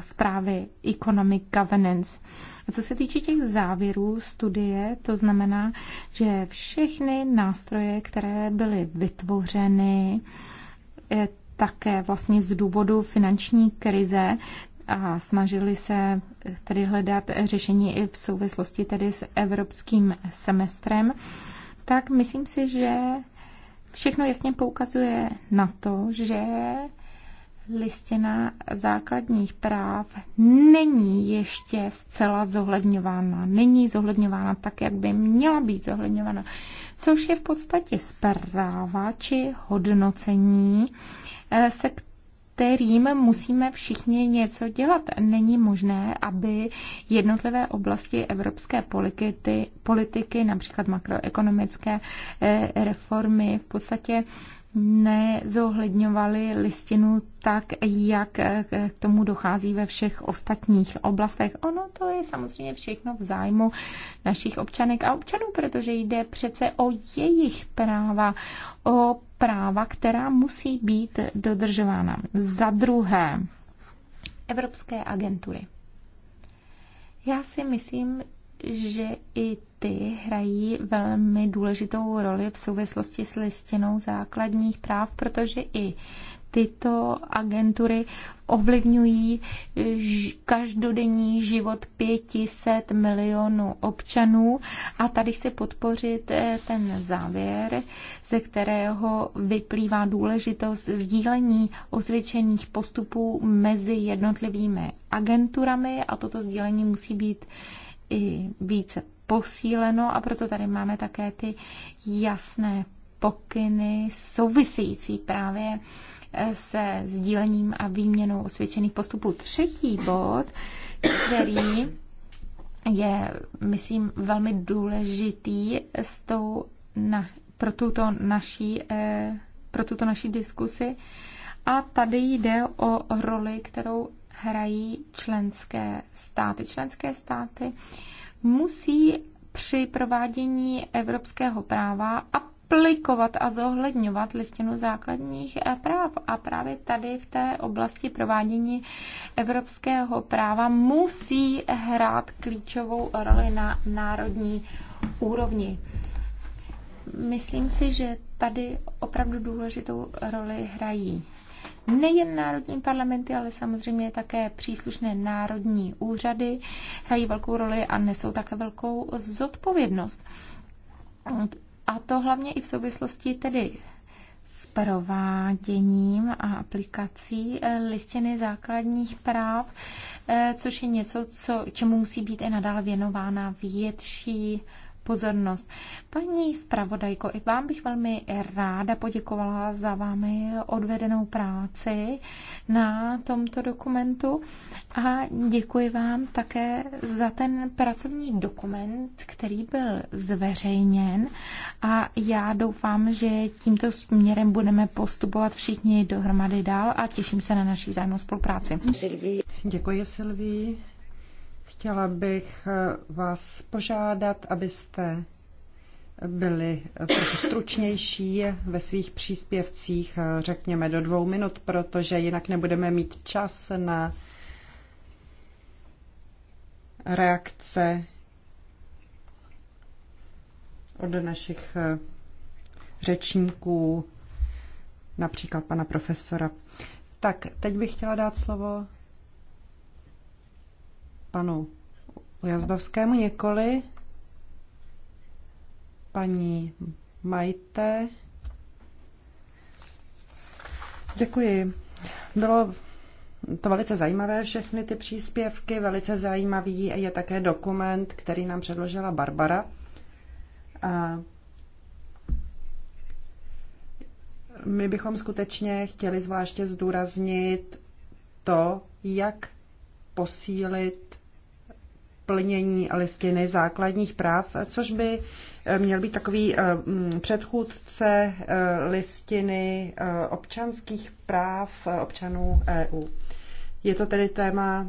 zprávy Economic Governance. A co se týče těch závěrů studie, to znamená, že všechny nástroje, které byly vytvořeny, eh, také vlastně z důvodu finanční krize, a snažili se eh, tedy hledat řešení i v souvislosti tedy s evropským semestrem, tak myslím si, že všechno jasně poukazuje na to, že listina základních práv není ještě zcela zohledňována. Není zohledňována tak, jak by měla být zohledňována, což je v podstatě zpráva či hodnocení, eh, se kterým musíme všichni něco dělat. Není možné, aby jednotlivé oblasti evropské politiky, politiky například makroekonomické eh, reformy, v podstatě nezohledňovali listinu tak, jak k tomu dochází ve všech ostatních oblastech. Ono to je samozřejmě všechno v zájmu našich občanek a občanů, protože jde přece o jejich práva, o práva, která musí být dodržována. Za druhé, evropské agentury. Já si myslím, že i ty hrají velmi důležitou roli v souvislosti s listinou základních práv, protože i tyto agentury ovlivňují každodenní život 500 milionů občanů. A tady chci podpořit eh, ten závěr, ze kterého vyplývá důležitost sdílení osvědčených postupů mezi jednotlivými agenturami a toto sdílení musí být i více posíleno a proto tady máme také ty jasné pokyny související právě eh, se sdílením a výměnou osvědčených postupů. Třetí bod, který je, myslím, velmi důležitý s tou na, pro, tuto naší, eh, pro tuto naší diskusi. A tady jde o roli, kterou hrají členské státy. Členské státy musí při provádění evropského práva aplikovat a zohledňovat listinu základních eh, práv. A právě tady v té oblasti provádění evropského práva musí hrát klíčovou roli na národní úrovni. Myslím si, že tady opravdu důležitou roli hrají nejen národní parlamenty, ale samozřejmě také příslušné národní úřady hrají velkou roli a nesou také velkou zodpovědnost. A to hlavně i v souvislosti tedy s prováděním a aplikací eh, listiny základních práv, eh, což je něco, co, čemu musí být i nadále věnována větší pozornost. Paní zpravodajko, i vám bych velmi ráda poděkovala za vámi odvedenou práci na tomto dokumentu a děkuji vám také za ten pracovní dokument, který byl zveřejněn a já doufám, že tímto směrem budeme postupovat všichni dohromady dál a těším se na naší zájemnou spolupráci. Děkuji, Silvii. Chtěla bych eh, vás požádat, abyste byli trochu stručnější ve svých příspěvcích, eh, řekněme do dvou minut, protože jinak nebudeme mít čas na reakce od našich eh, řečníků, například pana profesora. Tak, teď bych chtěla dát slovo panu Ujazdovskému nikoli. Paní Majte. Děkuji. Bylo to velice zajímavé, všechny ty příspěvky. Velice zajímavý je také dokument, který nám předložila Barbara. A my bychom skutečně chtěli zvláště zdůraznit to, jak posílit plnění listiny základních práv, což by eh, měl být takový eh, mm, předchůdce eh, listiny občanských práv občanů EU. Je to tedy téma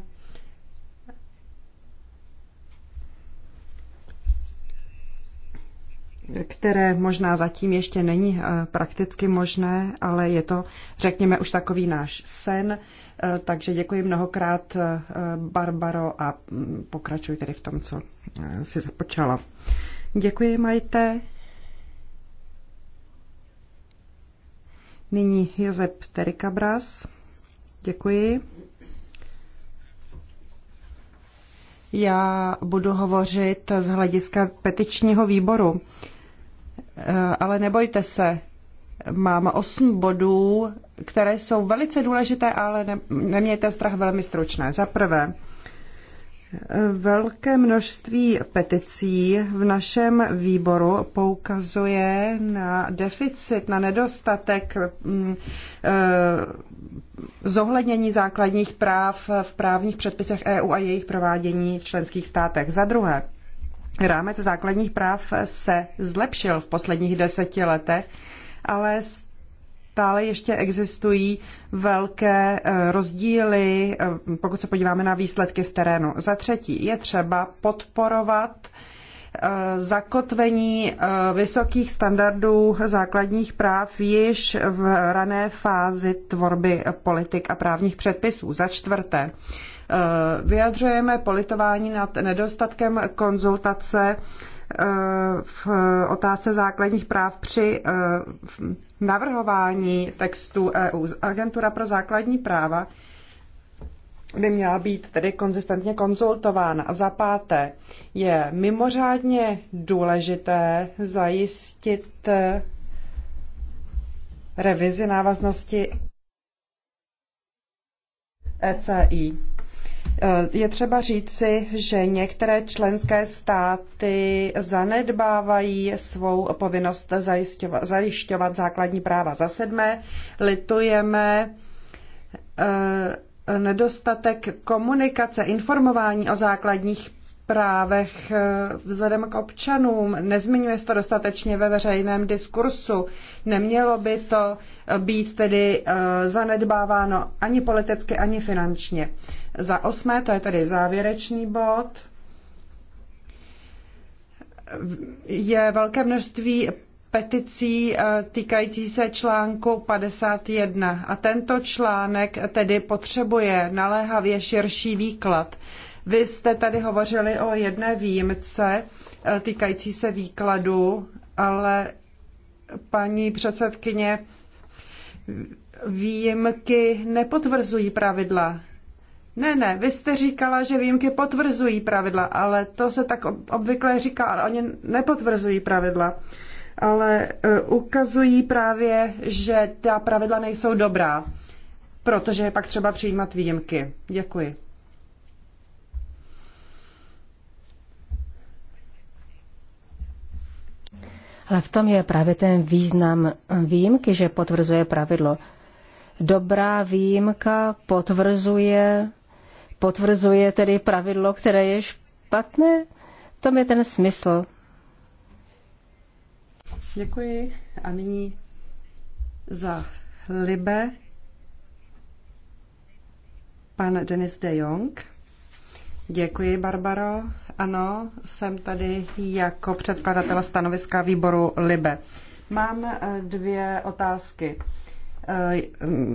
které možná zatím ještě není prakticky možné, ale je to, řekněme, už takový náš sen. Eh, takže děkuji mnohokrát, eh, Barbaro, a mm, pokračuj tedy v tom, co eh, si započala. Děkuji, Majte. Nyní Josep Terikabras. Děkuji. Já budu hovořit z hlediska petičního výboru. Ale nebojte se, mám osm bodů které jsou velice důležité, ale ne, nemějte strach velmi stručné. Za prvé, Velké množství peticí v našem výboru poukazuje na deficit, na nedostatek mm, eh, zohlednění základních práv v právních předpisech EU a jejich provádění v členských státech. Za druhé, rámec základních práv se zlepšil v posledních deseti letech, ale stále ještě existují velké eh, rozdíly, eh, pokud se podíváme na výsledky v terénu. Za třetí je třeba podporovat eh, zakotvení vysokých standardů základních práv již v rané fázi tvorby politik a právních předpisů. Za čtvrté, vyjadřujeme politování nad nedostatkem konzultace v otázce základních práv při eh, navrhování textu EU. Agentura pro základní práva by měla být tedy konzistentně konzultována. A za páté je mimořádně důležité zajistit eh, revizi návaznosti ECI. Eh, je třeba říci, že některé členské státy zanedbávají svou povinnost zajišťovat, zajišťovat základní práva. Za sedmé litujeme eh, nedostatek komunikace, informování o základních právech eh, vzhledem k občanům. Nezmiňuje se to dostatečně ve veřejném diskursu. Nemělo by to být tedy zanedbáváno ani politicky, ani finančně. Za osmé, to je tedy závěrečný bod, je velké množství peticí eh, týkající se článku 51. A tento článek tedy potřebuje naléhavě širší výklad. Vy jste tady hovořili o jedné výjimce eh, týkající se výkladu, ale paní předsedkyně, výjimky nepotvrzují pravidla. Ne, ne, vy jste říkala, že výjimky potvrzují pravidla, ale to se tak obvykle říká, ale oni nepotvrzují pravidla. Ale e, ukazují právě, že ta pravidla nejsou dobrá, protože je pak třeba přijímat výjimky. Děkuji. Ale v tom je právě ten význam e, výjimky, že potvrzuje pravidlo. Dobrá výjimka potvrzuje potvrzuje tedy pravidlo, které je špatné? V tom je ten smysl. Děkuji. A nyní za Libe pan Denis de Jong. Děkuji, Barbaro. Ano, jsem tady jako předkladatel stanoviska výboru Libe. Mám eh, dvě otázky. Eh,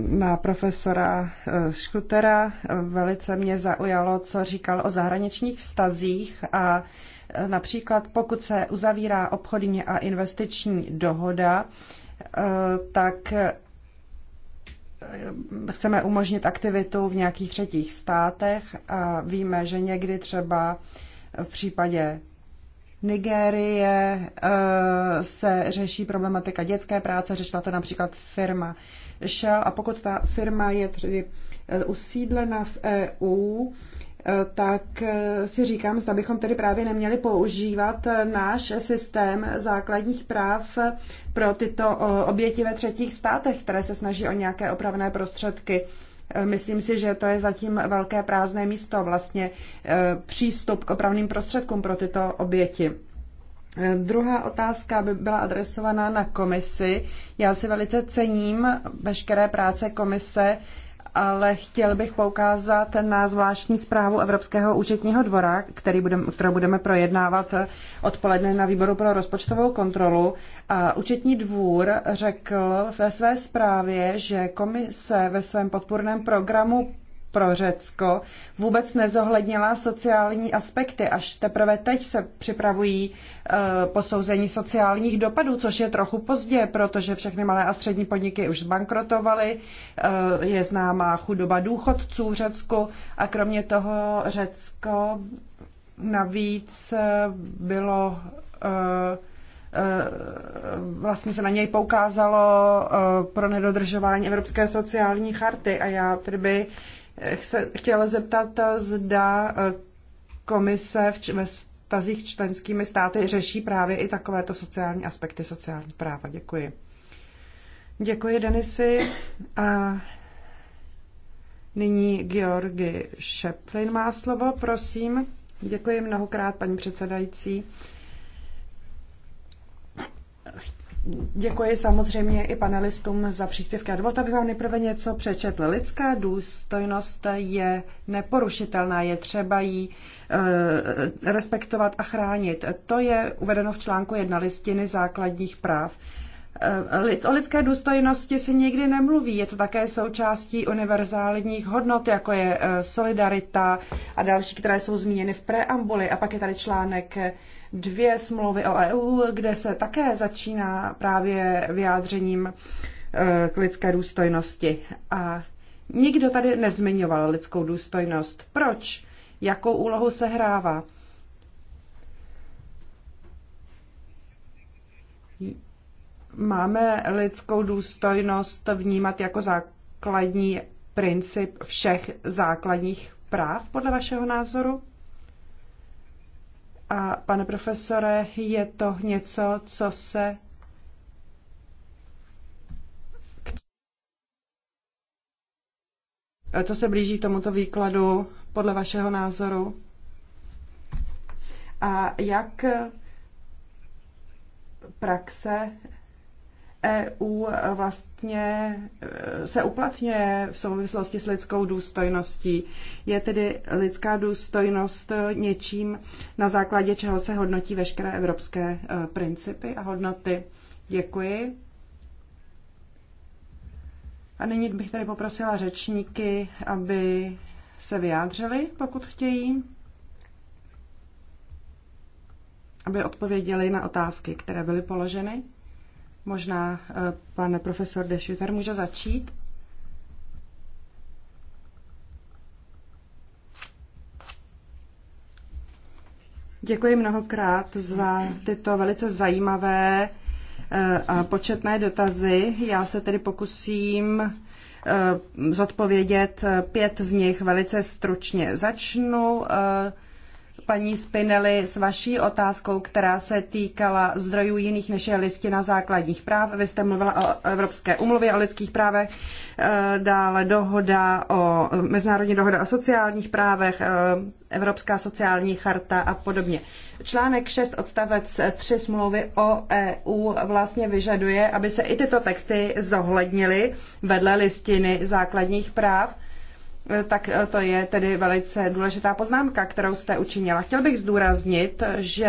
na profesora Škutera. Eh, Velice mě zaujalo, co říkal o zahraničních vztazích a eh, například pokud se uzavírá obchodní a investiční dohoda, tak chceme umožnit aktivitu v nějakých třetích státech a víme, že někdy třeba v případě Nigérie eh, se řeší problematika dětské práce, řešila to například firma Shell a pokud ta firma je tedy eh, usídlena v EU, eh, tak si říkám, zda bychom tedy právě neměli používat náš systém základních práv pro tyto oběti ve třetích státech, které se snaží o nějaké opravné prostředky. Eh, myslím si, že to je zatím velké prázdné místo, vlastně eh, přístup k opravným prostředkům pro tyto oběti. Eh, druhá otázka by byla adresovaná na komisi. Já si velice cením veškeré práce komise ale chtěl bych poukázat na zvláštní zprávu Evropského účetního dvora, který budem, kterou budeme projednávat odpoledne na výboru pro rozpočtovou kontrolu. A účetní dvůr řekl ve své zprávě, že komise ve svém podpůrném programu pro Řecko vůbec nezohlednila sociální aspekty. Až teprve teď se připravují e, posouzení sociálních dopadů, což je trochu pozdě, protože všechny malé a střední podniky už zbankrotovaly, e, je známá chudoba důchodců v Řecku a kromě toho Řecko navíc eh, bylo e, vlastně se na něj poukázalo pro nedodržování Evropské sociální charty a já tedy by se eh, chtěla zeptat, eh, zda eh, komise v, ve stazích členskými státy řeší právě i takovéto sociální aspekty sociální práva. Děkuji. Děkuji, Denisy. A nyní Georgi Šeplin má slovo, prosím. Děkuji mnohokrát, paní předsedající. Děkuji samozřejmě i panelistům za příspěvky. A dovolte, abych vám nejprve něco přečetl. Lidská důstojnost je neporušitelná, je třeba ji e, respektovat a chránit. To je uvedeno v článku jedna listiny základních práv. Eh, o lidské důstojnosti se nikdy nemluví. Je to také součástí univerzálních hodnot, jako je eh, solidarita a další, které jsou zmíněny v preambuli. A pak je tady článek dvě smlouvy o EU, kde se také začíná právě vyjádřením eh, k lidské důstojnosti. A nikdo tady nezmiňoval lidskou důstojnost. Proč? Jakou úlohu se hrává? máme lidskou důstojnost vnímat jako základní princip všech základních práv, podle vašeho názoru? A pane profesore, je to něco, co se co se blíží k tomuto výkladu podle vašeho názoru? A jak praxe EU e, vlastně e, se uplatňuje v souvislosti s lidskou důstojností. Je tedy lidská důstojnost e, něčím, na základě čeho se hodnotí veškeré evropské principy a hodnoty. Děkuji. A nyní bych tady poprosila řečníky, aby se vyjádřili, pokud chtějí, aby odpověděli na otázky, které byly položeny. Možná eh, pan profesor De Schutter může začít. Děkuji mnohokrát za tyto velice zajímavé eh, a početné dotazy. Já se tedy pokusím eh, zodpovědět pět z nich velice stručně. Začnu paní Spinelli s vaší otázkou, která se týkala zdrojů jiných než je listina základních práv. Vy jste mluvila o Evropské umluvě o lidských právech, eh, dále dohoda o Mezinárodní dohoda o sociálních právech, eh, Evropská sociální charta a podobně. Článek 6 odstavec 3 smlouvy o EU vlastně vyžaduje, aby se i tyto texty zohlednily vedle listiny základních práv Eh, tak eh, to je tedy velice důležitá poznámka, kterou jste učinila. Chtěl bych zdůraznit, že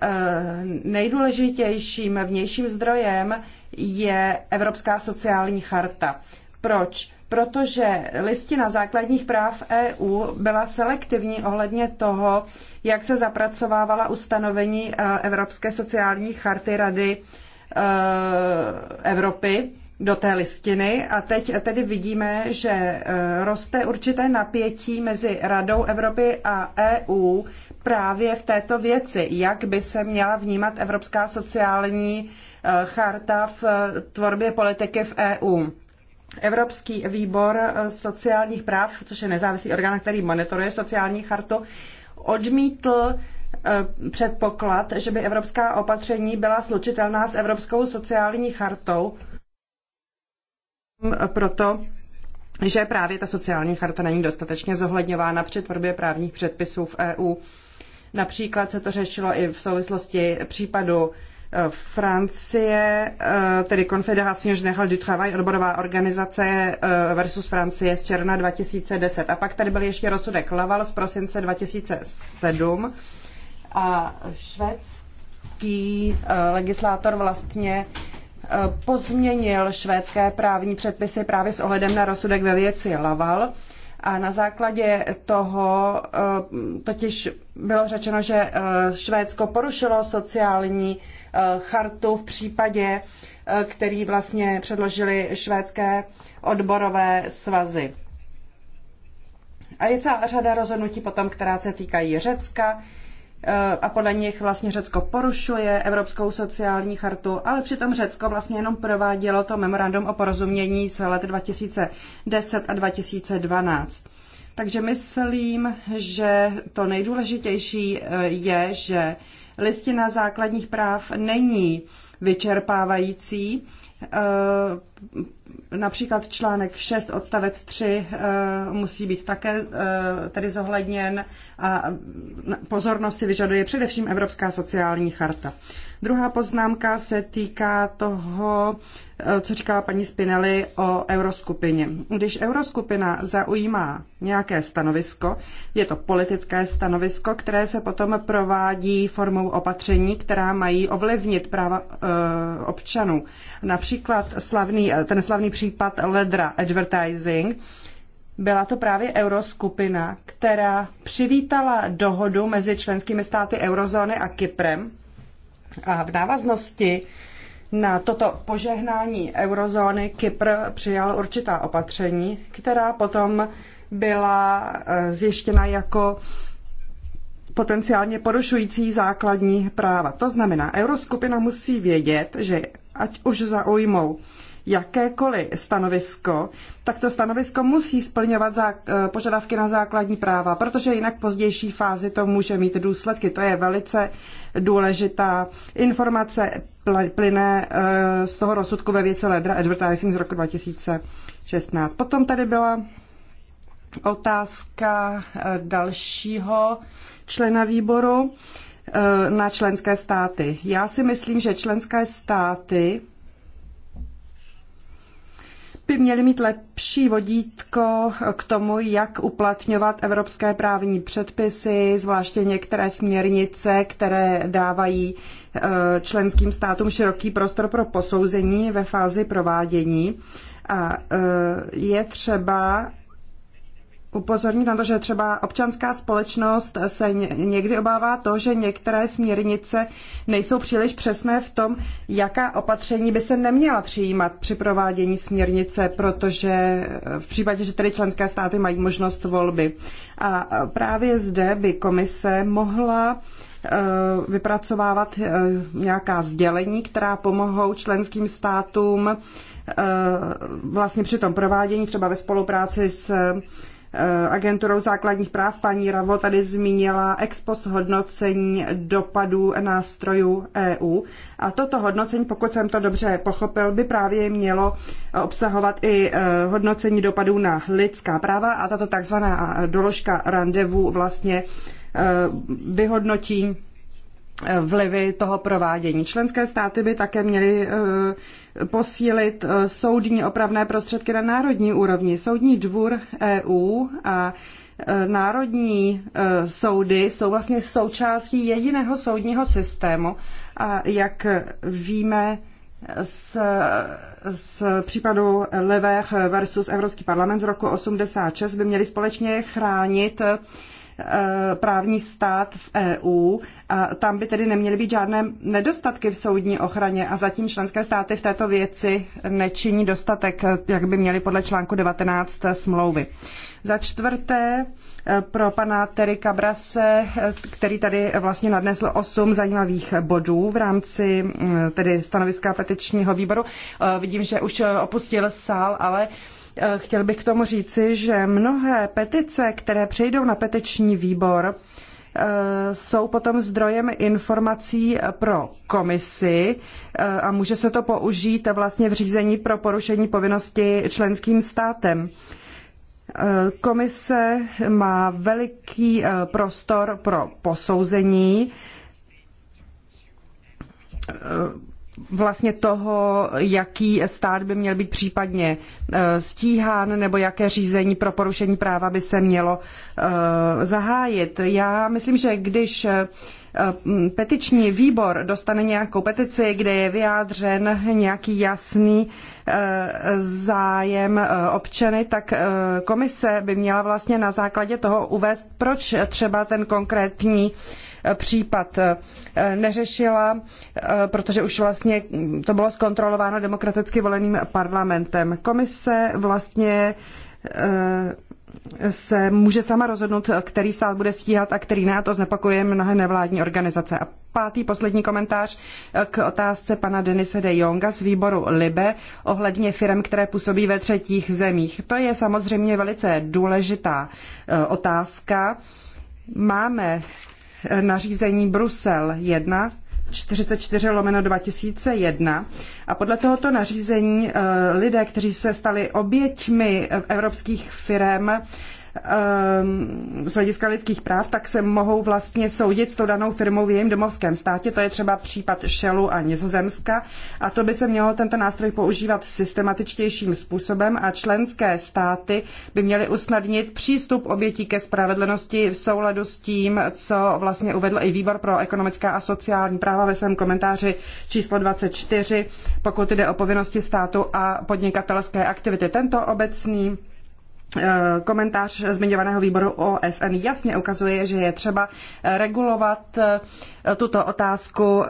eh, nejdůležitějším vnějším zdrojem je Evropská sociální charta. Proč? Protože listina základních práv EU byla selektivní ohledně toho, jak se zapracovávala ustanovení Evropské sociální charty Rady Evropy do té listiny a teď tedy vidíme, že e, roste určité napětí mezi Radou Evropy a EU právě v této věci, jak by se měla vnímat Evropská sociální e, charta v e, tvorbě politiky v EU. Evropský výbor sociálních práv, což je nezávislý orgán, který monitoruje sociální chartu, odmítl předpoklad, že by evropská opatření byla slučitelná s Evropskou sociální chartou, proto, že právě ta sociální charta není dostatečně zohledňována při tvorbě právních předpisů v EU. Například se to řešilo i v souvislosti případu e, Francie, e, tedy Confédération Générale du Travail, odborová organizace e, versus Francie z června 2010. A pak tady byl ještě rozsudek Laval z prosince 2007 a švédský legislátor vlastně pozměnil švédské právní předpisy právě s ohledem na rozsudek ve věci Laval. A na základě toho eh, totiž bylo řečeno, že eh, Švédsko porušilo sociální eh, chartu v případě, který vlastně předložili švédské odborové svazy. A je celá řada rozhodnutí potom, která se týkají Řecka, Eh, a podle nich vlastně Řecko porušuje Evropskou sociální chartu, ale přitom Řecko vlastně jenom provádělo to memorandum o porozumění z let 2010 a 2012. Takže myslím, že to nejdůležitější eh, je, že listina základních práv není vyčerpávající. Eh, Například článek 6 odstavec 3 eh, musí být také eh, tedy zohledněn a mm, pozornost si vyžaduje především Evropská sociální charta. Druhá poznámka se týká toho, eh, co říkala paní Spinelli o euroskupině. Když euroskupina zaujímá nějaké stanovisko, je to politické stanovisko, které se potom provádí formou opatření, která mají ovlivnit práva e, občanů. Například slavný, eh, ten slavný případ Ledra Advertising, byla to právě euroskupina, která přivítala dohodu mezi členskými státy eurozóny a Kyprem, a v návaznosti na toto požehnání eurozóny Kypr přijal určitá opatření, která potom byla eh, zjištěna jako potenciálně porušující základní práva. To znamená, euroskupina musí vědět, že ať už zaujmou jakékoliv stanovisko, tak to stanovisko musí splňovat eh, požadavky na základní práva, protože jinak v pozdější fázi to může mít důsledky. To je velice důležitá informace plyne eh, z toho rozsudku ve věci Ledra Advertising z roku 2016. Potom tady byla otázka eh, dalšího člena výboru na členské státy. Já si myslím, že členské státy by měly mít lepší vodítko k tomu, jak uplatňovat evropské právní předpisy, zvláště některé směrnice, které dávají e, členským státům široký prostor pro posouzení ve fázi provádění. A e, je třeba, upozornit na to, že třeba občanská společnost se někdy obává to, že některé směrnice nejsou příliš přesné v tom, jaká opatření by se neměla přijímat při provádění směrnice, protože v případě, že tedy členské státy mají možnost volby. A právě zde by komise mohla eh, vypracovávat eh, nějaká sdělení, která pomohou členským státům eh, vlastně při tom provádění, třeba ve spolupráci s Eh, agenturou základních práv. Paní Ravo tady zmínila ex post hodnocení dopadů nástrojů EU. A toto hodnocení, pokud jsem to dobře pochopil, by právě mělo obsahovat i eh, hodnocení dopadů na lidská práva a tato takzvaná doložka randevu vlastně eh, vyhodnotí vlivy toho provádění. Členské státy by také měly e, posílit e, soudní opravné prostředky na národní úrovni. Soudní dvůr EU a e, národní soudy jsou vlastně součástí jediného soudního systému a jak víme z, z případu Levech versus Evropský parlament z roku 86 by měli společně chránit Eh, právní stát v EU a tam by tedy neměly být žádné nedostatky v soudní ochraně a zatím členské státy v této věci nečiní dostatek, eh, jak by měly podle článku 19 smlouvy. Za čtvrté eh, pro pana Terry Cabrase, který tady vlastně nadnesl osm zajímavých bodů v rámci mm, tedy stanoviska petičního výboru. Vidím, že už opustil sál, ale uh, Eh, chtěl bych k tomu říci, že mnohé petice, které přejdou na petiční výbor, eh, jsou potom zdrojem informací pro komisi eh, a může se to použít vlastně v řízení pro porušení povinnosti členským státem. Komise má veliký prostor pro posouzení vlastně toho, jaký stát by měl být případně e, stíhán nebo jaké řízení pro porušení práva by se mělo e, zahájit. Já myslím, že když e, petiční výbor dostane nějakou petici, kde je vyjádřen nějaký jasný zájem občany, tak komise by měla vlastně na základě toho uvést, proč třeba ten konkrétní případ eh, neřešila, eh, protože už vlastně to bylo zkontrolováno demokraticky voleným parlamentem. Komise vlastně eh, se může sama rozhodnout, který stát bude stíhat a který ne, a to znepokojuje mnohé nevládní organizace. A pátý, poslední komentář k otázce pana Denise de Jonga z výboru LIBE ohledně firm, které působí ve třetích zemích. To je samozřejmě velice důležitá otázka. Máme nařízení Brusel 1 44 lomeno 2001 a podle tohoto nařízení eh, lidé, kteří se stali oběťmi evropských firm, Ehm, z hlediska lidských práv, tak se mohou vlastně soudit s tou danou firmou v jejím domovském státě. To je třeba případ Shellu a Nizozemska. A to by se mělo tento nástroj používat systematičtějším způsobem a členské státy by měly usnadnit přístup obětí ke spravedlnosti v souladu s tím, co vlastně uvedl i výbor pro ekonomická a sociální práva ve svém komentáři číslo 24, pokud jde o povinnosti státu a podnikatelské aktivity. Tento obecný Eh, komentář zmiňovaného výboru OSN jasně ukazuje, že je třeba eh, regulovat eh, tuto otázku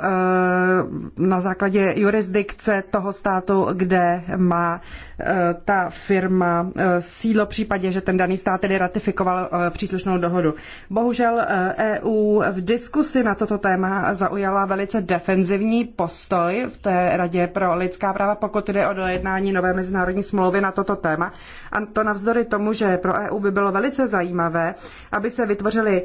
na základě jurisdikce toho státu, kde má Eh, ta firma eh, sídlo v případě, že ten daný stát tedy ratifikoval eh, příslušnou dohodu. Bohužel EU e v diskusi na toto téma zaujala velice defenzivní postoj v té Radě pro lidská práva, pokud jde o dojednání nové mezinárodní smlouvy na toto téma. A to navzdory tomu, že pro EU by bylo velice zajímavé, aby se vytvořily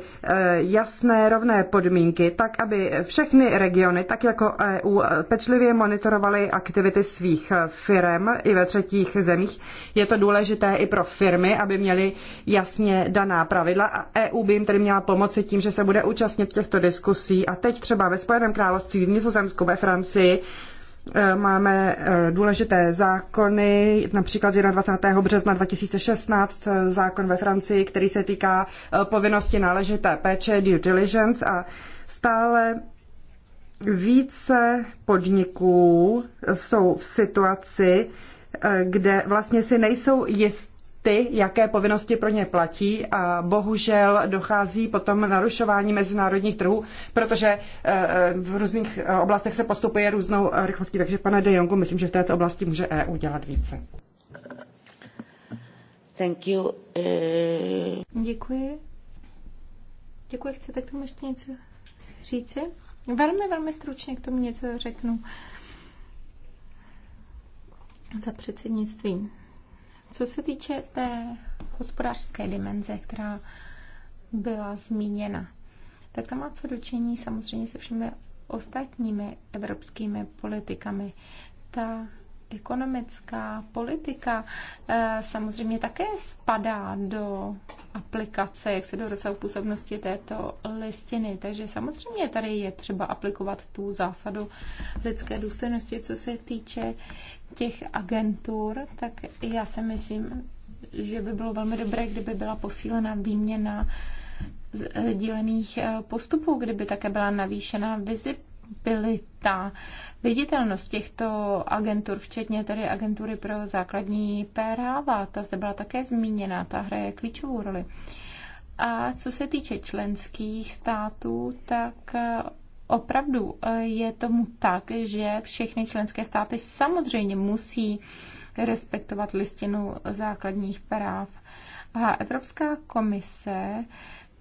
jasné rovné podmínky, tak aby všechny regiony, tak jako EU, pečlivě monitorovaly aktivity svých firm i ve třetích třetích zemích. Je to důležité i pro firmy, aby měly jasně daná pravidla a EU by jim tedy měla pomoci tím, že se bude účastnit těchto diskusí. A teď třeba ve Spojeném království, v Nizozemsku, ve Francii eh, máme eh, důležité zákony, například z 21. března 2016 eh, zákon ve Francii, který se týká povinnosti náležité péče, due diligence a stále více podniků jsou v situaci, Eh, kde vlastně si nejsou jisté, ty, jaké povinnosti pro ně platí a bohužel dochází potom narušování mezinárodních trhů, protože eh, v různých eh, oblastech se postupuje různou rychlostí. Takže pane De Jongu, myslím, že v této oblasti může EU dělat více. Thank you. Děkuji. Děkuji, chcete k tomu ještě něco říci? Velmi, velmi stručně k tomu něco řeknu. Uh, za předsednictví. Co se týče té hospodářské dimenze, která byla zmíněna, tak tam má co dočení samozřejmě se všemi ostatními evropskými politikami. Ta ekonomická politika eh, samozřejmě také spadá do aplikace, jak se do rozsahu působnosti této listiny. Takže samozřejmě tady je třeba aplikovat tu zásadu lidské důstojnosti, co se týče těch agentur, tak já si myslím, že by bylo velmi dobré, kdyby byla posílena výměna eh, dílených eh, postupů, kdyby také byla navýšena vizibilita, viditelnost těchto agentur, včetně tedy agentury pro základní práva. Ta zde byla také zmíněna, ta hraje klíčovou roli. A co se týče členských států, tak eh, opravdu eh, je tomu tak, že všechny členské státy samozřejmě musí respektovat listinu základních práv. A Evropská komise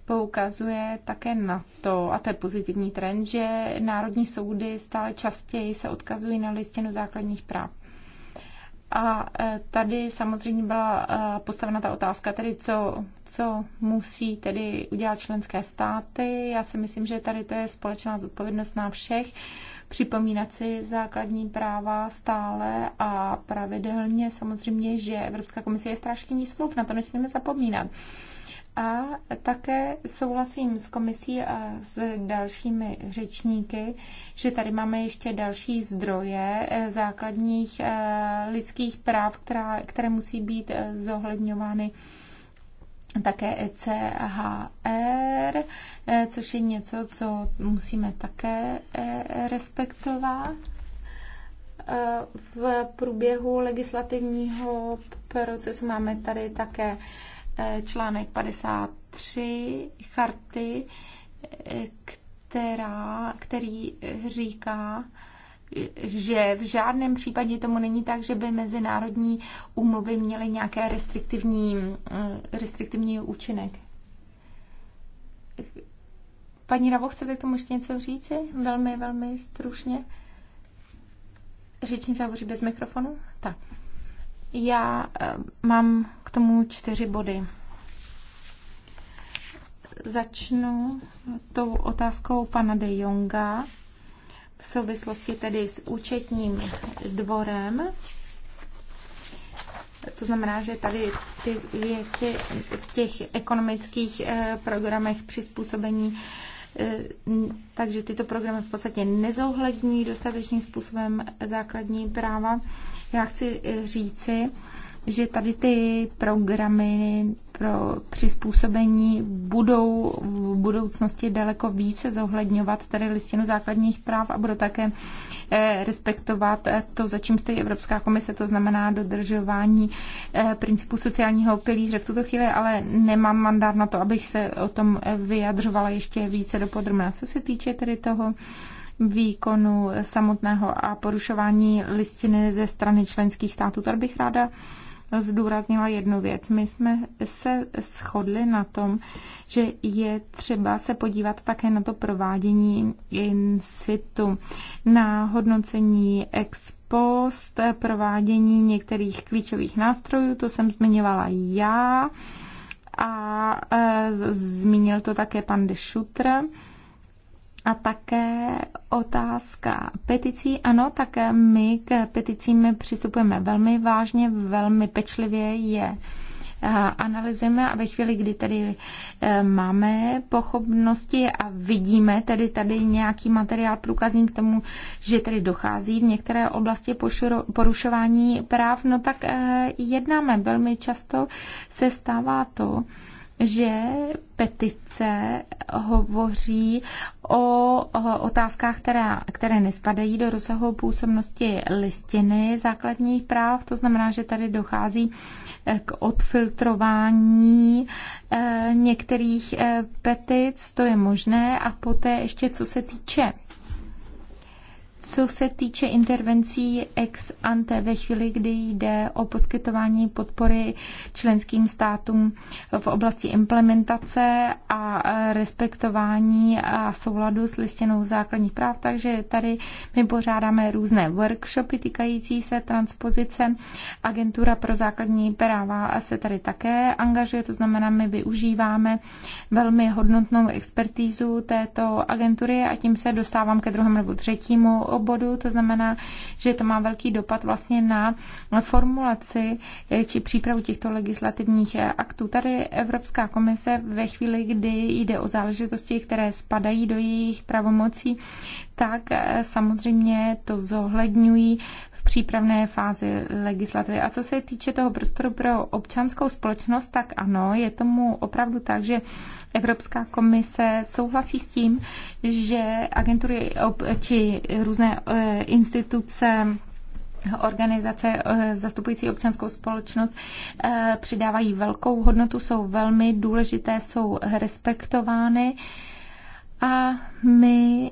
poukazuje také na to, a to je pozitivní trend, že národní soudy stále častěji se odkazují na listinu základních práv. A e, tady samozřejmě byla e, postavena ta otázka, tedy co, co musí tedy udělat členské státy. Já si myslím, že tady to je společná zodpovědnost na všech. Připomínat si základní práva stále a pravidelně samozřejmě, že Evropská komise je strašně nízkou, na to nesmíme zapomínat. A také souhlasím s komisí a s dalšími řečníky, že tady máme ještě další zdroje eh, základních eh, lidských práv, která, které musí být eh, zohledňovány také ECHR, což je něco, co musíme také respektovat v průběhu legislativního procesu máme tady také Eh, článek 53 charty, eh, která, který říká, že v žádném případě tomu není tak, že by mezinárodní úmluvy měly nějaké restriktivní, eh, restriktivní účinek. Paní Ravo, chcete k tomu ještě něco říci? Velmi, velmi stručně. Řečnice hovoří bez mikrofonu? Tak. Já eh, mám k tomu čtyři body. Začnu tou otázkou pana de Jonga v souvislosti tedy s účetním dvorem. To znamená, že tady ty věci v těch ekonomických eh, programech přizpůsobení Eh, takže tyto programy v podstatě nezohledňují dostatečným způsobem základní práva. Já chci eh, říci, že tady ty programy pro přizpůsobení budou v budoucnosti daleko více zohledňovat tady listinu základních práv a budou také eh, respektovat eh, to, za čím stojí Evropská komise, to znamená dodržování eh, principu sociálního pilíře. V tuto chvíli ale nemám mandát na to, abych se o tom vyjadřovala ještě více dopodrobná. Co se týče tedy toho výkonu samotného a porušování listiny ze strany členských států, tady bych ráda zdůraznila jednu věc. My jsme se shodli na tom, že je třeba se podívat také na to provádění in situ, na hodnocení ex post, provádění některých klíčových nástrojů, to jsem zmiňovala já a e, zmínil to také pan de Schutter. A také otázka peticí. Ano, také my k peticím přistupujeme velmi vážně, velmi pečlivě je eh, analyzujeme a ve chvíli, kdy tedy eh, máme pochopnosti a vidíme tedy tady nějaký materiál průkazní k tomu, že tedy dochází v některé oblasti porušování práv, no tak eh, jednáme. Velmi často se stává to, že petice hovoří o otázkách, která, které nespadají do rozsahu působnosti listiny základních práv. To znamená, že tady dochází eh, k odfiltrování eh, některých eh, petic, to je možné. A poté ještě, co se týče co se týče intervencí ex ante ve chvíli, kdy jde o poskytování podpory členským státům v oblasti implementace a respektování a souladu s listinou základních práv, takže tady my pořádáme různé workshopy týkající se transpozice. Agentura pro základní práva se tady také angažuje, to znamená, my využíváme velmi hodnotnou expertízu této agentury a tím se dostávám ke druhému nebo třetímu obodu, to znamená, že to má velký dopad vlastně na formulaci eh, či přípravu těchto legislativních eh, aktů. Tady Evropská komise ve chvíli, kdy jde o záležitosti, které spadají do jejich pravomocí, tak eh, samozřejmě to zohledňují přípravné fázi legislativy. A co se týče toho prostoru pro občanskou společnost, tak ano, je tomu opravdu tak, že Evropská komise souhlasí s tím, že agentury či různé eh, instituce organizace eh, zastupující občanskou společnost eh, přidávají velkou hodnotu, jsou velmi důležité, jsou respektovány. A my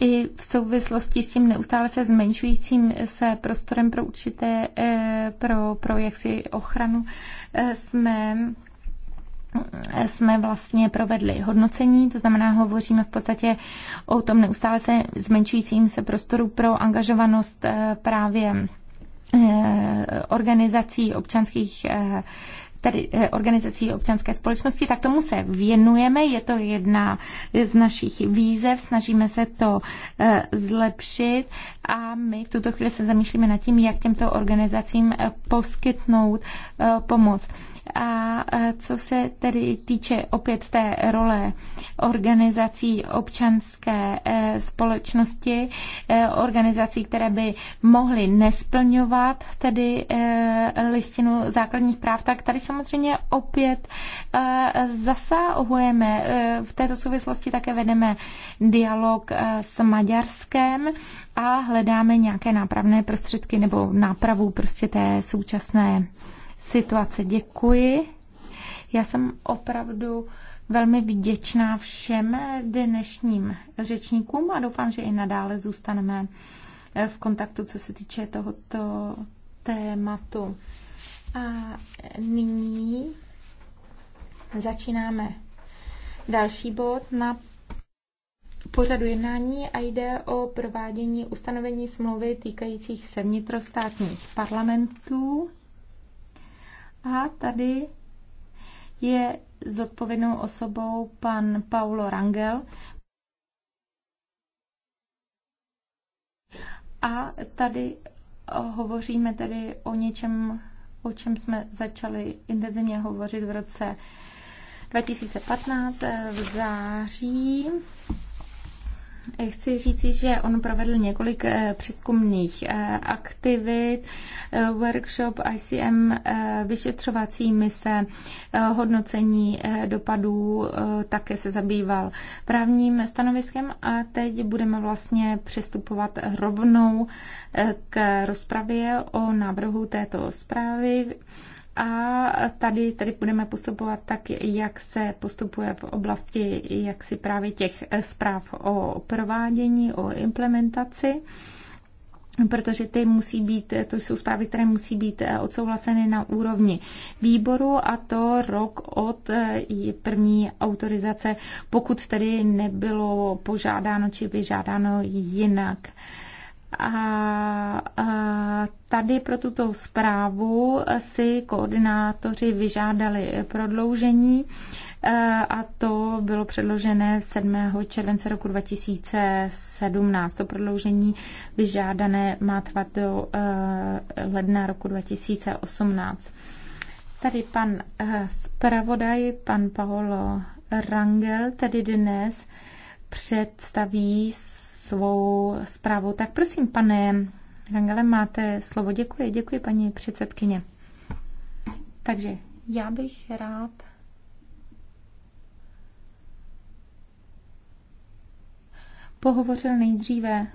i v souvislosti s tím neustále se zmenšujícím se prostorem pro určité, eh, pro, pro jaksi ochranu eh, jsme eh, jsme vlastně provedli hodnocení, to znamená, hovoříme v podstatě o tom neustále se zmenšujícím se prostoru pro angažovanost právě organizací občanských tedy eh, organizací občanské společnosti, tak tomu se věnujeme. Je to jedna z našich výzev, snažíme se to eh, zlepšit a my v tuto chvíli se zamýšlíme nad tím, jak těmto organizacím eh, poskytnout pomoc. A co se tedy týče opět té role organizací občanské e, společnosti, e, organizací, které by mohly nesplňovat tedy e, listinu základních práv, tak tady samozřejmě opět zasahujeme. V této souvislosti také vedeme dialog s Maďarskem a hledáme nějaké nápravné prostředky nebo nápravu prostě té současné situace. Děkuji. Já jsem opravdu velmi vděčná všem dnešním řečníkům a doufám, že i nadále zůstaneme eh, v kontaktu, co se týče tohoto tématu. A nyní začínáme další bod na pořadu jednání a jde o provádění ustanovení smlouvy týkajících se vnitrostátních parlamentů. A tady je zodpovědnou osobou pan Paulo Rangel. A tady hovoříme tedy o něčem, o čem jsme začali intenzivně hovořit v roce 2015 v září. Eh, chci říci, že on provedl několik eh, přeskumných eh, aktivit, workshop, ICM, vyšetřovací mise, hodnocení dopadů, také se zabýval právním stanoviskem a teď budeme vlastně přistupovat rovnou k rozpravě o návrhu této zprávy a tady, tady budeme postupovat tak, jak se postupuje v oblasti jak si právě těch zpráv o provádění, o implementaci protože ty musí být, to jsou zprávy, které musí být odsouhlaseny na úrovni výboru a to rok od první autorizace, pokud tedy nebylo požádáno či vyžádáno jinak. A, tady pro tuto zprávu si koordinátoři vyžádali prodloužení a to bylo předložené 7. července roku 2017. To prodloužení vyžádané má trvat do e, ledna roku 2018. Tady pan e, zpravodaj, pan Paolo Rangel, tedy dnes představí svou zprávu. Tak prosím, pane Rangele, máte slovo. Děkuji, děkuji, paní předsedkyně. Takže já bych rád pohovořil nejdříve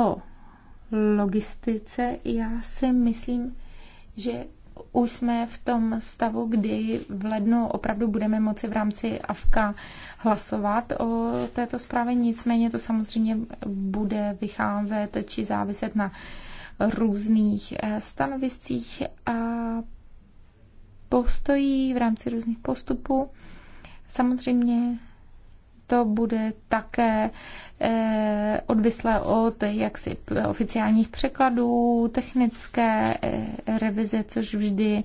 o logistice. Já si myslím, že už jsme v tom stavu, kdy v lednu opravdu budeme moci v rámci AFKA hlasovat o této zprávě, nicméně to samozřejmě bude vycházet či záviset na různých eh, stanoviscích a postojí v rámci různých postupů. Samozřejmě to bude také eh, odvislé od jaksi oficiálních překladů, technické eh, revize, což vždy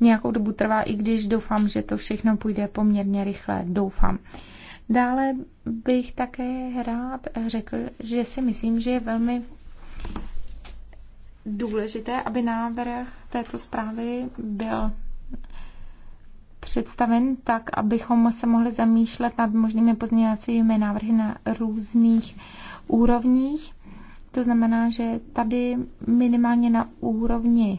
nějakou dobu trvá, i když doufám, že to všechno půjde poměrně rychle. Doufám. Dále bych také rád řekl, že si myslím, že je velmi důležité, aby návrh této zprávy byl představen tak, abychom se mohli zamýšlet nad možnými pozměňovacími návrhy na různých úrovních. To znamená, že tady minimálně na úrovni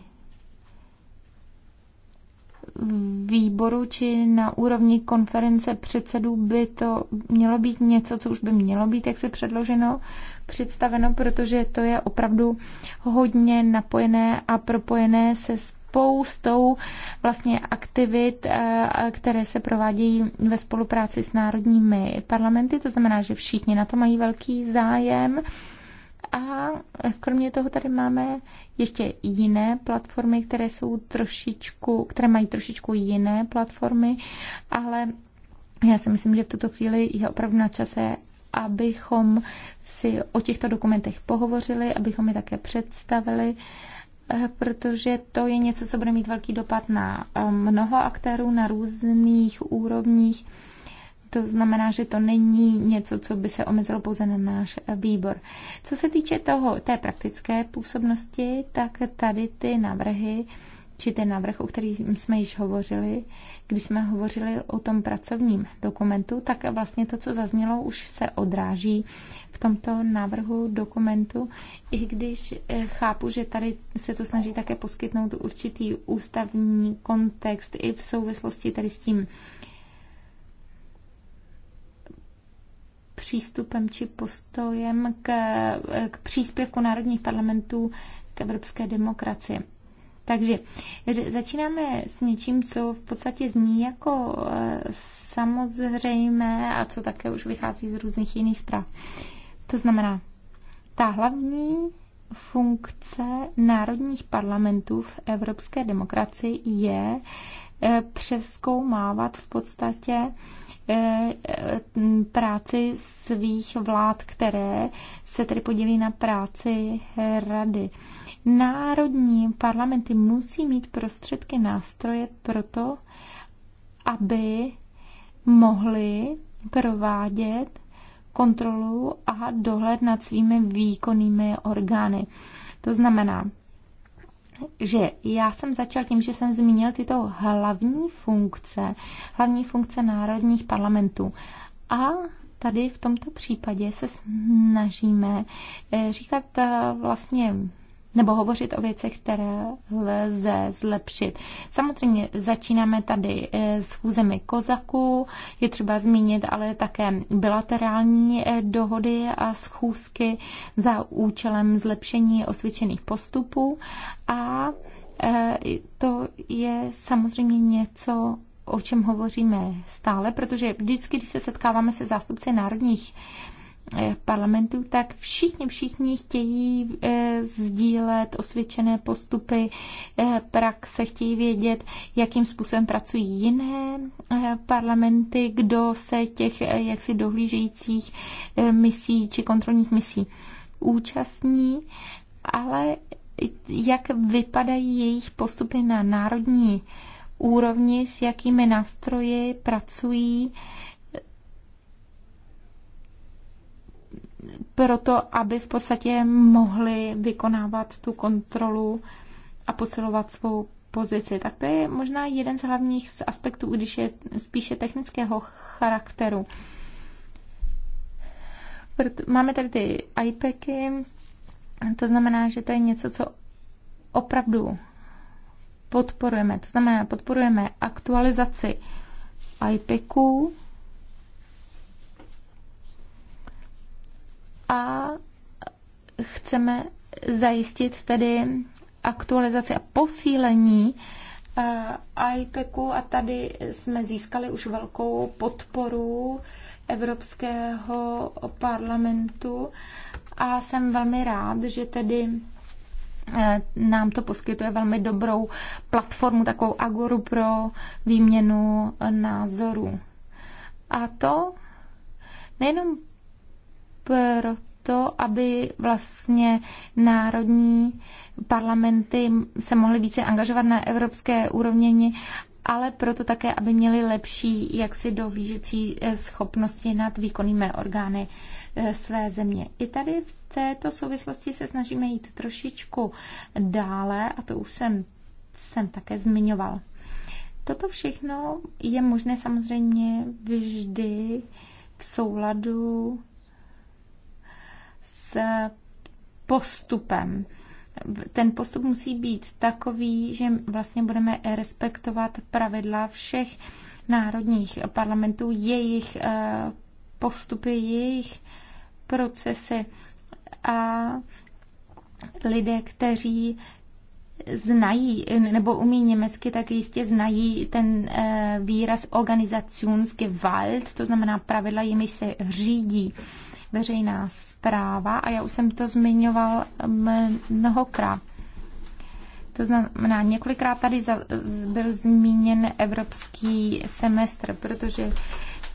výboru či na úrovni konference předsedů by to mělo být něco, co už by mělo být jak se předloženo, představeno, protože to je opravdu hodně napojené a propojené se s spoustou vlastně aktivit, eh, které se provádějí ve spolupráci s národními parlamenty. To znamená, že všichni na to mají velký zájem. A kromě toho tady máme ještě jiné platformy, které jsou trošičku, které mají trošičku jiné platformy, ale já si myslím, že v tuto chvíli je opravdu na čase, abychom si o těchto dokumentech pohovořili, abychom je také představili Eh, protože to je něco, co bude mít velký dopad na eh, mnoho aktérů na různých úrovních. To znamená, že to není něco, co by se omezilo pouze na náš eh, výbor. Co se týče toho, té praktické působnosti, tak tady ty návrhy či ten návrh, o kterém jsme již hovořili, když jsme hovořili o tom pracovním dokumentu, tak vlastně to, co zaznělo, už se odráží v tomto návrhu dokumentu, i když eh, chápu, že tady se to snaží také poskytnout určitý ústavní kontext i v souvislosti tady s tím přístupem či postojem k, eh, k příspěvku národních parlamentů k evropské demokracii. Takže začínáme s něčím, co v podstatě zní jako eh, samozřejmé a co také už vychází z různých jiných zpráv. To znamená, ta hlavní funkce národních parlamentů v evropské demokracii je eh, přeskoumávat v podstatě eh, práci svých vlád, které se tedy podílí na práci rady národní parlamenty musí mít prostředky, nástroje pro to, aby mohli provádět kontrolu a dohled nad svými výkonnými orgány. To znamená, že já jsem začal tím, že jsem zmínil tyto hlavní funkce, hlavní funkce národních parlamentů. A tady v tomto případě se snažíme eh, říkat eh, vlastně nebo hovořit o věcech, které lze zlepšit. Samozřejmě začínáme tady eh, s chůzemi kozaků, je třeba zmínit ale také bilaterální eh, dohody a schůzky za účelem zlepšení osvědčených postupů a eh, to je samozřejmě něco, o čem hovoříme stále, protože vždycky, když se setkáváme se zástupci národních Eh, parlamentu tak všichni, všichni chtějí eh, sdílet osvědčené postupy, eh, praxe, chtějí vědět, jakým způsobem pracují jiné parlamenty, kdo se těch jaksi dohlížejících misí či kontrolních misí účastní, ale jak vypadají jejich postupy na národní úrovni, s jakými nástroji pracují, proto, aby v podstatě mohli vykonávat tu kontrolu a posilovat svou pozici. Tak to je možná jeden z hlavních aspektů, když je spíše technického charakteru. Máme tady ty IPECy, to znamená, že to je něco, co opravdu podporujeme. To znamená, podporujeme aktualizaci IPECů, a chceme zajistit tedy aktualizaci a posílení eh, iPeku a tady jsme získali už velkou podporu Evropského parlamentu a jsem velmi rád, že tedy eh, nám to poskytuje velmi dobrou platformu, takovou agoru pro výměnu názorů. A to nejenom proto, aby vlastně národní parlamenty se mohly více angažovat na evropské úrovni, ale proto také, aby měli lepší jaksi dohlížecí eh, schopnosti nad výkonnými orgány eh, své země. I tady v této souvislosti se snažíme jít trošičku dále a to už jsem, jsem také zmiňoval. Toto všechno je možné samozřejmě vždy v souladu postupem. Ten postup musí být takový, že vlastně budeme respektovat pravidla všech národních parlamentů, jejich eh, postupy, jejich procesy a lidé, kteří znají nebo umí německy, tak jistě znají ten eh, výraz organizacionsgewalt, to znamená pravidla, jimiž se řídí veřejná zpráva a já už jsem to zmiňoval mnohokrát. To znamená, několikrát tady byl zmíněn evropský semestr, protože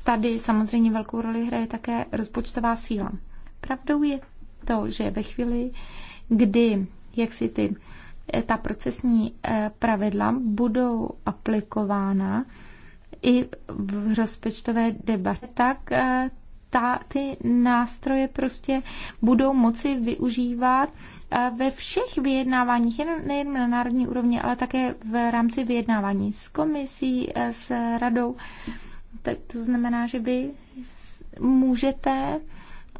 tady samozřejmě velkou roli hraje také rozpočtová síla. Pravdou je to, že ve chvíli, kdy jak si ty, eh, ta procesní eh, pravidla budou aplikována i v rozpočtové debatě, tak eh, ta, ty nástroje prostě budou moci využívat eh, ve všech vyjednáváních, nejen na národní úrovni, ale také v rámci vyjednávání s komisí, eh, s radou. Tak to znamená, že vy můžete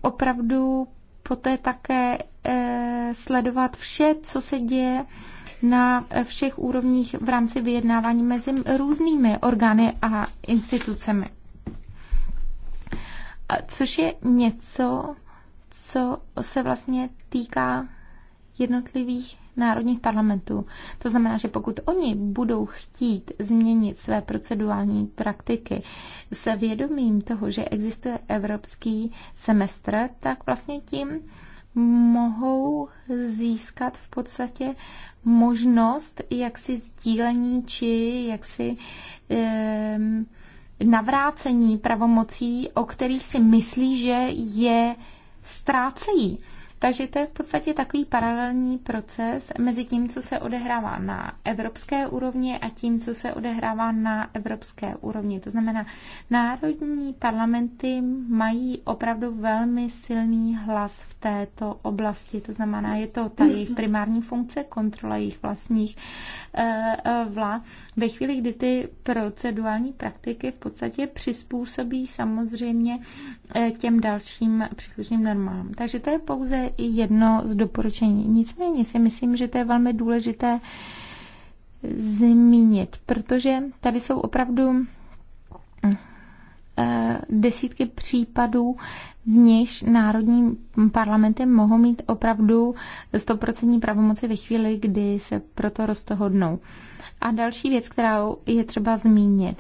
opravdu poté také eh, sledovat vše, co se děje na všech úrovních v rámci vyjednávání mezi různými orgány a institucemi což je něco, co se vlastně týká jednotlivých národních parlamentů. To znamená, že pokud oni budou chtít změnit své procedurální praktiky se vědomím toho, že existuje evropský semestr, tak vlastně tím mohou získat v podstatě možnost jaksi sdílení či jaksi eh, navrácení pravomocí, o kterých si myslí, že je ztrácejí. Takže to je v podstatě takový paralelní proces mezi tím, co se odehrává na evropské úrovni a tím, co se odehrává na evropské úrovni. To znamená, národní parlamenty mají opravdu velmi silný hlas v této oblasti. To znamená, je to ta jejich primární funkce, kontrola jejich vlastních eh, eh, vlád ve chvíli, kdy ty procedurální praktiky v podstatě přizpůsobí samozřejmě eh, těm dalším příslušným normám. Takže to je pouze jedno z doporučení. Nicméně si myslím, že to je velmi důležité eh, zmínit, protože tady jsou opravdu Eh, desítky případů, v níž národní parlamenty mohou mít opravdu stoprocentní pravomoci ve chvíli, kdy se proto roztohodnou. A další věc, kterou je třeba zmínit.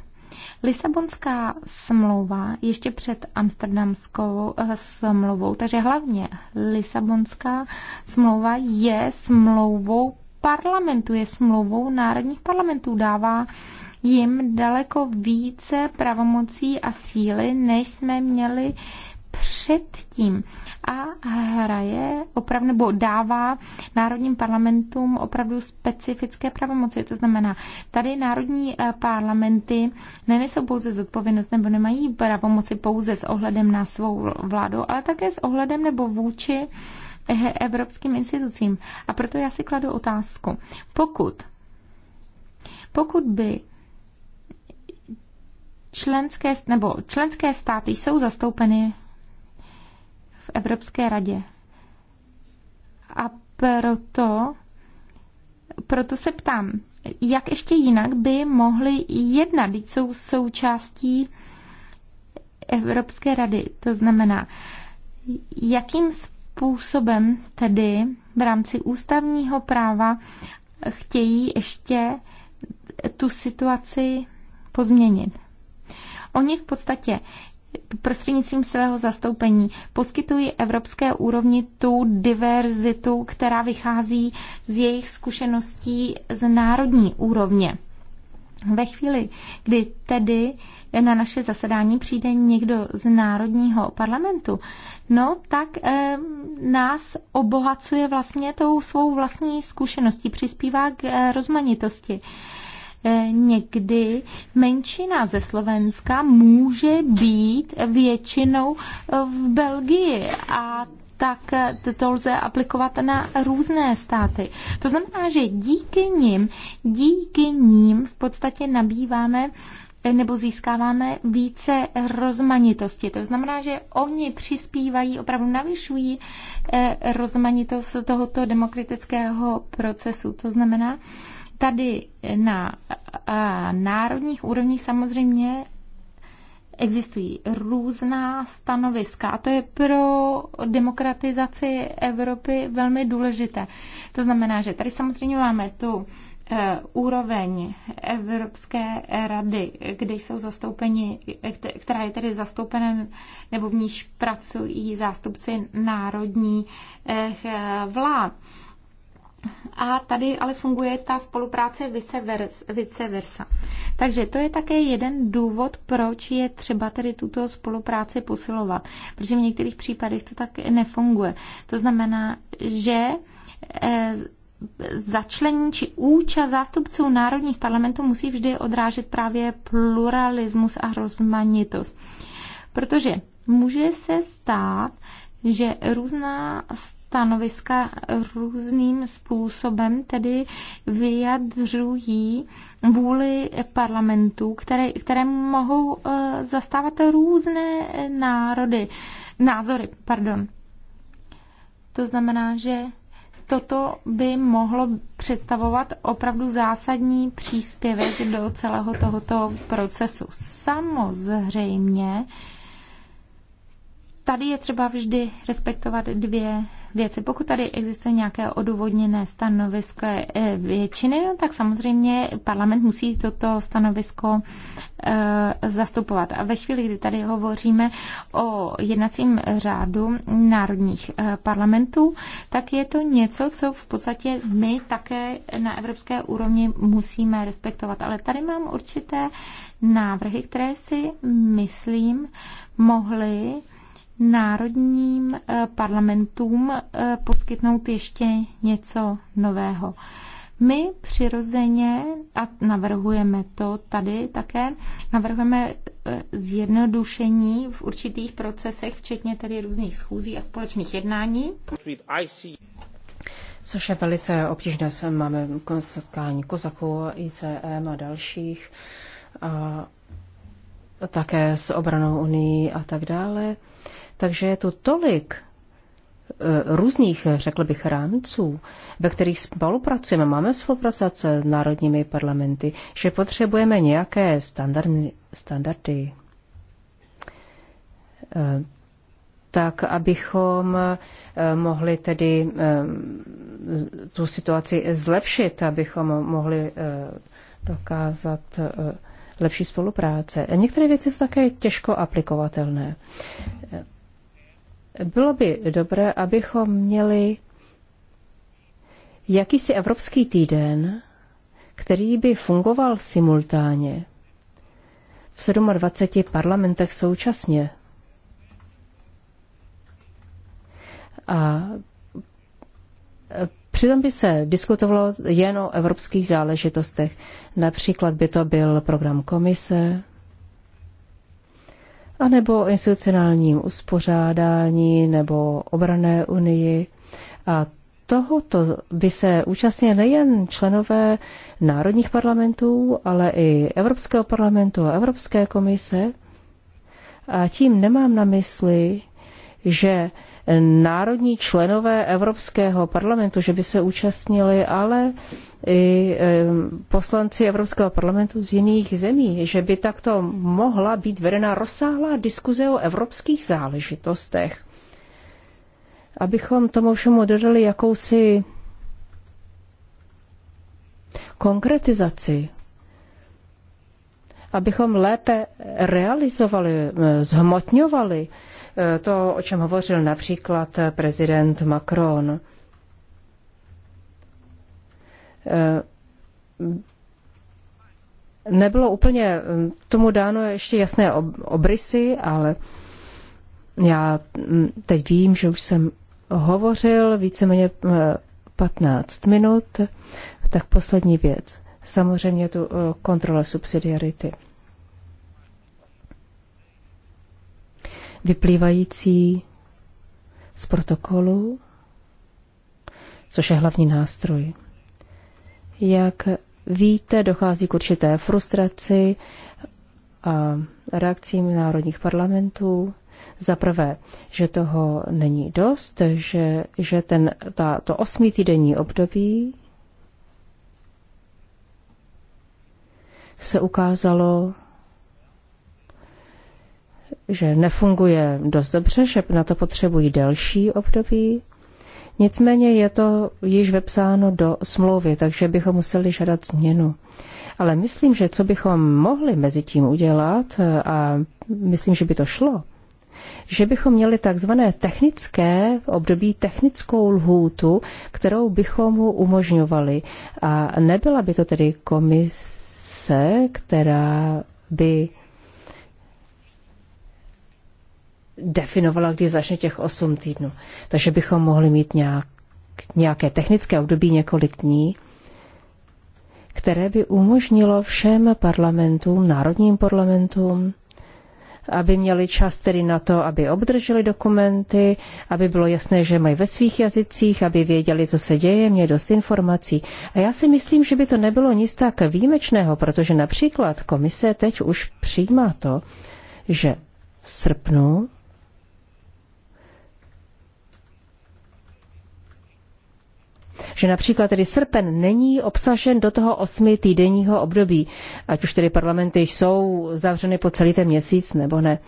Lisabonská smlouva ještě před Amsterdamskou eh, smlouvou, takže hlavně Lisabonská smlouva je smlouvou parlamentu, je smlouvou národních parlamentů, dává jim daleko více pravomocí a síly, než jsme měli předtím a hraje opravdu, nebo dává národním parlamentům opravdu specifické pravomoci. To znamená, tady národní eh, parlamenty nenesou pouze zodpovědnost nebo nemají pravomoci pouze s ohledem na svou vládu, ale také s ohledem nebo vůči eh, evropským institucím. A proto já si kladu otázku. Pokud, pokud by členské, nebo členské státy jsou zastoupeny v Evropské radě. A proto, proto se ptám, jak ještě jinak by mohli jednat, když jsou součástí Evropské rady. To znamená, jakým způsobem tedy v rámci ústavního práva chtějí ještě tu situaci pozměnit. Oni v podstatě prostřednictvím svého zastoupení poskytují evropské úrovni tu diverzitu, která vychází z jejich zkušeností z národní úrovně. Ve chvíli, kdy tedy na naše zasedání přijde někdo z Národního parlamentu, no tak e, nás obohacuje vlastně tou svou vlastní zkušeností, přispívá k e, rozmanitosti. E, Eh, někdy menšina ze Slovenska může být většinou eh, v Belgii a tak eh, to lze aplikovat na různé státy. To znamená, že díky nim, díky nim v podstatě nabýváme nebo získáváme více rozmanitosti. To znamená, že oni přispívají, opravdu navyšují rozmanitost tohoto demokratického procesu. To znamená, Tady na národních úrovních samozřejmě existují různá stanoviska a to je pro demokratizaci Evropy velmi důležité. To znamená, že tady samozřejmě máme tu eh, úroveň Evropské rady, kde jsou zastoupeni, která je tedy zastoupena nebo v níž pracují zástupci národních eh, vlád. A tady ale funguje ta spolupráce vice versa. Takže to je také jeden důvod, proč je třeba tedy tuto spolupráci posilovat. Protože v některých případech to tak nefunguje. To znamená, že eh, začlení či účast zástupců národních parlamentů musí vždy odrážet právě pluralismus a rozmanitost. Protože může se stát, že různá stanoviska různým způsobem, tedy vyjadřují vůli parlamentu které, které mohou eh, zastávat různé národy, názory. Pardon. To znamená, že toto by mohlo představovat opravdu zásadní příspěvek do celého tohoto procesu. Samozřejmě, tady je třeba vždy respektovat dvě věci. Pokud tady existuje nějaké odůvodněné stanovisko eh, většiny, no, tak samozřejmě parlament musí toto stanovisko eh, zastupovat. A ve chvíli, kdy tady hovoříme o jednacím řádu národních eh, parlamentů, tak je to něco, co v podstatě my také na evropské úrovni musíme respektovat. Ale tady mám určité návrhy, které si myslím mohly národním eh, parlamentům eh, poskytnout ještě něco nového. My přirozeně, a navrhujeme to tady také, navrhujeme eh, zjednodušení v určitých procesech, včetně tedy různých schůzí a společných jednání. Což je velice obtížné, máme setkání Kozaku, ICM a dalších, a také s obranou Unii a tak dále. Takže je to tolik eh, různých, eh, řekl bych, rámců, ve kterých spolupracujeme, máme spolupracovat s národními parlamenty, že potřebujeme nějaké standardy, standardy eh, tak abychom mohli tedy tu situaci zlepšit, abychom mohli dokázat lepší spolupráce. Některé věci jsou také těžko aplikovatelné. Bylo by dobré, abychom měli jakýsi evropský týden, který by fungoval simultánně v 27 parlamentech současně. A Přitom by se diskutovalo jen o evropských záležitostech. Například by to byl program komise, anebo institucionálním uspořádání nebo obrané unii. A tohoto by se účastnili nejen členové národních parlamentů, ale i Evropského parlamentu a Evropské komise. A tím nemám na mysli, že národní členové Evropského parlamentu, že by se účastnili, ale i poslanci Evropského parlamentu z jiných zemí, že by takto mohla být vedena rozsáhlá diskuze o evropských záležitostech. Abychom tomu všemu dodali jakousi konkretizaci, abychom lépe realizovali, zhmotňovali Eh, to, o čem hovořil například prezident Macron. Eh, nebylo úplně hm, tomu dáno ještě jasné obrysy, ale já hm, teď vím, že už jsem hovořil víceméně 15 hm, minut, tak poslední věc. Samozřejmě tu eh, kontrola subsidiarity. vyplývající z protokolu, což je hlavní nástroj. Jak víte, dochází k určité frustraci a reakcím národních parlamentů. Za prvé, že toho není dost, že, že ten, ta, to týdenní období se ukázalo že nefunguje dost dobře, že na to potřebují delší období. Nicméně je to již vepsáno do smlouvy, takže bychom museli žádat změnu. Ale myslím, že co bychom mohli mezi tím udělat, eh, a myslím, že by to šlo, že bychom měli takzvané technické období, technickou lhůtu, kterou bychom mu umožňovali. A nebyla by to tedy komise, která by definovala, kdy začne těch 8 týdnů. Takže bychom mohli mít nějak, nějaké technické období několik dní, které by umožnilo všem parlamentům, národním parlamentům, aby měli čas tedy na to, aby obdrželi dokumenty, aby bylo jasné, že mají ve svých jazycích, aby věděli, co se děje, měli dost informací. A já si myslím, že by to nebylo nic tak výjimečného, protože například komise teď už přijímá to, že v srpnu že například tedy srpen není obsažen do toho osmi týdenního období, ať už tedy parlamenty jsou zavřeny po celý ten měsíc nebo ne.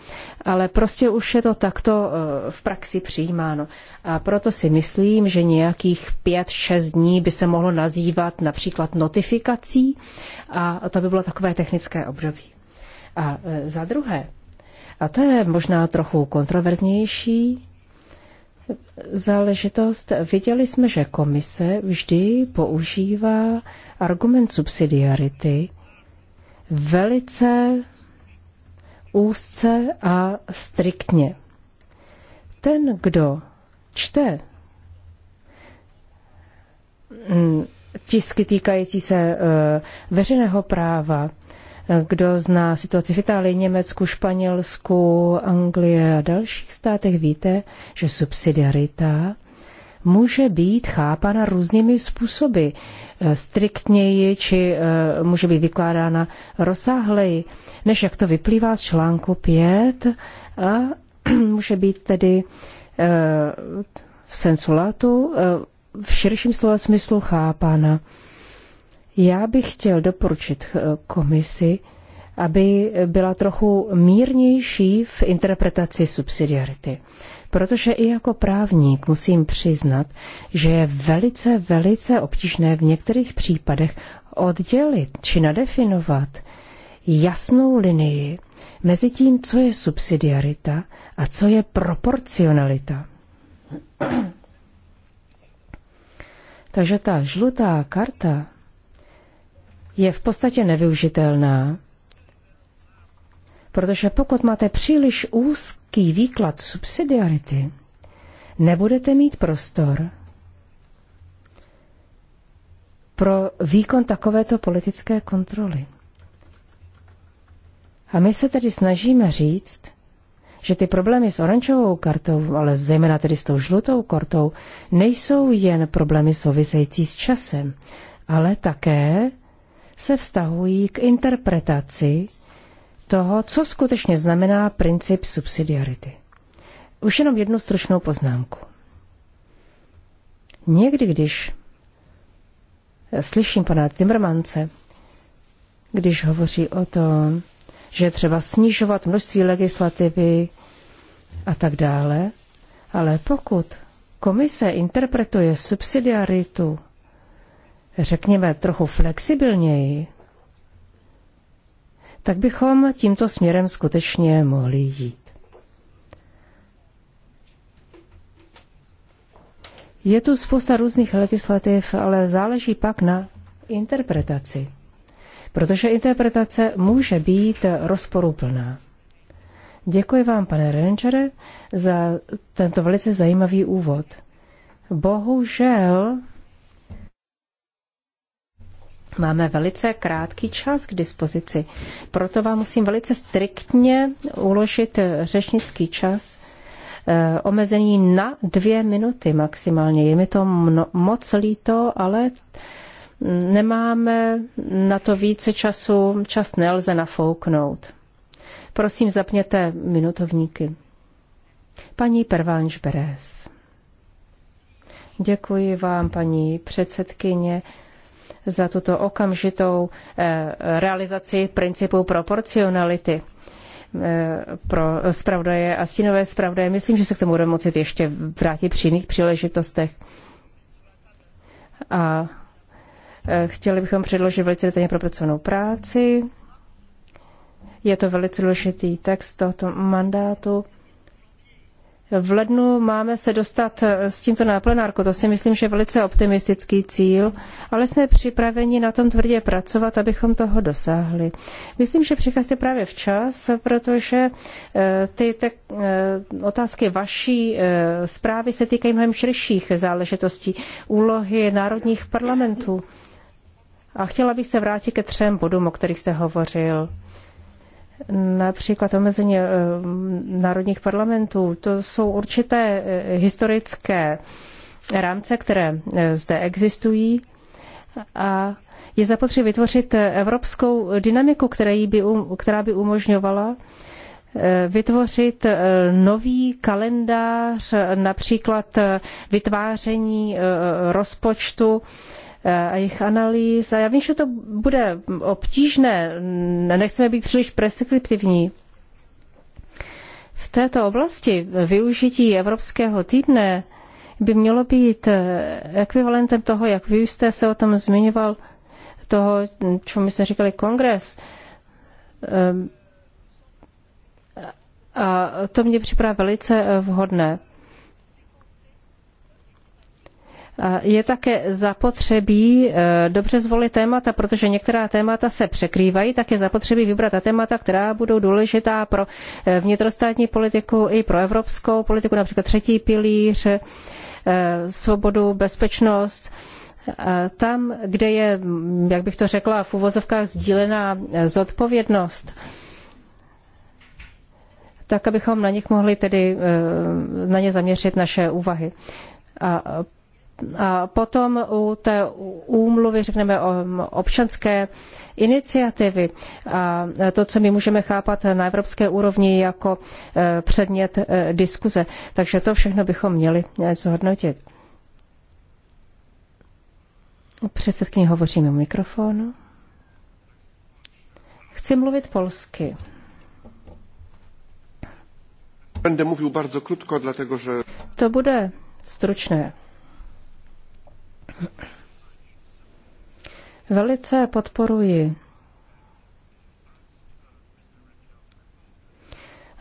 Ale prostě už je to takto eh, v praxi přijímáno. A proto si myslím, že nějakých pět šest dní by se mohlo nazývat například notifikací a to by bylo takové technické období. A eh, za druhé, a to je možná trochu kontroverznější, záležitost. Viděli jsme, že komise vždy používá argument subsidiarity velice úzce a striktně. Ten, kdo čte mm, tisky týkající se eh, veřejného práva, kdo zná situaci v Itálii, Německu, Španělsku, Anglie a dalších státech, víte, že subsidiarita může být chápána různými způsoby. Eh, striktněji či eh, může být vykládána rozsáhleji, než jak to vyplývá z článku 5 a může být tedy eh, v sensulatu v širším slova smyslu chápána já bych chtěl doporučit eh, komisi, aby byla trochu mírnější v interpretaci subsidiarity. Protože i jako právník musím přiznat, že je velice, velice obtížné v některých případech oddělit či nadefinovat jasnou linii mezi tím, co je subsidiarita a co je proporcionalita. Takže ta žlutá karta je v podstatě nevyužitelná, protože pokud máte příliš úzký výklad subsidiarity, nebudete mít prostor pro výkon takovéto politické kontroly. A my se tedy snažíme říct, že ty problémy s oranžovou kartou, ale zejména tedy s tou žlutou kartou, nejsou jen problémy související s časem, ale také se vztahují k interpretaci toho, co skutečně znamená princip subsidiarity. Už jenom jednu stručnou poznámku. Někdy, když slyším pana Timmermance, když hovoří o tom, že je třeba snižovat množství legislativy a tak dále, ale pokud komise interpretuje subsidiaritu řekněme, trochu flexibilněji, tak bychom tímto směrem skutečně mohli jít. Je tu spousta různých legislativ, ale záleží pak na interpretaci. Protože interpretace může být rozporuplná. Děkuji vám, pane Rangere, za tento velice zajímavý úvod. Bohužel Máme velice krátký čas k dispozici, proto vám musím velice striktně uložit řečnický čas eh, omezený na dvě minuty maximálně. Je mi to mno, moc líto, ale nemáme na to více času, čas nelze nafouknout. Prosím, zapněte minutovníky. Paní Pervánž Beres. Děkuji vám, paní předsedkyně za tuto okamžitou eh, realizaci principu proporcionality eh, pro spravdaje a stínové spravdaje. Myslím, že se k tomu budeme moci ještě vrátit při jiných příležitostech. A eh, chtěli bychom předložit velice detailně propracovanou práci. Je to velice důležitý text tohoto mandátu v lednu máme se dostat eh, s tímto na plenárku. To si myslím, že je velice optimistický cíl, ale jsme připraveni na tom tvrdě pracovat, abychom toho dosáhli. Myslím, že přicházíte právě včas, protože eh, ty te, eh, otázky vaší zprávy se týkají mnohem širších záležitostí, úlohy národních parlamentů. A chtěla bych se vrátit ke třem bodům, o kterých jste hovořil například omezení eh, národních parlamentů, to jsou určité eh, historické rámce, které eh, zde existují a je zapotřebí vytvořit evropskou dynamiku, um, která by umožňovala vytvořit nový kalendář, například vytváření rozpočtu Eh, a jejich analýz. A já vím, že to bude obtížné, nechceme být příliš preskriptivní. V této oblasti využití Evropského týdne by mělo být eh, ekvivalentem toho, jak vy jste se o tom zmiňoval, toho, čemu jsme říkali kongres. Ehm, a to mě připravuje velice eh, vhodné. Je také zapotřebí eh, dobře zvolit témata, protože některá témata se překrývají, tak je zapotřebí vybrat ta témata, která budou důležitá pro eh, vnitrostátní politiku i pro evropskou politiku, například třetí pilíř, eh, svobodu, bezpečnost. Tam, kde je, mm, jak bych to řekla, v uvozovkách sdílená zodpovědnost, tak abychom na nich mohli tedy na ně zaměřit naše úvahy. A potom u té úmluvy, řekneme, občanské iniciativy to, co my můžeme chápat na evropské úrovni jako e, předmět e, diskuze. Takže to všechno bychom měli e, zhodnotit. Předsedkyně hovoříme mimo mikrofonu. Chci mluvit polsky. Będę mówił bardzo krótko, dlatego że... To bude stručné. Velice podporuji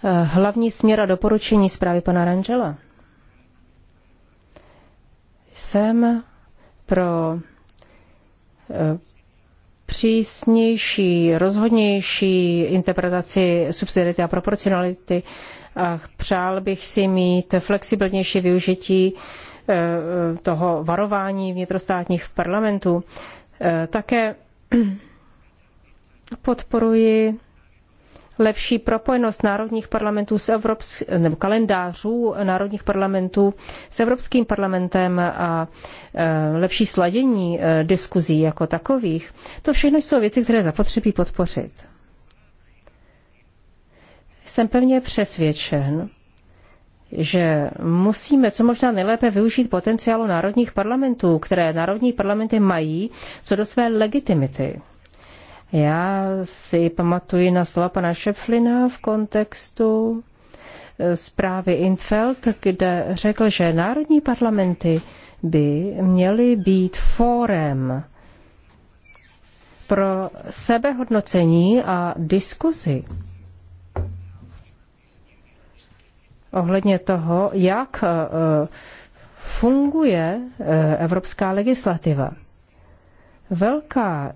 eh, hlavní směr a doporučení zprávy pana Rangela. Jsem pro eh, přísnější, rozhodnější interpretaci subsidiarity a proporcionality a přál bych si mít flexibilnější využití uh, Eh, toho varování vnitrostátních parlamentů. Eh, také podporuji lepší propojenost národních parlamentů s evropsk- nebo kalendářů národních parlamentů s Evropským parlamentem a eh, lepší sladění diskuzí jako takových. To všechno jsou věci, které zapotřebí podpořit. Jsem pevně přesvědčen, že musíme co možná nejlépe využít potenciálu národních parlamentů, které národní parlamenty mají, co do své legitimity. Já si pamatuji na slova pana Šeflina v kontextu eh, zprávy Infeld, kde řekl, že národní parlamenty by měly být fórem pro sebehodnocení a diskuzi ohledně toho, jak eh, funguje eh, evropská legislativa. Velká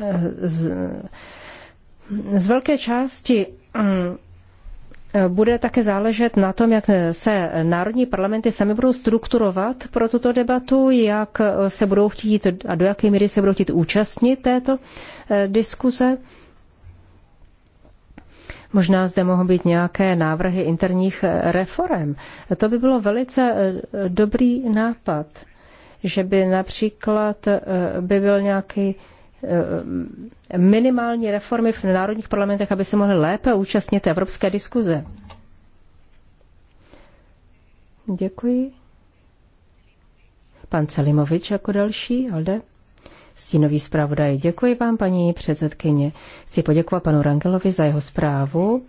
eh, z, z velké části mm, bude také záležet na tom, jak se národní parlamenty sami budou strukturovat pro tuto debatu, jak se budou chtít a do jaké míry se budou chtít účastnit této diskuze. Možná zde mohou být nějaké návrhy interních eh, reform. To by bylo velice eh, dobrý nápad, že by například eh, by byl nějaký minimální reformy v národních parlamentech, aby se mohly lépe účastnit evropské diskuze. Děkuji. Pan Celimovič jako další, Alde stínový zpravodaj. Děkuji vám, paní předsedkyně. Chci poděkovat panu Rangelovi za jeho zprávu.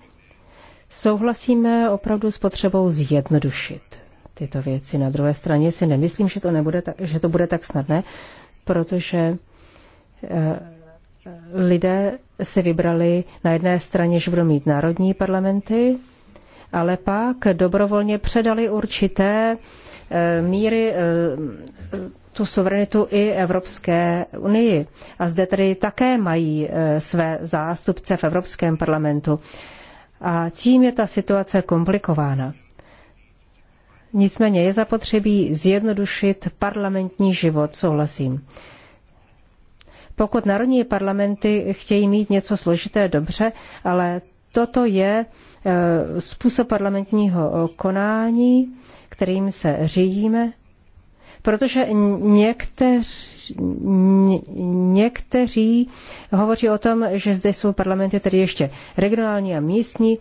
Souhlasíme opravdu s potřebou zjednodušit tyto věci. Na druhé straně si nemyslím, že to, nebude tak, že to bude tak snadné, protože eh, lidé si vybrali na jedné straně, že budou mít národní parlamenty, ale pak dobrovolně předali určité eh, míry eh, tu suverenitu i Evropské unii. A zde tedy také mají e, své zástupce v Evropském parlamentu. A tím je ta situace komplikována. Nicméně je zapotřebí zjednodušit parlamentní život, souhlasím. Pokud národní parlamenty chtějí mít něco složité, dobře, ale toto je e, způsob parlamentního e, konání, kterým se řídíme protože někteř, někteří hovoří o tom, že zde jsou parlamenty tedy ještě regionální a místní,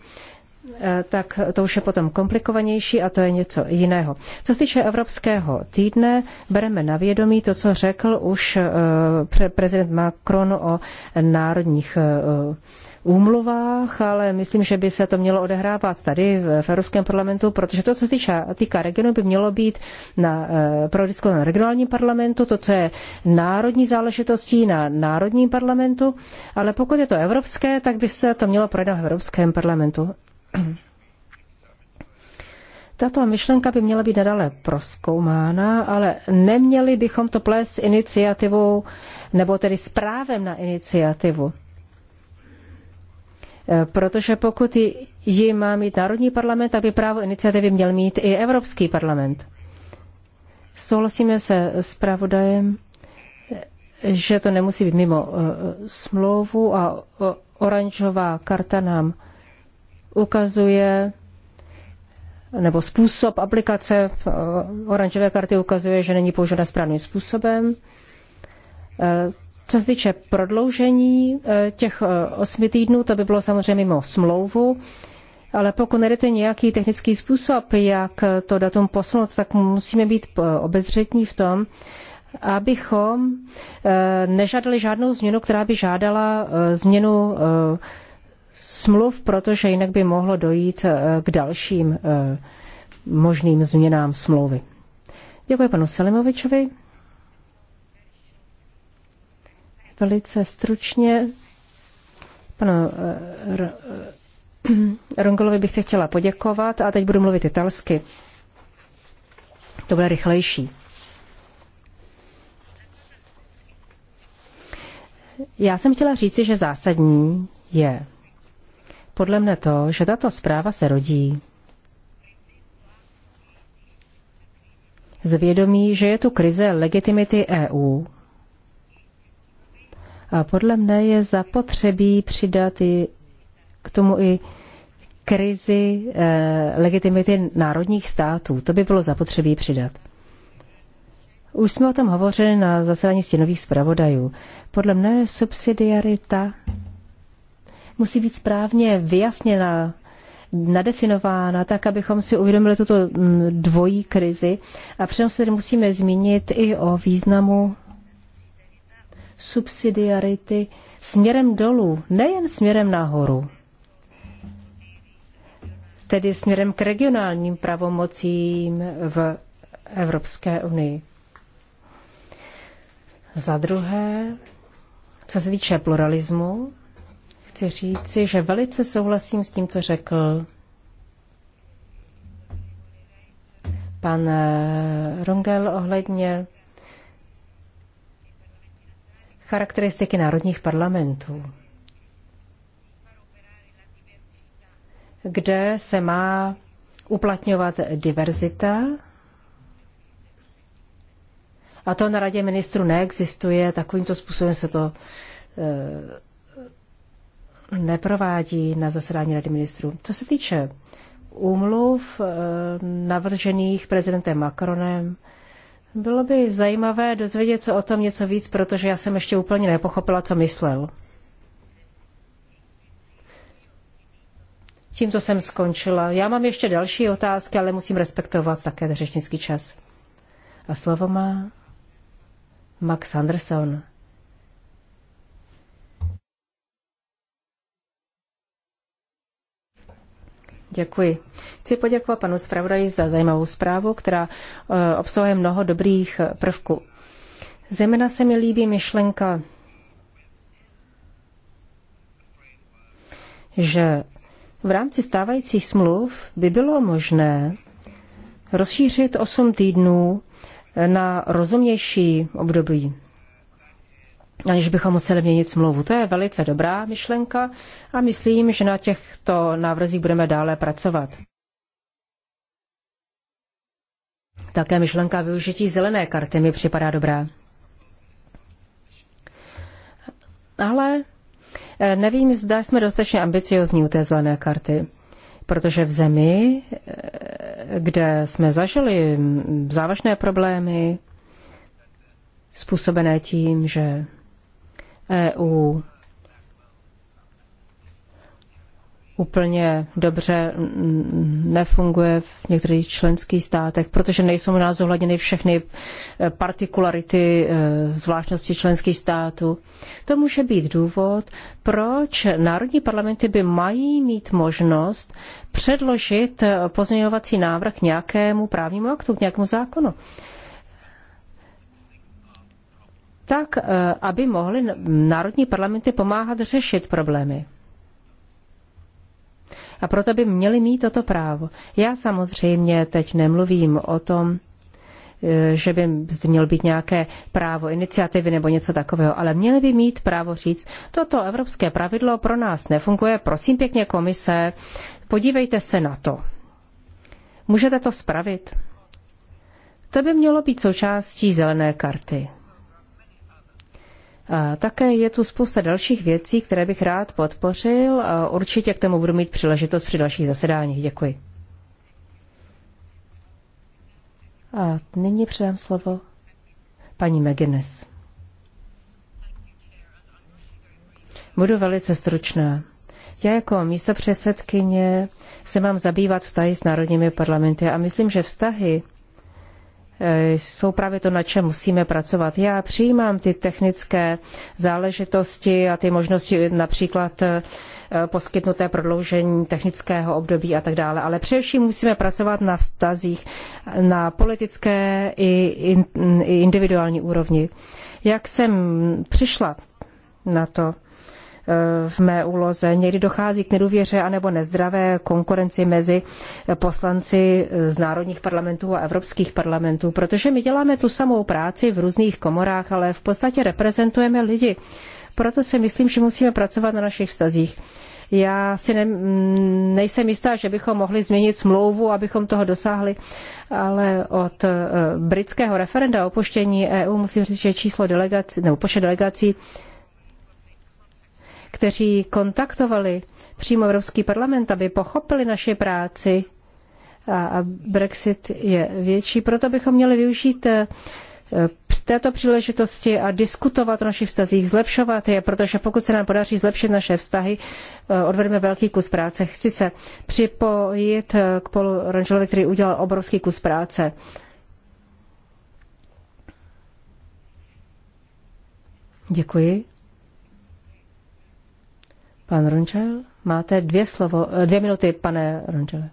Eh, tak to už je potom komplikovanější a to je něco jiného. Co se týče Evropského týdne, bereme na vědomí to, co řekl už eh, prezident Macron o národních eh, úmluvách, ale myslím, že by se to mělo odehrávat tady v Evropském parlamentu, protože to, co se týče, týká regionu, by mělo být na, pro na regionálním parlamentu, to, co je národní záležitostí na národním parlamentu, ale pokud je to evropské, tak by se to mělo projednat v Evropském parlamentu. Tato myšlenka by měla být nadále proskoumána, ale neměli bychom to plést iniciativou, nebo tedy s právem na iniciativu. E, protože pokud ji má mít Národní parlament, tak by právo iniciativy měl mít i Evropský parlament. Souhlasíme se s pravodajem, že to nemusí být mimo e, smlouvu a oranžová karta nám ukazuje, nebo způsob aplikace eh, oranžové karty ukazuje, že není použita správným způsobem. Eh, co se týče prodloužení eh, těch osmi týdnů, to by bylo samozřejmě mimo smlouvu, ale pokud nedete nějaký technický způsob, jak to datum posunout, tak musíme být obezřetní v tom, abychom nežádali žádnou změnu, která by žádala změnu smluv, protože jinak by mohlo dojít eh, k dalším eh, možným změnám smlouvy. Děkuji panu Selimovičovi. Velice stručně panu eh, Rongolovi bych se chtěla poděkovat a teď budu mluvit italsky. To bude rychlejší. Já jsem chtěla říci, že zásadní je podle mne to, že tato zpráva se rodí zvědomí, že je tu krize legitimity EU. A podle mne je zapotřebí přidat i k tomu i krizi eh, legitimity národních států. To by bylo zapotřebí přidat. Už jsme o tom hovořili na zasedání stěnových zpravodajů. Podle mne je subsidiarita musí být správně vyjasněna, nadefinována, tak abychom si uvědomili tuto mm, dvojí krizi. A přitom se musíme zmínit i o významu subsidiarity směrem dolů, nejen směrem nahoru tedy směrem k regionálním pravomocím v Evropské unii. Za druhé, co se týče pluralismu, chci říci, že velice souhlasím s tím, co řekl pan eh, Rongel ohledně charakteristiky národních parlamentů, kde se má uplatňovat diverzita. A to na radě ministru neexistuje, takovýmto způsobem se to eh, neprovádí na zasedání Rady ministrů. Co se týče úmluv eh, navržených prezidentem Macronem, bylo by zajímavé dozvědět se o tom něco víc, protože já jsem ještě úplně nepochopila, co myslel. Tímto jsem skončila. Já mám ještě další otázky, ale musím respektovat také řečnický čas. A slovo má Max Anderson. Děkuji. Chci poděkovat panu zpravodaji za zajímavou zprávu, která e, obsahuje mnoho dobrých e, prvků. Zejména se mi líbí myšlenka, že v rámci stávajících smluv by bylo možné rozšířit 8 týdnů e, na rozumnější období aniž bychom museli měnit smlouvu. To je velice dobrá myšlenka a myslím, že na těchto návrzích budeme dále pracovat. Také myšlenka využití zelené karty mi připadá dobrá. Ale eh, nevím, zda jsme dostatečně ambiciozní u té zelené karty, protože v zemi, eh, kde jsme zažili závažné problémy, způsobené tím, že EU úplně dobře nefunguje v některých členských státech, protože nejsou u nás zohledněny všechny e, partikularity, e, zvláštnosti členských států. To může být důvod, proč národní parlamenty by mají mít možnost předložit e, pozměňovací návrh nějakému právnímu aktu, k nějakému zákonu tak, eh, aby mohly národní parlamenty pomáhat řešit problémy. A proto by měli mít toto právo. Já samozřejmě teď nemluvím o tom, eh, že by měl být nějaké právo iniciativy nebo něco takového, ale měli by mít právo říct, toto evropské pravidlo pro nás nefunguje, prosím pěkně komise, podívejte se na to. Můžete to spravit? To by mělo být součástí zelené karty. Také je tu spousta dalších věcí, které bych rád podpořil a určitě k tomu budu mít příležitost při dalších zasedáních. Děkuji. A nyní předám slovo paní McGuinness. Budu velice stručná. Já jako místo předsedkyně se mám zabývat vztahy s národními parlamenty a myslím, že vztahy Eh, jsou právě to, na čem musíme pracovat. Já přijímám ty technické záležitosti a ty možnosti například eh, poskytnuté prodloužení technického období a tak dále. Ale především musíme pracovat na vztazích na politické i, in, i individuální úrovni. Jak jsem přišla na to, Eh, v mé úloze. Někdy dochází k nedůvěře anebo nezdravé konkurenci mezi poslanci z národních parlamentů a evropských parlamentů, protože my děláme tu samou práci v různých komorách, ale v podstatě reprezentujeme lidi. Proto si myslím, že musíme pracovat na našich vztazích. Já si ne, nejsem jistá, že bychom mohli změnit smlouvu, abychom toho dosáhli, ale od eh, britského referenda o opuštění EU musím říct, že číslo delegací, nebo počet delegací kteří kontaktovali přímo Evropský parlament, aby pochopili naši práci. A Brexit je větší, proto bychom měli využít eh, eh, této příležitosti a diskutovat o našich vztazích, zlepšovat je, protože pokud se nám podaří zlepšit naše vztahy, eh, odvedeme velký kus práce. Chci se připojit k Polu Rangelovi, který udělal obrovský kus práce. Děkuji. Pan Rončel, máte dvě, slovo, eh, dvě minuty, pane Rončele.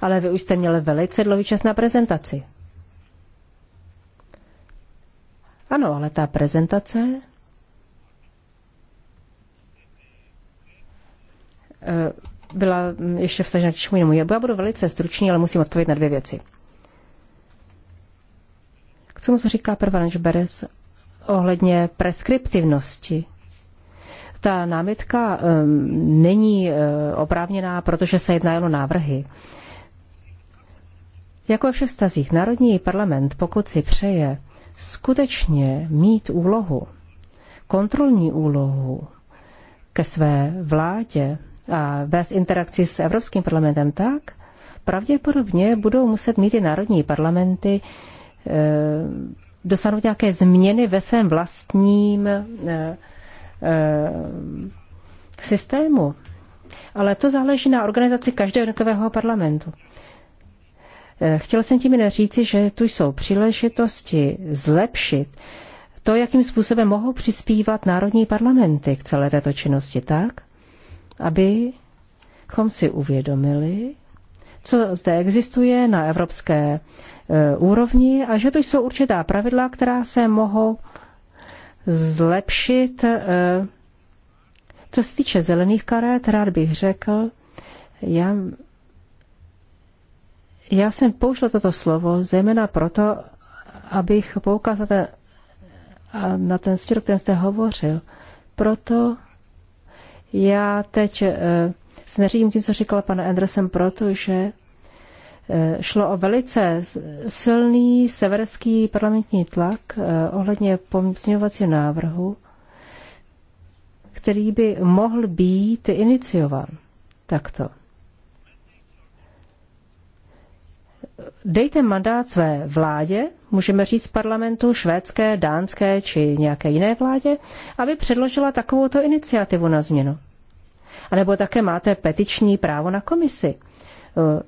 Ale vy už jste měli velice dlouhý čas na prezentaci. Ano, ale ta prezentace eh, byla hm, ještě vstažena k čemu jinému. Já budu velice stručný, ale musím odpovědět na dvě věci. K tomu, co říká Pervanč Beres ohledně preskriptivnosti. Ta námitka není eh, oprávněná, protože se jedná jen o návrhy. Jako ve všech stazích, Národní parlament, pokud si přeje skutečně mít úlohu, kontrolní úlohu ke své vládě a vést interakci s Evropským parlamentem tak, pravděpodobně budou muset mít i národní parlamenty eh, dosáhnout nějaké změny ve svém vlastním eh, eh, systému. Ale to záleží na organizaci každého jednotlivého parlamentu. Eh, chtěl jsem tím říci, že tu jsou příležitosti zlepšit to, jakým způsobem mohou přispívat národní parlamenty k celé této činnosti tak, abychom si uvědomili, co zde existuje na evropské E, úrovni a že to jsou určitá pravidla, která se mohou zlepšit. E, co se týče zelených karet, rád bych řekl, já, já jsem použil toto slovo zejména proto, abych poukázal ten, na ten styl, který jste hovořil. Proto já teď e, se neřídím tím, co říkal pan Andersen, protože Eh, šlo o velice silný severský parlamentní tlak eh, ohledně pomocňovacího návrhu, který by mohl být iniciován takto. Dejte mandát své vládě, můžeme říct parlamentu švédské, dánské či nějaké jiné vládě, aby předložila takovouto iniciativu na změnu. A nebo také máte petiční právo na komisi eh,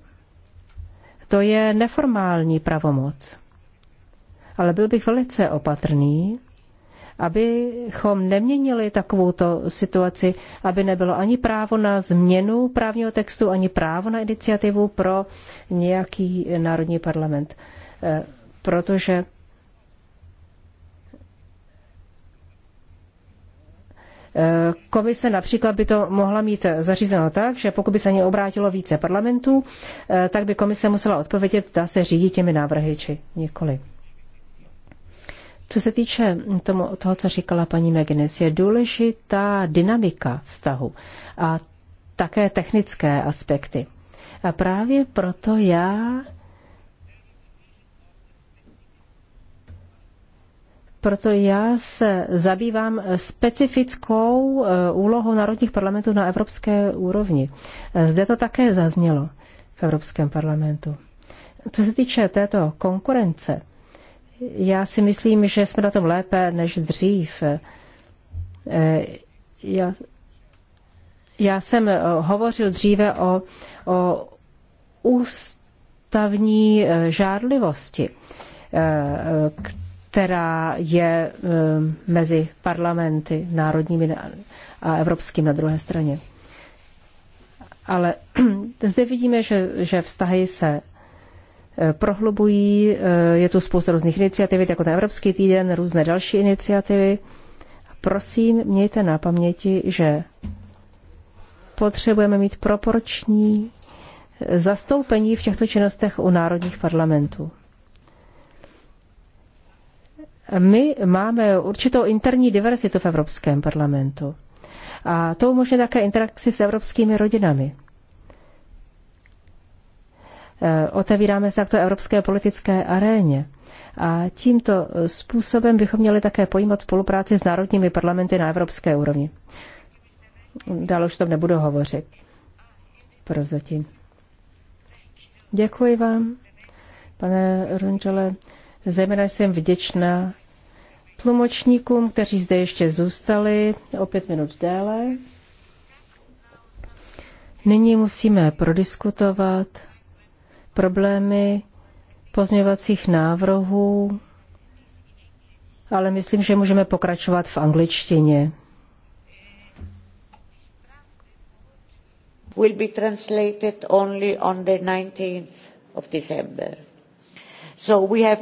to je neformální pravomoc. Ale byl bych velice opatrný, abychom neměnili takovouto situaci, aby nebylo ani právo na změnu právního textu, ani právo na iniciativu pro nějaký národní parlament. Eh, protože Komise například by to mohla mít zařízeno tak, že pokud by se ně obrátilo více parlamentů, eh, tak by komise musela odpovědět, zda se řídí těmi návrhy či nikoli. Co se týče tomu, toho, co říkala paní McGuinness, je důležitá dynamika vztahu a také technické aspekty. A právě proto já Proto já se zabývám specifickou eh, úlohou národních parlamentů na evropské úrovni. Eh, zde to také zaznělo v Evropském parlamentu. Co se týče této konkurence, já si myslím, že jsme na tom lépe než dřív. Eh, já, já jsem hovořil dříve o, o ústavní žádlivosti, která je eh, mezi parlamenty národními a evropským na druhé straně. Ale zde vidíme, že, že vztahy se eh, prohlubují, eh, je tu spousta různých iniciativ, jako ten Evropský týden, různé další iniciativy. Prosím, mějte na paměti, že potřebujeme mít proporční zastoupení v těchto činnostech u národních parlamentů. My máme určitou interní diverzitu v Evropském parlamentu. A to umožňuje také interakci s evropskými rodinami. E, otevíráme se takto evropské politické aréně. A tímto způsobem bychom měli také pojímat spolupráci s národními parlamenty na evropské úrovni. Dále už to nebudu hovořit. Prozatím. Děkuji vám, pane Runčele. Zejména jsem vděčná tlumočníkům, kteří zde ještě zůstali o pět minut déle. Nyní musíme prodiskutovat problémy pozměvacích návrhů, ale myslím, že můžeme pokračovat v angličtině. will be translated only on the 19th of December. So we have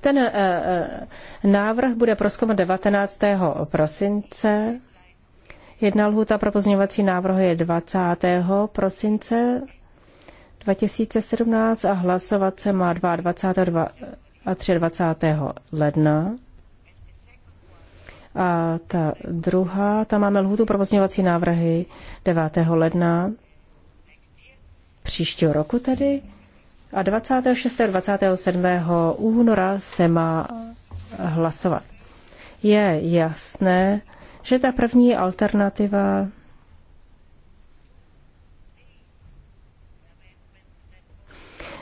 ten eh, eh, návrh bude proskoumat 19. prosince. Jedna lhuta pro pozměňovací návrh je 20. prosince 2017 a hlasovat se má 22. a 23. ledna. A ta druhá, tam máme lhutu pro pozměňovací návrhy 9. ledna příštího roku tedy a 26. a 27. února se má hlasovat. Je jasné, že ta první alternativa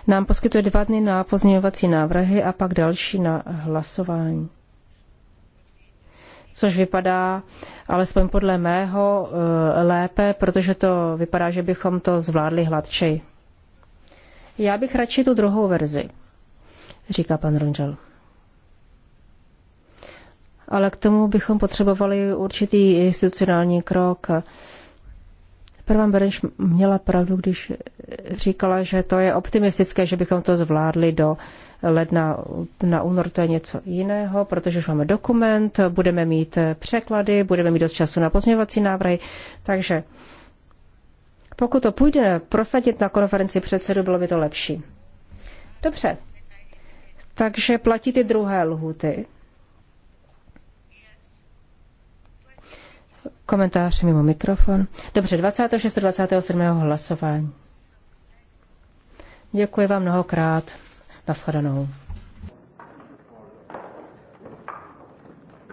nám poskytuje dva dny na pozměňovací návrhy a pak další na hlasování. Což vypadá, alespoň podle mého, eh, lépe, protože to vypadá, že bychom to zvládli hladčej. Já bych radši tu druhou verzi, říká pan Ronžel. Ale k tomu bychom potřebovali určitý institucionální krok. Prvá Berenš měla pravdu, když říkala, že to je optimistické, že bychom to zvládli do ledna na únor, to je něco jiného, protože už máme dokument, budeme mít překlady, budeme mít dost času na pozměňovací návrhy, takže pokud to půjde prosadit na konferenci předsedu, bylo by to lepší. Dobře. Takže platí ty druhé lhuty. Komentář mimo mikrofon. Dobře, 26. 27. hlasování. Děkuji vám mnohokrát. Naschledanou.